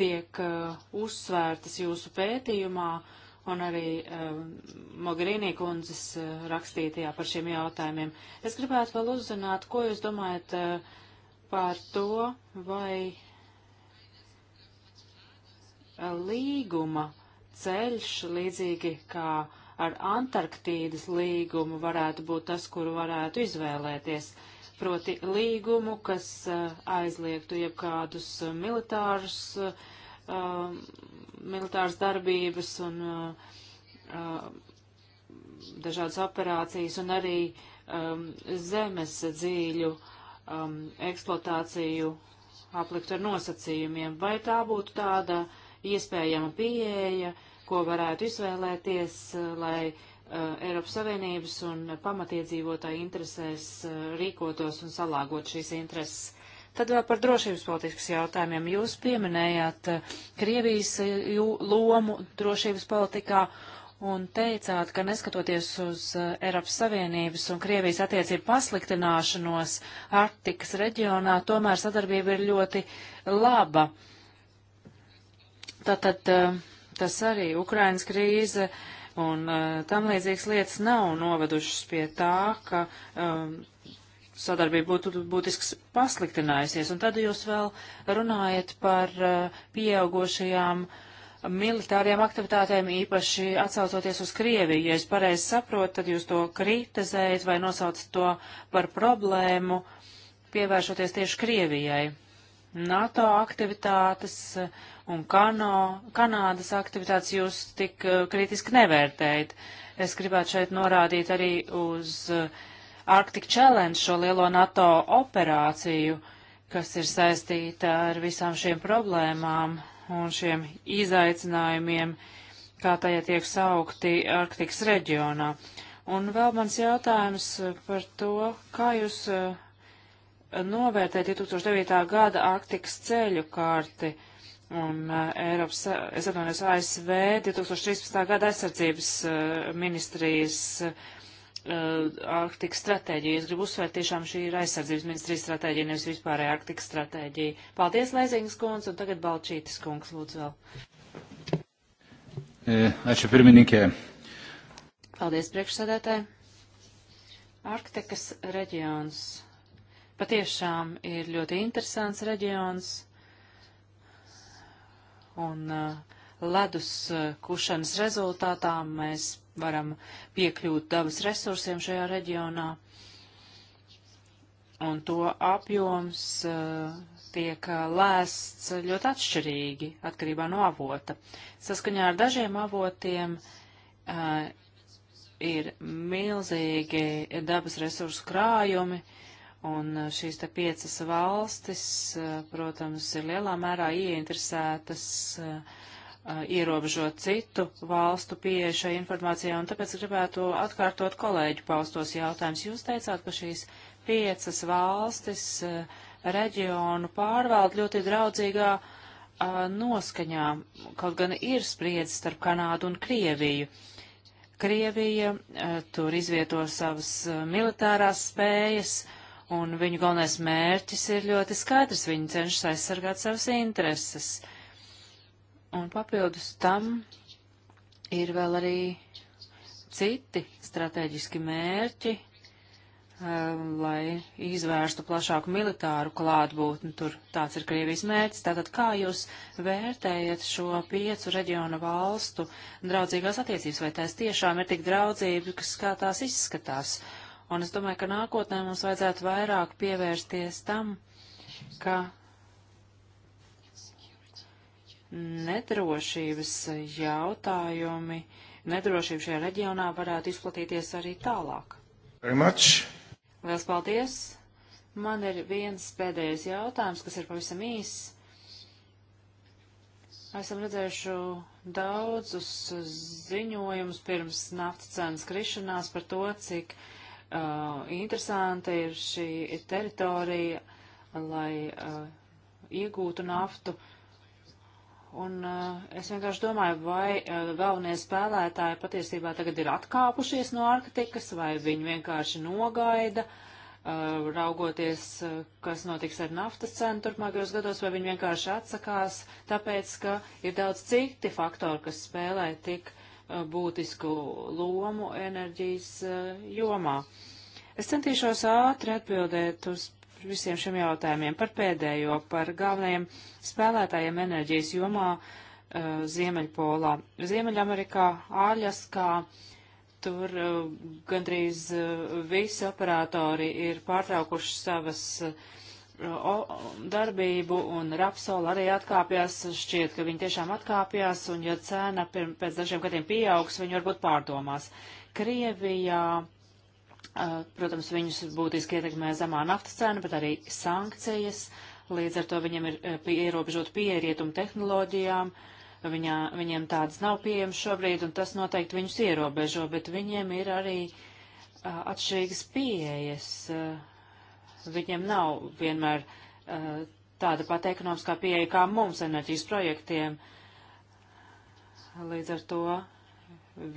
tiek uh, uzsvērtas jūsu pētījumā un arī um, Mogherini kundzes uh, rakstītajā par šiem jautājumiem. Es gribētu vēl uzzināt, ko jūs domājat par to, vai līguma ceļš līdzīgi kā ar Antarktīdas līgumu varētu būt tas, kuru varētu izvēlēties. Proti līgumu, kas uh, aizliegtu jebkādus uh, militārus, uh, um, militārs darbības un uh, uh, dažādas operācijas un arī um, zemes dzīļu um, eksploatāciju aplikt ar nosacījumiem. Vai tā būtu tāda iespējama pieeja, uh, ko varētu izvēlēties, lai eh, Eiropas Savienības un pamatiedzīvotāju interesēs eh, rīkotos un salāgot šīs intereses. Tad vēl par drošības politikas jautājumiem. Jūs pieminējāt eh, Krievijas lomu drošības politikā un teicāt, ka neskatoties uz Eiropas Savienības un Krievijas attiecību pasliktināšanos Arktikas reģionā, tomēr sadarbība ir ļoti laba. Tātad. Uh, tas arī Ukrainas krīze un uh, tam līdzīgas lietas nav novedušas pie tā, ka um, sadarbība būtu būtisks pasliktinājusies. Un tad jūs vēl runājat par uh, pieaugošajām militārajām aktivitātēm, īpaši atsaucoties uz Krieviju. Ja es pareizi saprotu, tad jūs to kritizējat vai nosaucat to par problēmu, pievēršoties tieši Krievijai. NATO aktivitātes eh, un Kano, Kanādas aktivitātes jūs tik eh, kritiski nevērtējat. Es gribētu šeit norādīt arī uz eh, Arctic Challenge šo lielo NATO operāciju, kas ir saistīta ar visām šiem problēmām un šiem izaicinājumiem, kā tajā tiek saukti Arktikas reģionā. Un vēl mans jautājums par to, kā jūs uh, novērtēt 2009. gada Arktikas ceļu kārti un uh, Eiropas, es atvainojos, ASV 2013. gada aizsardzības uh, ministrijas uh, Arktikas stratēģija. Es gribu uzsvērt, tiešām šī ir aizsardzības ministrijas stratēģija, nevis vispārēja Arktikas stratēģija. Paldies, Leizīgas kungs, un tagad Balčītis kungs, lūdzu vēl. Eh, ačiū pirmininkē. Paldies, priekšsēdētāji. Arktikas reģions patiešām ir ļoti interesants reģions, un uh, ledus uh, kušanas rezultātā mēs varam piekļūt dabas resursiem šajā reģionā, un to apjoms uh, tiek lēsts ļoti atšķirīgi atkarībā no avota. Saskaņā ar dažiem avotiem uh, ir milzīgi dabas resursu krājumi, uh, Un eh, šīs te piecas valstis, eh, protams, ir lielā mērā ieinteresētas eh, ierobežot citu valstu pieeja šai informācijai, un tāpēc gribētu atkārtot kolēģu paustos jautājumus. Jūs teicāt, ka šīs piecas valstis reģionu pārvalda ļoti draudzīgā noskaņā, kaut gan ir spriedzi starp Kanādu un Krieviju. Krievija tur izvieto savas militārās spējas, uh, un viņu galvenais mērķis ir ļoti skaidrs, viņi cenšas aizsargāt savas intereses. Un papildus tam ir vēl arī citi strateģiski mērķi, eh, lai izvērstu plašāku militāru klātbūtni. Tur tāds ir Krievijas mērķis. Tātad kā jūs vērtējat šo piecu reģionu valstu draudzīgās attiecības? Vai tās tiešām ir tik draudzības, kā tās izskatās? Un es domāju, ka nākotnē mums vajadzētu vairāk pievērsties tam, ka nedrošības jautājumi, nedrošība šajā reģionā varētu izplatīties arī tālāk. Lielas paldies! Man ir viens pēdējais jautājums, kas ir pavisam īss. Esam redzējuši daudzus ziņojumus pirms naftas cenas krišanās par to, cik uh, uh, interesanta ir šī teritorija, lai uh, iegūtu naftu. Un uh, es vienkārši domāju, vai uh, galvenie spēlētāji patiesībā tagad ir atkāpušies no Arktikas, vai viņi vienkārši nogaida, uh, raugoties, uh, kas notiks ar naftas cenu turpmākajos gados, vai viņi vienkārši atsakās, tāpēc, ka ir daudz citi faktori, kas spēlē tik uh, Eh, būtisku lomu enerģijas eh, jomā. Es centīšos ātri atbildēt uz visiem šiem jautājumiem par pēdējo, par galvenajiem spēlētājiem enerģijas jomā eh, Ziemeļpolā. Ziemeļamerikā, Āļaskā, tur gandrīz visi operatori ir pārtraukuši savas uh, darbību, un Rapsola arī atkāpjas, šķiet, ka viņi tiešām atkāpjas, un ja cena pēc dažiem gadiem pieaugs, viņi varbūt pārdomās. Krievijā, protams, viņus būtiski ietekmē zemā naftas cena, bet arī sankcijas, līdz ar to viņiem ir e, ierobežot pierietumu tehnoloģijām, Viņā, viņiem tādas nav pieejamas šobrīd, un tas noteikti viņus ierobežo, bet viņiem ir arī atšķirīgas pieejas. Uh, viņiem nav vienmēr uh, tāda pat ekonomiskā pieeja kā mums enerģijas projektiem. Līdz ar to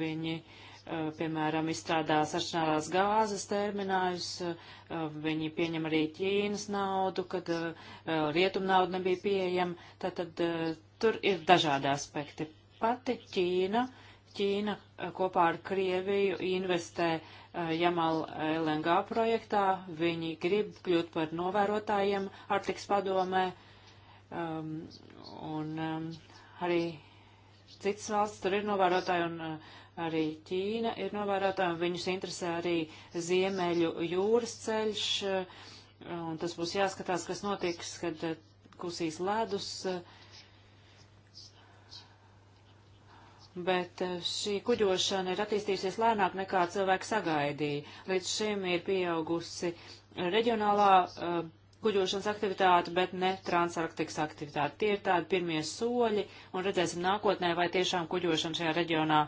viņi, uh, piemēram, izstrādā saršanārās gāzes terminālus, uh, eh, viņi pieņem arī Ķīnas naudu, kad rietum nauda nebija pieejama. Tātad tur ir dažādi aspekti. Pati Ķīna, Ķīna kopā ar Krieviju investē uh, Eh, Jamal LNG projektā. Viņi grib kļūt par novērotājiem Arktikas padomē. Um, un um, arī citas valsts tur ir novērotāji un uh, arī Ķīna ir novērotāji un viņus interesē arī Ziemeļu jūras ceļš. Uh, un tas būs jāskatās, kas notiks, kad uh, kusīs ledus. Uh, bet eh, šī kuģošana ir attīstījusies lēnāk nekā cilvēki sagaidīja. Līdz šim ir pieaugusi reģionālā uh, kuģošanas aktivitāte, bet ne transarktikas aktivitāte. Tie ir tādi pirmie soļi, un redzēsim nākotnē, vai tiešām kuģošana šajā reģionā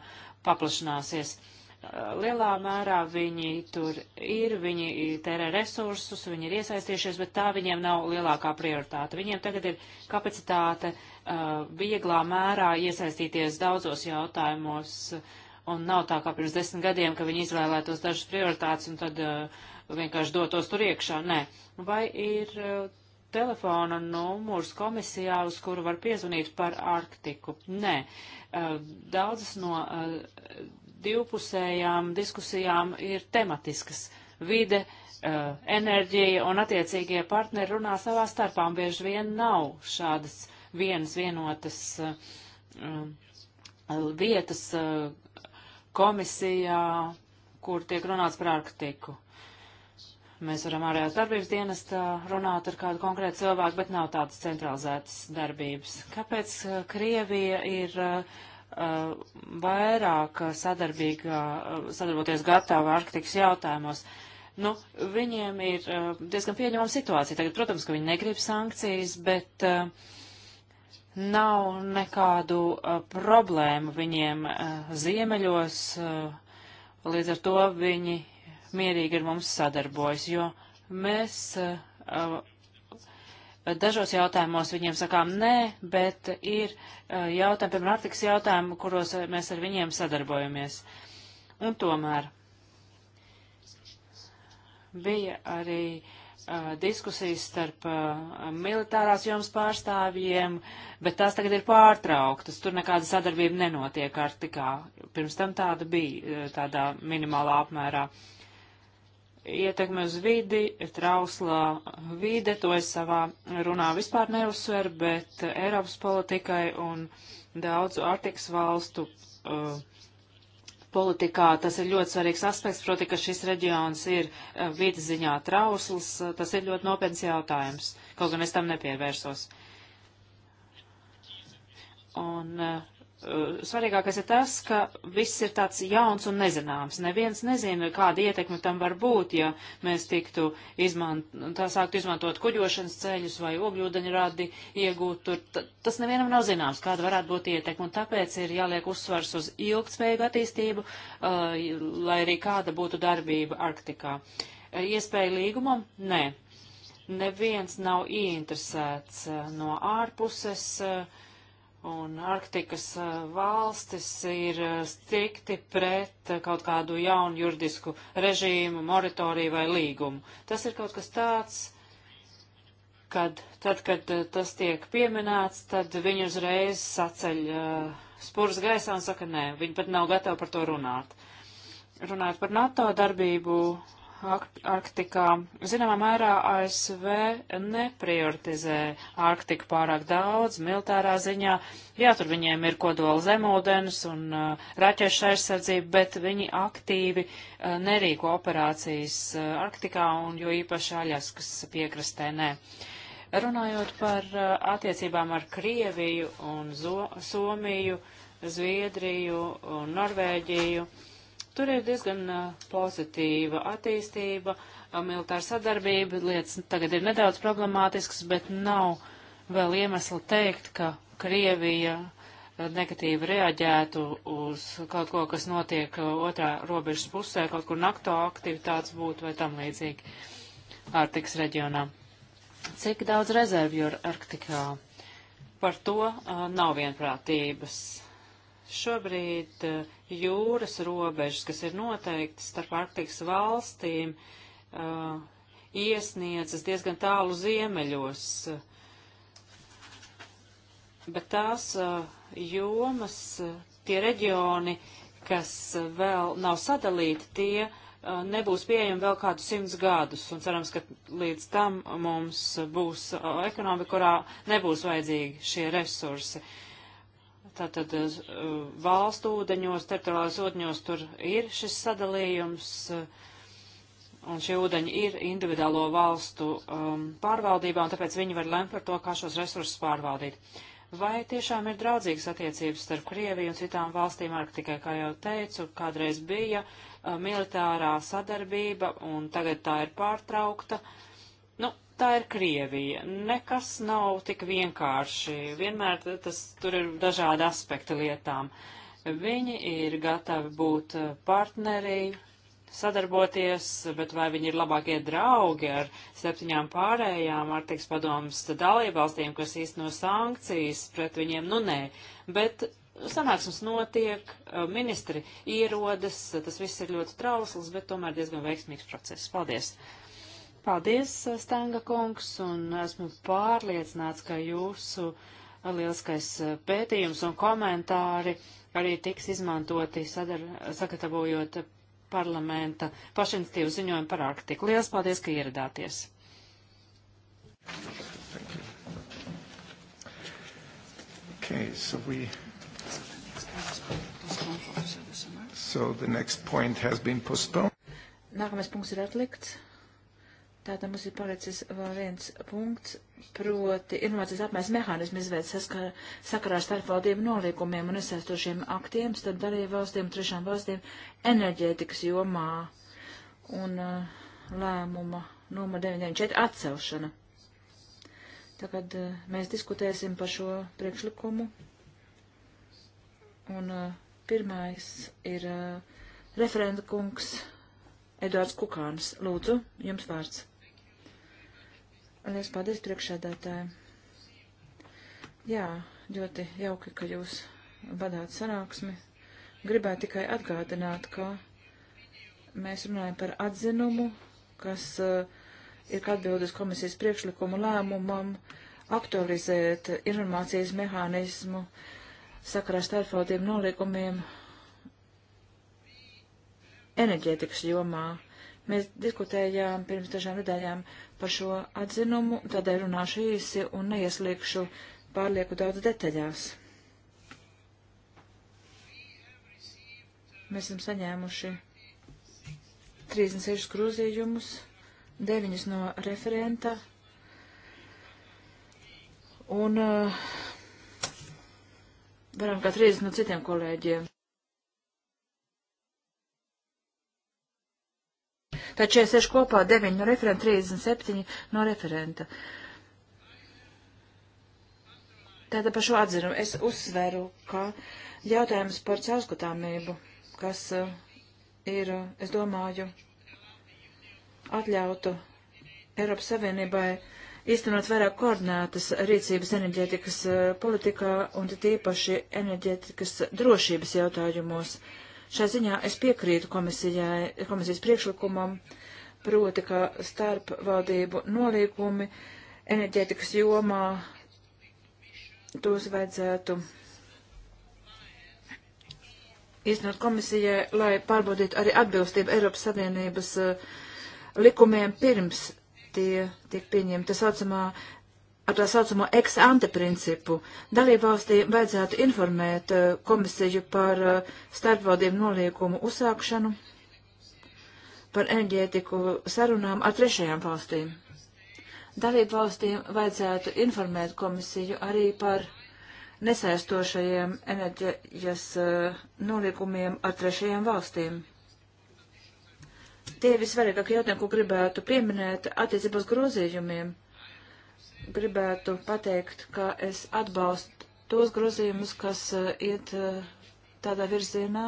paplašināsies. Eh, lielā mērā viņi tur ir, viņi tērē resursus, viņi ir iesaistījušies, bet tā viņiem nav lielākā prioritāte. Viņiem tagad ir kapacitāte Uh, vieglā mērā iesaistīties daudzos jautājumos, un nav tā kā pirms desmit gadiem, ka viņi izvēlētos dažas prioritātes un tad uh, vienkārši dotos tur iekšā. Nē. Vai ir uh, telefona numurs komisijā, uz kuru var piezvanīt par Arktiku? Nē. Daudzas no divpusējām diskusijām ir tematiskas. Vide, enerģija un attiecīgie partneri runā savā starpā, un bieži vien nav šādas vienas vienotas eh, eh, vietas eh, komisijā, kur tiek runāts par Arktiku. Mēs varam ārējās darbības dienestā runāt ar kādu konkrētu cilvēku, bet nav tādas centralizētas darbības. Kāpēc Krievija ir uh, vairāk sadarbīga, sadarboties gatava Arktikas jautājumos? Nu, viņiem ir uh, diezgan pieņemama situācija. Tagad, protams, ka viņi negrib sankcijas, bet uh, nav nekādu uh, problēmu viņiem uh, ziemeļos, uh, līdz ar to viņi mierīgi ar mums sadarbojas, jo mēs uh, uh dažos jautājumos viņiem sakām nē, bet ir uh, jautājumi, piemēram, Arktikas jautājumi, kuros uh, mēs ar viņiem sadarbojamies. Un tomēr bija arī uh, diskusijas starp uh, militārās jomas pārstāvjiem, bet tās tagad ir pārtrauktas. Tur nekāda sadarbība nenotiek ar tikā. Pirms tam tāda bija tādā minimālā apmērā. Ietekme uz vidi, trauslā vide, to es savā runā vispār neuzsveru, bet Eiropas politikai un daudzu Arktikas valstu uh, politikā tas ir ļoti svarīgs aspekts, proti, ka šis reģions ir eh, vidas ziņā trausls, tas ir ļoti nopietns jautājums, kaut gan es tam nepievērsos. Un uh, Eh, svarīgākais ir tas, ka viss ir tāds jauns un nezināms. Neviens nezina, kāda ietekme tam var būt, ja mēs tiktu izmant, tā sākt izmantot kuģošanas ceļus vai ogļūdeņu radi iegūt tur. T tas nevienam nav zināms, kāda varētu būt ietekme, un tāpēc ir jāliek uzsvars uz ilgtspējīgu attīstību, uh, lai arī kāda būtu darbība Arktikā. Uh, iespēja līgumam? Nē. Neviens nav ieinteresēts uh, no ārpuses. Uh, Un Arktikas eh, valstis ir eh, strikti pret eh, kaut kādu jaunu juridisku režīmu, moratoriju vai līgumu. Tas ir kaut kas tāds, kad tad, kad tas tiek pieminēts, tad viņi uzreiz saceļ uh, spurs gaisā un saka, nē, viņi pat nav gatavi par to runāt. Runāt par NATO darbību Arktikā. Zināmā mērā ASV neprioritizē Arktiku pārāk daudz militārā ziņā. Jā, tur viņiem ir kodola zemūdens un uh, raķešu aizsardzība, bet viņi aktīvi uh, nerīko operācijas uh, Arktikā un jo īpaši Aļaskas piekrastē nē. Runājot par uh, attiecībām ar Krieviju un Zo Somiju, Zviedriju un Norvēģiju. Uh, Tur ir diezgan pozitīva attīstība, militāra sadarbība, lietas tagad ir nedaudz problemātiskas, bet nav vēl iemesla teikt, ka Krievija negatīvi reaģētu uz kaut ko, kas notiek otrā robežas pusē, kaut kur nakto aktivitātes būtu vai tam līdzīgi Ārtikas reģionā. Cik daudz rezervju ir Arktikā? Par to uh, nav vienprātības Šobrīd eh, jūras robežas, kas ir noteiktas starp Arktikas valstīm, eh, iesniedzas diezgan tālu ziemeļos bet tās eh, jomas, tie reģioni, kas vēl nav sadalīti, tie nebūs pieejami vēl kādu simts gadus, un cerams, ka līdz tam mums būs ekonomika, kurā nebūs vajadzīgi šie resursi. Uh, Tātad eh, valstu ūdeņos, teritoriālās ūdeņos tur ir šis sadalījums, eh, un šie ūdeņi ir individuālo valstu um, pārvaldībā, un tāpēc viņi var lemt par to, kā šos resursus pārvaldīt. Vai tiešām ir draudzīgas attiecības starp Krieviju un citām valstīm Arktikai, kā jau teicu, kādreiz bija uh, militārā sadarbība, un tagad tā ir pārtraukta. Uh, Nu, tā ir Krievija. Nekas nav tik vienkārši. Vienmēr tas tur ir dažādi aspekti lietām. Viņi ir gatavi būt eh, partneri, sadarboties, bet vai viņi ir labākie draugi ar septiņām pārējām Arktikas padomas dalībvalstīm, kas īsteno sankcijas pret viņiem? Nu, nē. Bet sanāksmes notiek, eh, ministri ierodas, tas viss ir ļoti trausls, bet tomēr diezgan veiksmīgs process. Paldies! Paldies, eh, Stanga kungs, un esmu pārliecināts, ka jūsu lieliskais eh, pētījums un komentāri arī tiks izmantoti sadar, sagatavojot parlamenta pašinstīvu ziņojumu par Arktiku. Lielas paldies, ka ieradāties! Okay, so we... So the next point has been postponed. Nākamais punkts ir atlikts. Tātad mums ir palicis vēl viens punkts, proti informācijas apmaiņas mehānismu izveids saskar, sakarā ar starpvaldību nolīgumiem un esaistošiem aktiem starp dalību valstīm un trešām valstīm enerģētikas jomā un uh, lēmuma numur 994 atcelšana. Tagad uh, mēs diskutēsim par šo priekšlikumu. Un uh, pirmais ir referenta kungs Eduards Kukāns. Lūdzu, jums vārds. Liels paldies priekšēdētājiem. Jā, ļoti jauki, ka jūs vadāt sanāksmi. Gribētu tikai atgādināt, ka mēs runājam par atzinumu, kas uh, ir atbildes komisijas priekšlikumu lēmumam aktualizēt informācijas mehānismu sakarā starptautiem nolikumiem enerģētikas jomā. Mēs diskutējām pirms dažām nedēļām par šo atzinumu, tādēļ runāšu īsi un neieslīgšu pārlieku daudz detaļās. Mēs esam saņēmuši 36 grozījumus, 9 no referenta. Un uh, varam kā 30 no citiem kolēģiem. Tad 46 kopā 9 no referenta, 37 no referenta. Tātad par šo atzinumu es uzsveru, ka jautājums par caurskatāmību, kas eh, ir, es domāju, atļautu Eiropas Savienībai īstenot vairāk koordinētas rīcības enerģētikas eh, politikā un tīpaši enerģētikas drošības jautājumos. Uh, Šai ziņā es piekrītu komisijas priekšlikumam, proti, ka starp valdību nolīgumi enerģētikas jomā tos vajadzētu iznot komisijai, lai pārbaudītu arī atbilstību Eiropas Savienības uh, likumiem pirms tie tiek pieņemti. Tā saucamā ar tā saucamo ex ante principu. Dalībvalstīm vajadzētu informēt eh, komisiju par eh, starpvaldību noliekumu uzsākšanu, par enerģētiku sarunām ar trešajām valstīm. Dalībvalstīm vajadzētu informēt komisiju arī par nesaistošajiem enerģijas eh, noliekumiem ar trešajām valstīm. Tie visvarīgākie jautājumi, ko gribētu pieminēt attiecībās grozījumiem gribētu pateikt, ka es atbalstu tos grozījumus, kas uh, iet uh, tādā virzienā,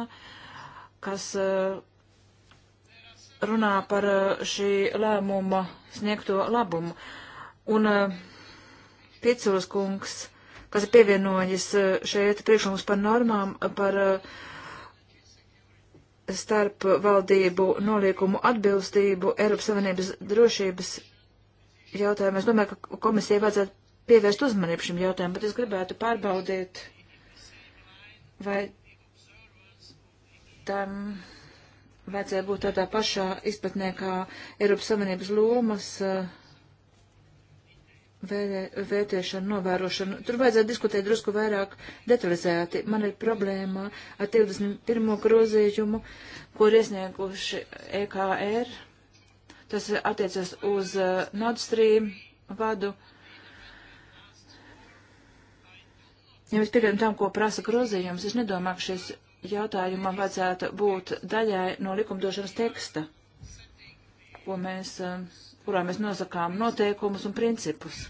kas uh, runā par šī lēmuma sniegto labumu. Un Piculas kungs, kas ir pievienojis šeit priekšlikumus par normām, par starp valdību noliekumu atbilstību Eiropas Savienības drošības jautājumu. Es domāju, ka komisijai vajadzētu pievērst uzmanību šim jautājumam, bet es gribētu pārbaudīt, vai tam vajadzēja būt tādā pašā izpratnē kā Eiropas Savienības lomas uh, vērtēšana, novērošana. Tur vajadzētu diskutēt drusku vairāk detalizēti. Man ir problēma ar 21. grozījumu, kur iesnieguši EKR Tas attiecas uz uh, Nord Stream vadu. Ja mēs piekrītam tam, ko prasa grozījums, es nedomāju, ka šis jautājumam vajadzētu būt daļai no likumdošanas teksta, ko mēs, uh, kurā mēs nosakām noteikumus un principus.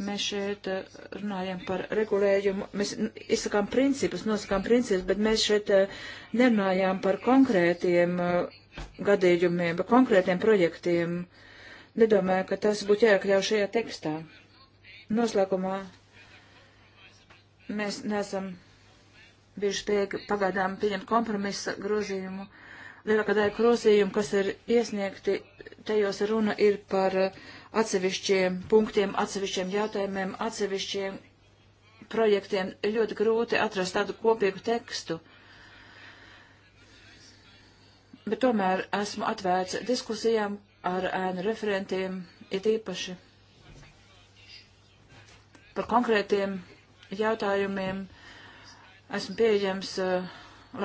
Mēs šeit eh, runājam par regulējumu, mēs izsakām principus, nosakām principus, bet mēs šeit nerunājām par konkrētiem uh, gadījumiem, par konkrētiem projektiem. Nedomāju, ka tas būtu jāiekļauj šajā tekstā. Noslēgumā mēs neesam bijuši spējīgi pagaidām pieņemt kompromisa grozījumu. Lielākā daļa grozījumu, kas ir iesniegti, tajos runa ir par atsevišķiem punktiem, atsevišķiem jautājumiem, atsevišķiem projektiem. Ļoti grūti atrast tādu kopīgu tekstu. Uh, bet tomēr esmu atvērts diskusijām ar ēnu referentiem, it īpaši par konkrētiem jautājumiem. Esmu pieejams, eh,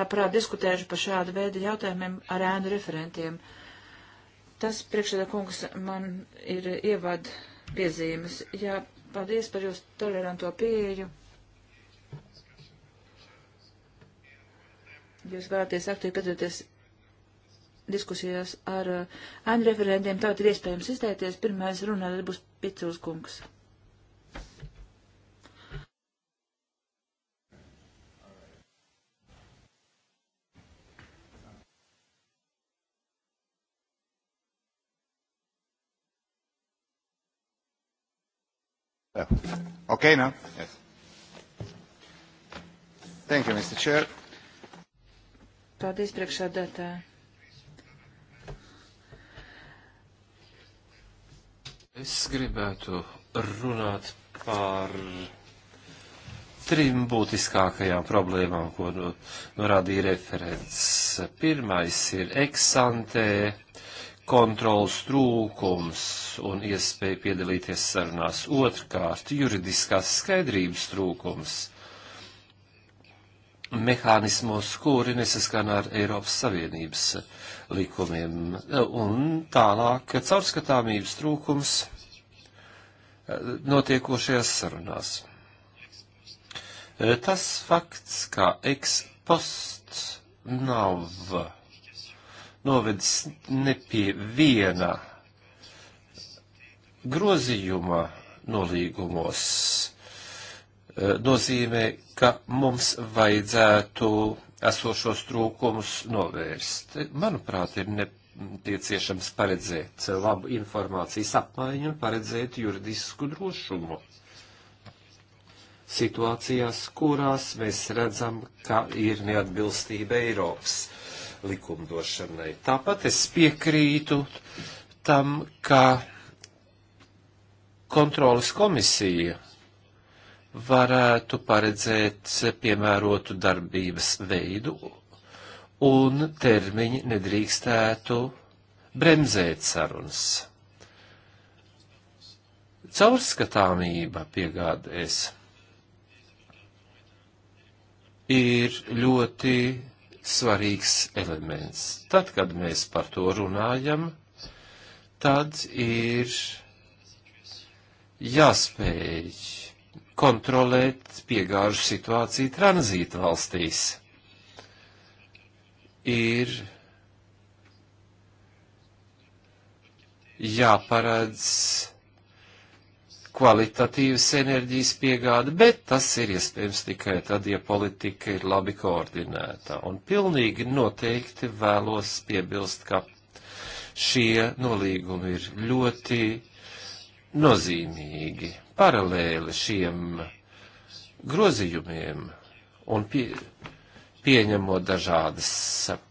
labprāt diskutēšu par šādu veidu jautājumiem ar ēnu referentiem. Tas priekšsēdā kungs man ir ievad piezīmes. Jā, paldies par jūsu toleranto pieeju. Jūs vēlaties aktīvi piedalīties diskusijās ar eh, ēnu referentiem. Tagad ir iespējams izteikties. Pirmais runāt būs Picūs kungs. Okay now? Yes. Thank you, Mr. Chair. Paldies, priekšsādātāji. Es gribētu runāt par trim būtiskākajām problēmām, ko nu, norādīja nu, nu referents. Pirmais ir eksantē kontrols trūkums un iespēja piedalīties sarunās. Otrkārt, juridiskās skaidrības trūkums mehānismos, kuri nesaskana ar Eiropas Savienības likumiem. Un tālāk caurskatāmības trūkums eh, notiekošajās sarunās. Eh, tas fakts, ka eksposts nav novedis ne pie viena grozījuma nolīgumos, Eh, nozīmē, ka mums vajadzētu esošos trūkumus novērst. Manuprāt, ir nepieciešams paredzēt labu informācijas apmaiņu un paredzēt juridisku drošumu situācijās, kurās mēs redzam, ka ir neatbilstība Eiropas likumdošanai. Tāpat es piekrītu tam, ka kontrolas komisija varētu paredzēt piemērotu darbības veidu, un termiņi nedrīkstētu bremzēt sarunas. Caurskatāmība piegādēs ir ļoti svarīgs elements. Tad, kad mēs par to runājam, tad ir jāspēj kontrolēt piegāžu situāciju tranzīta valstīs. Ir jāparedz kvalitatīvas enerģijas piegāde, bet tas ir iespējams tikai tad, ja politika ir labi koordinēta. Un pilnīgi noteikti vēlos piebilst, ka šie nolīgumi ir ļoti nozīmīgi paralēli šiem grozījumiem un pie, pieņemot dažādas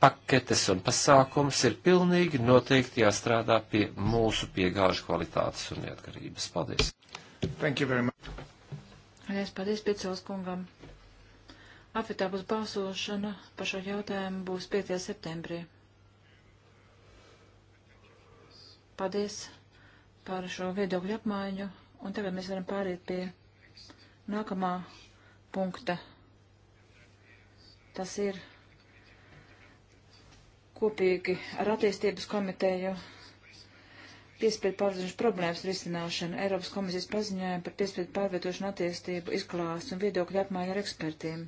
paketes un pasākums, ir pilnīgi noteikti jāstrādā pie mūsu piegāžu kvalitātes un neatkarības. Paldies! Thank you very much! Es paldies Picels kungam. Afitā būs balsošana par šo jautājumu būs 5. septembrī. Paldies par šo viedokļu apmaiņu. Un tagad mēs varam pāriet pie nākamā punkta. Tas ir kopīgi ar attīstības komiteju piespiedu pārvietošanas problēmas risināšanu, Eiropas komisijas paziņojumu par piespiedu pārvietošanu attīstību, izklāstu un viedokļu apmaiņu ar ekspertiem.